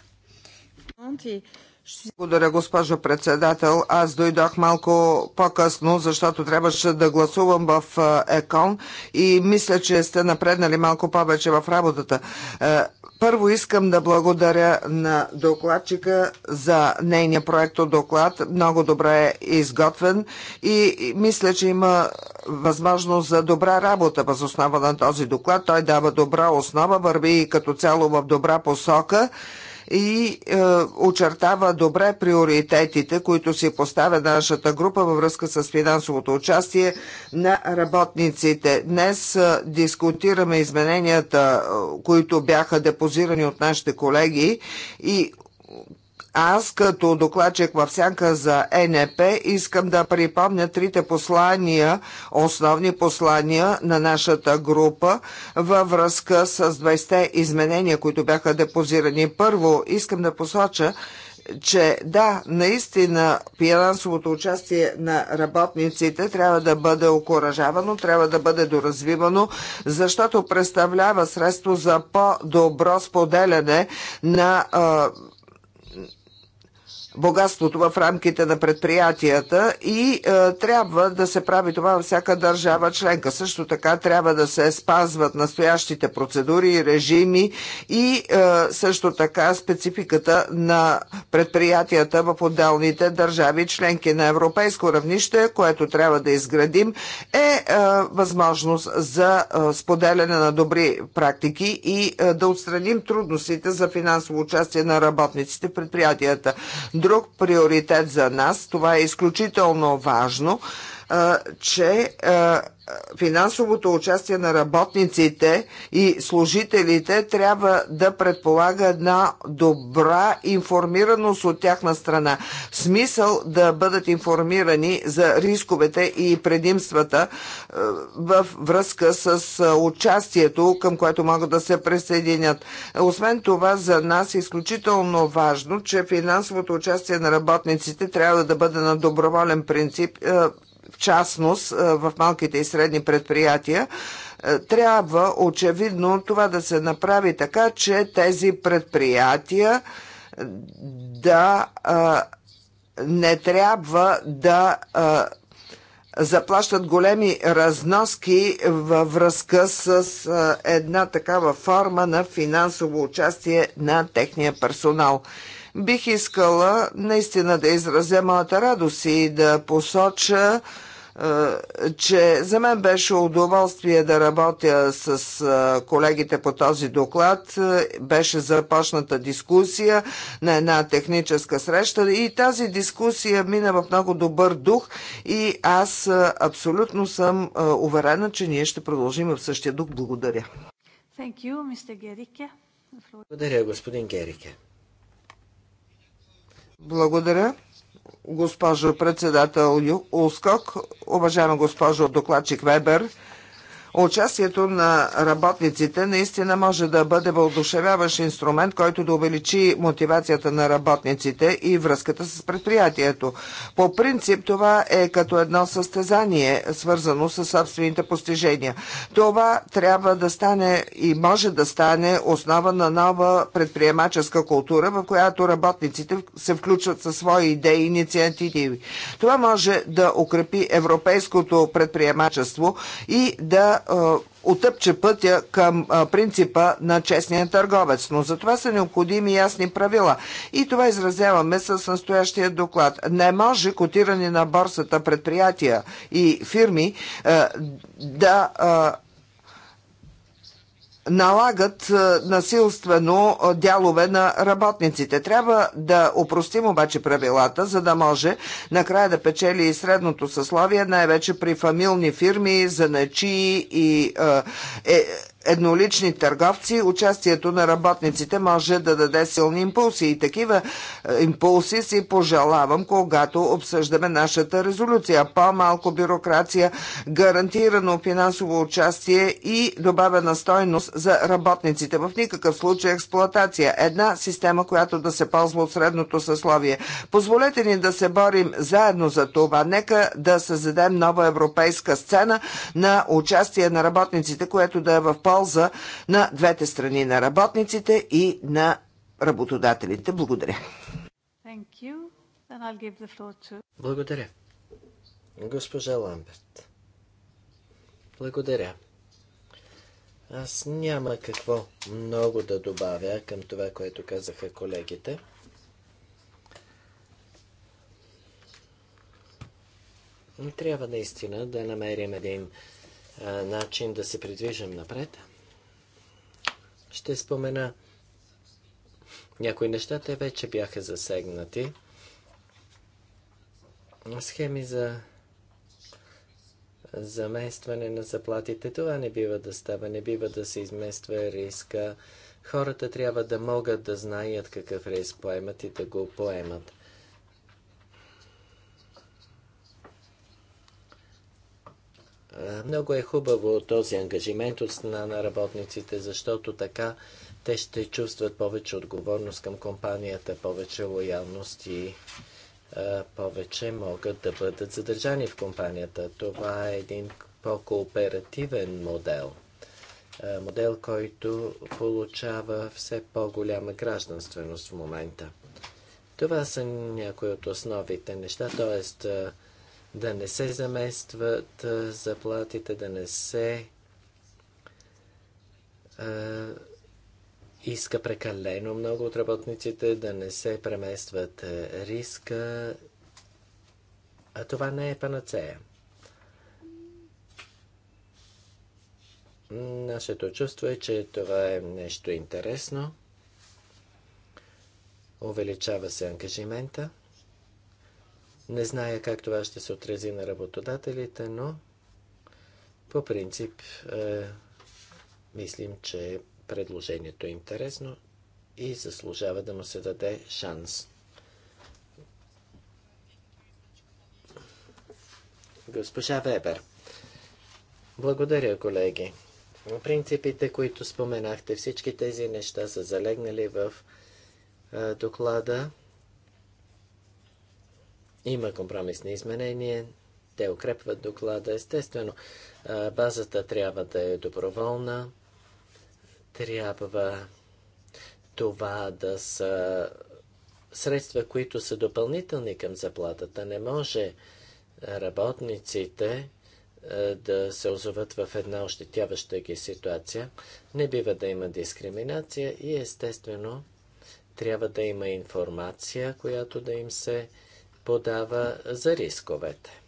Благодаря, госпожо председател. Аз дойдох малко по-късно, защото трябваше да гласувам в ЕКОН и мисля, че сте напреднали малко повече в работата. Е, първо искам да благодаря на докладчика за нейния проект от доклад. Много добре е изготвен и мисля, че има възможност за добра работа въз основа на този доклад. Той дава добра основа, върви и като цяло в добра посока и е, очертава добре приоритетите, които си поставя нашата група във връзка с финансовото участие на работниците. Днес е, дискутираме измененията, е, които бяха депозирани от нашите колеги и аз като докладчик в сянка за е НП искам да припомня трите послания, основни послания на нашата група във връзка с 20-те изменения, които бяха депозирани. Първо искам да посоча, че да, наистина финансовото участие на работниците трябва да бъде окоръжавано, трябва да бъде доразвивано, защото представлява средство за по-добро споделяне на богатството в рамките на предприятията и е, трябва да се прави това във всяка държава членка. Също така трябва да се спазват настоящите процедури и режими и е, също така спецификата на предприятията в отделните държави членки на европейско равнище, което трябва да изградим, е, е възможност за е, споделяне на добри практики и е, да отстраним трудностите за финансово участие на работниците в предприятията друг приоритет за нас. Това е изключително важно че финансовото участие на работниците и служителите трябва да предполага една добра информираност от тяхна страна. В смисъл да бъдат информирани за рисковете и предимствата в връзка с участието, към което могат да се присъединят. Освен това, за нас е изключително важно, че финансовото участие на работниците трябва да бъде на доброволен принцип в частност в малките и средни предприятия, трябва очевидно това да се направи така, че тези предприятия да не трябва да заплащат големи разноски във връзка с една такава форма на финансово участие на техния персонал. Бих искала наистина да изразя моята радост и да посоча, е, че за мен беше удоволствие да работя с е, колегите по този доклад. Е, беше започната дискусия на една техническа среща и тази дискусия мина в много добър дух и аз абсолютно съм уверена, че ние ще продължим в същия дух. Благодаря. You, Благодаря, господин Герике. Благодаря, госпожо председател Ускок, уважаема госпожо докладчик Вебер. Участието на работниците наистина може да бъде въодушевяващ инструмент, който да увеличи мотивацията на работниците и връзката с предприятието. По принцип това е като едно състезание, свързано с собствените постижения. Това трябва да стане и може да стане основа на нова предприемаческа култура, в която работниците се включват със свои идеи и инициативи. Това може да укрепи европейското предприемачество и да е, отъпче пътя към е, принципа на честния търговец. Но за това са необходими ясни правила. И това изразяваме с настоящия доклад. Не може котирани на борсата предприятия и фирми е, да налагат е, насилствено е, дялове на работниците. Трябва да опростим обаче правилата, за да може накрая да печели и средното съсловие, най-вече при фамилни фирми, заначи и е, е еднолични търговци, участието на работниците може да даде силни импулси. И такива е, импулси си пожелавам, когато обсъждаме нашата резолюция. По-малко бюрокрация, гарантирано финансово участие и добавена стойност за работниците. В никакъв случай експлоатация. Една система, която да се ползва от средното съсловие. Позволете ни да се борим заедно за това. Нека да създадем нова европейска сцена на участие на работниците, което да е в по полза на двете страни на работниците и на работодателите. Благодаря. To... Благодаря. Госпожа Ламберт. Благодаря. Аз няма какво много да добавя към това, което казаха колегите. Трябва наистина да намерим един начин да се придвижим напред. Ще спомена някои неща, те вече бяха засегнати. Схеми за заместване на заплатите. Това не бива да става, не бива да се измества риска. Хората трябва да могат да знаят какъв риск поемат и да го поемат. Е, много е хубаво този ангажимент от страна на работниците, защото така те ще чувстват повече отговорност към компанията, повече лоялност и е, повече могат да бъдат задържани в компанията. Това е един по-кооперативен модел. Е, модел, който получава все по-голяма гражданственост в момента. Това са някои от основите неща, т.е да не се заместват заплатите, да не се а, иска прекалено много от работниците, да не се преместват риска. А това не е панацея. Нашето чувство е, че това е нещо интересно. Увеличава се ангажимента. Не зная как това ще се отрази на работодателите, но по принцип е, мислим, че предложението е интересно и заслужава да му се даде шанс. Госпожа Вебер. Благодаря, колеги. Принципите, които споменахте, всички тези неща са залегнали в е, доклада има компромисни изменения, те укрепват доклада. Естествено, базата трябва да е доброволна, трябва това да са средства, които са допълнителни към заплатата. Не може работниците да се озоват в една ощетяваща ги ситуация. Не бива да има дискриминация и естествено трябва да има информация, която да им се подава за рисковете.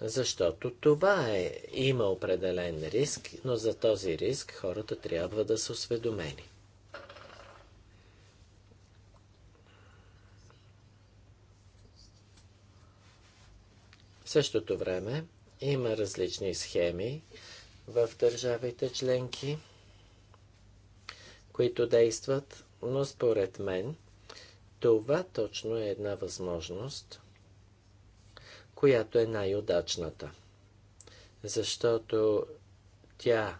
Защото това е. Има определен риск, но за този риск хората трябва да са осведомени. В същото време има различни схеми в държавите членки, които действат, но според мен това точно е една възможност, която е най-удачната, защото тя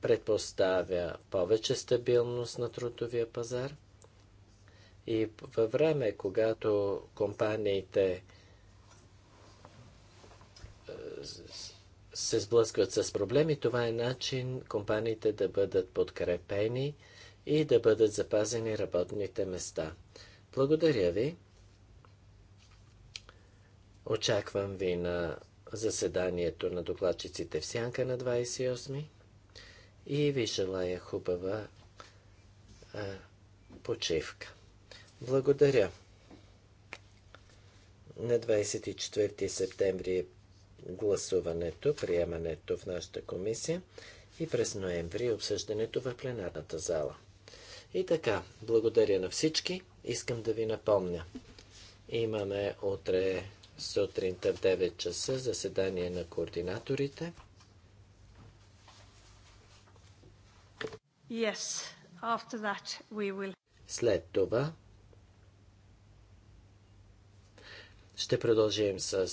предпоставя повече стабилност на трудовия пазар и във време, когато компаниите е, се сблъскват с проблеми, това е начин компаниите да бъдат подкрепени – и да бъдат запазени работните места. Благодаря ви. Очаквам ви на заседанието на докладчиците в Сянка на 28 и ви желая хубава а, почивка. Благодаря. На 24 септември е гласуването, приемането в нашата комисия и през ноември е обсъждането в пленарната зала. И така, благодаря на всички. Искам да ви напомня. Имаме утре сутринта в 9 часа заседание на координаторите. Yes, after that we will... След това ще продължим с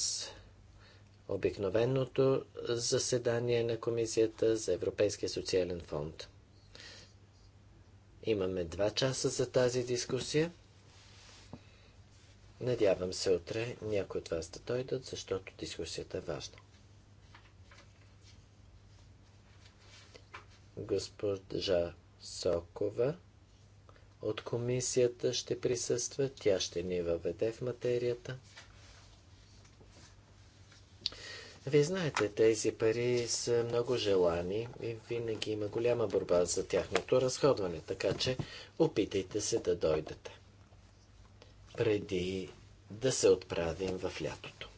обикновеното заседание на Комисията за Европейския социален фонд. Имаме два часа за тази дискусия. Надявам се утре някои от вас да дойдат, защото дискусията е важна. Госпожа Сокова от комисията ще присъства. Тя ще ни въведе в материята. Вие знаете, тези пари са много желани и винаги има голяма борба за тяхното разходване, така че опитайте се да дойдете преди да се отправим в лятото.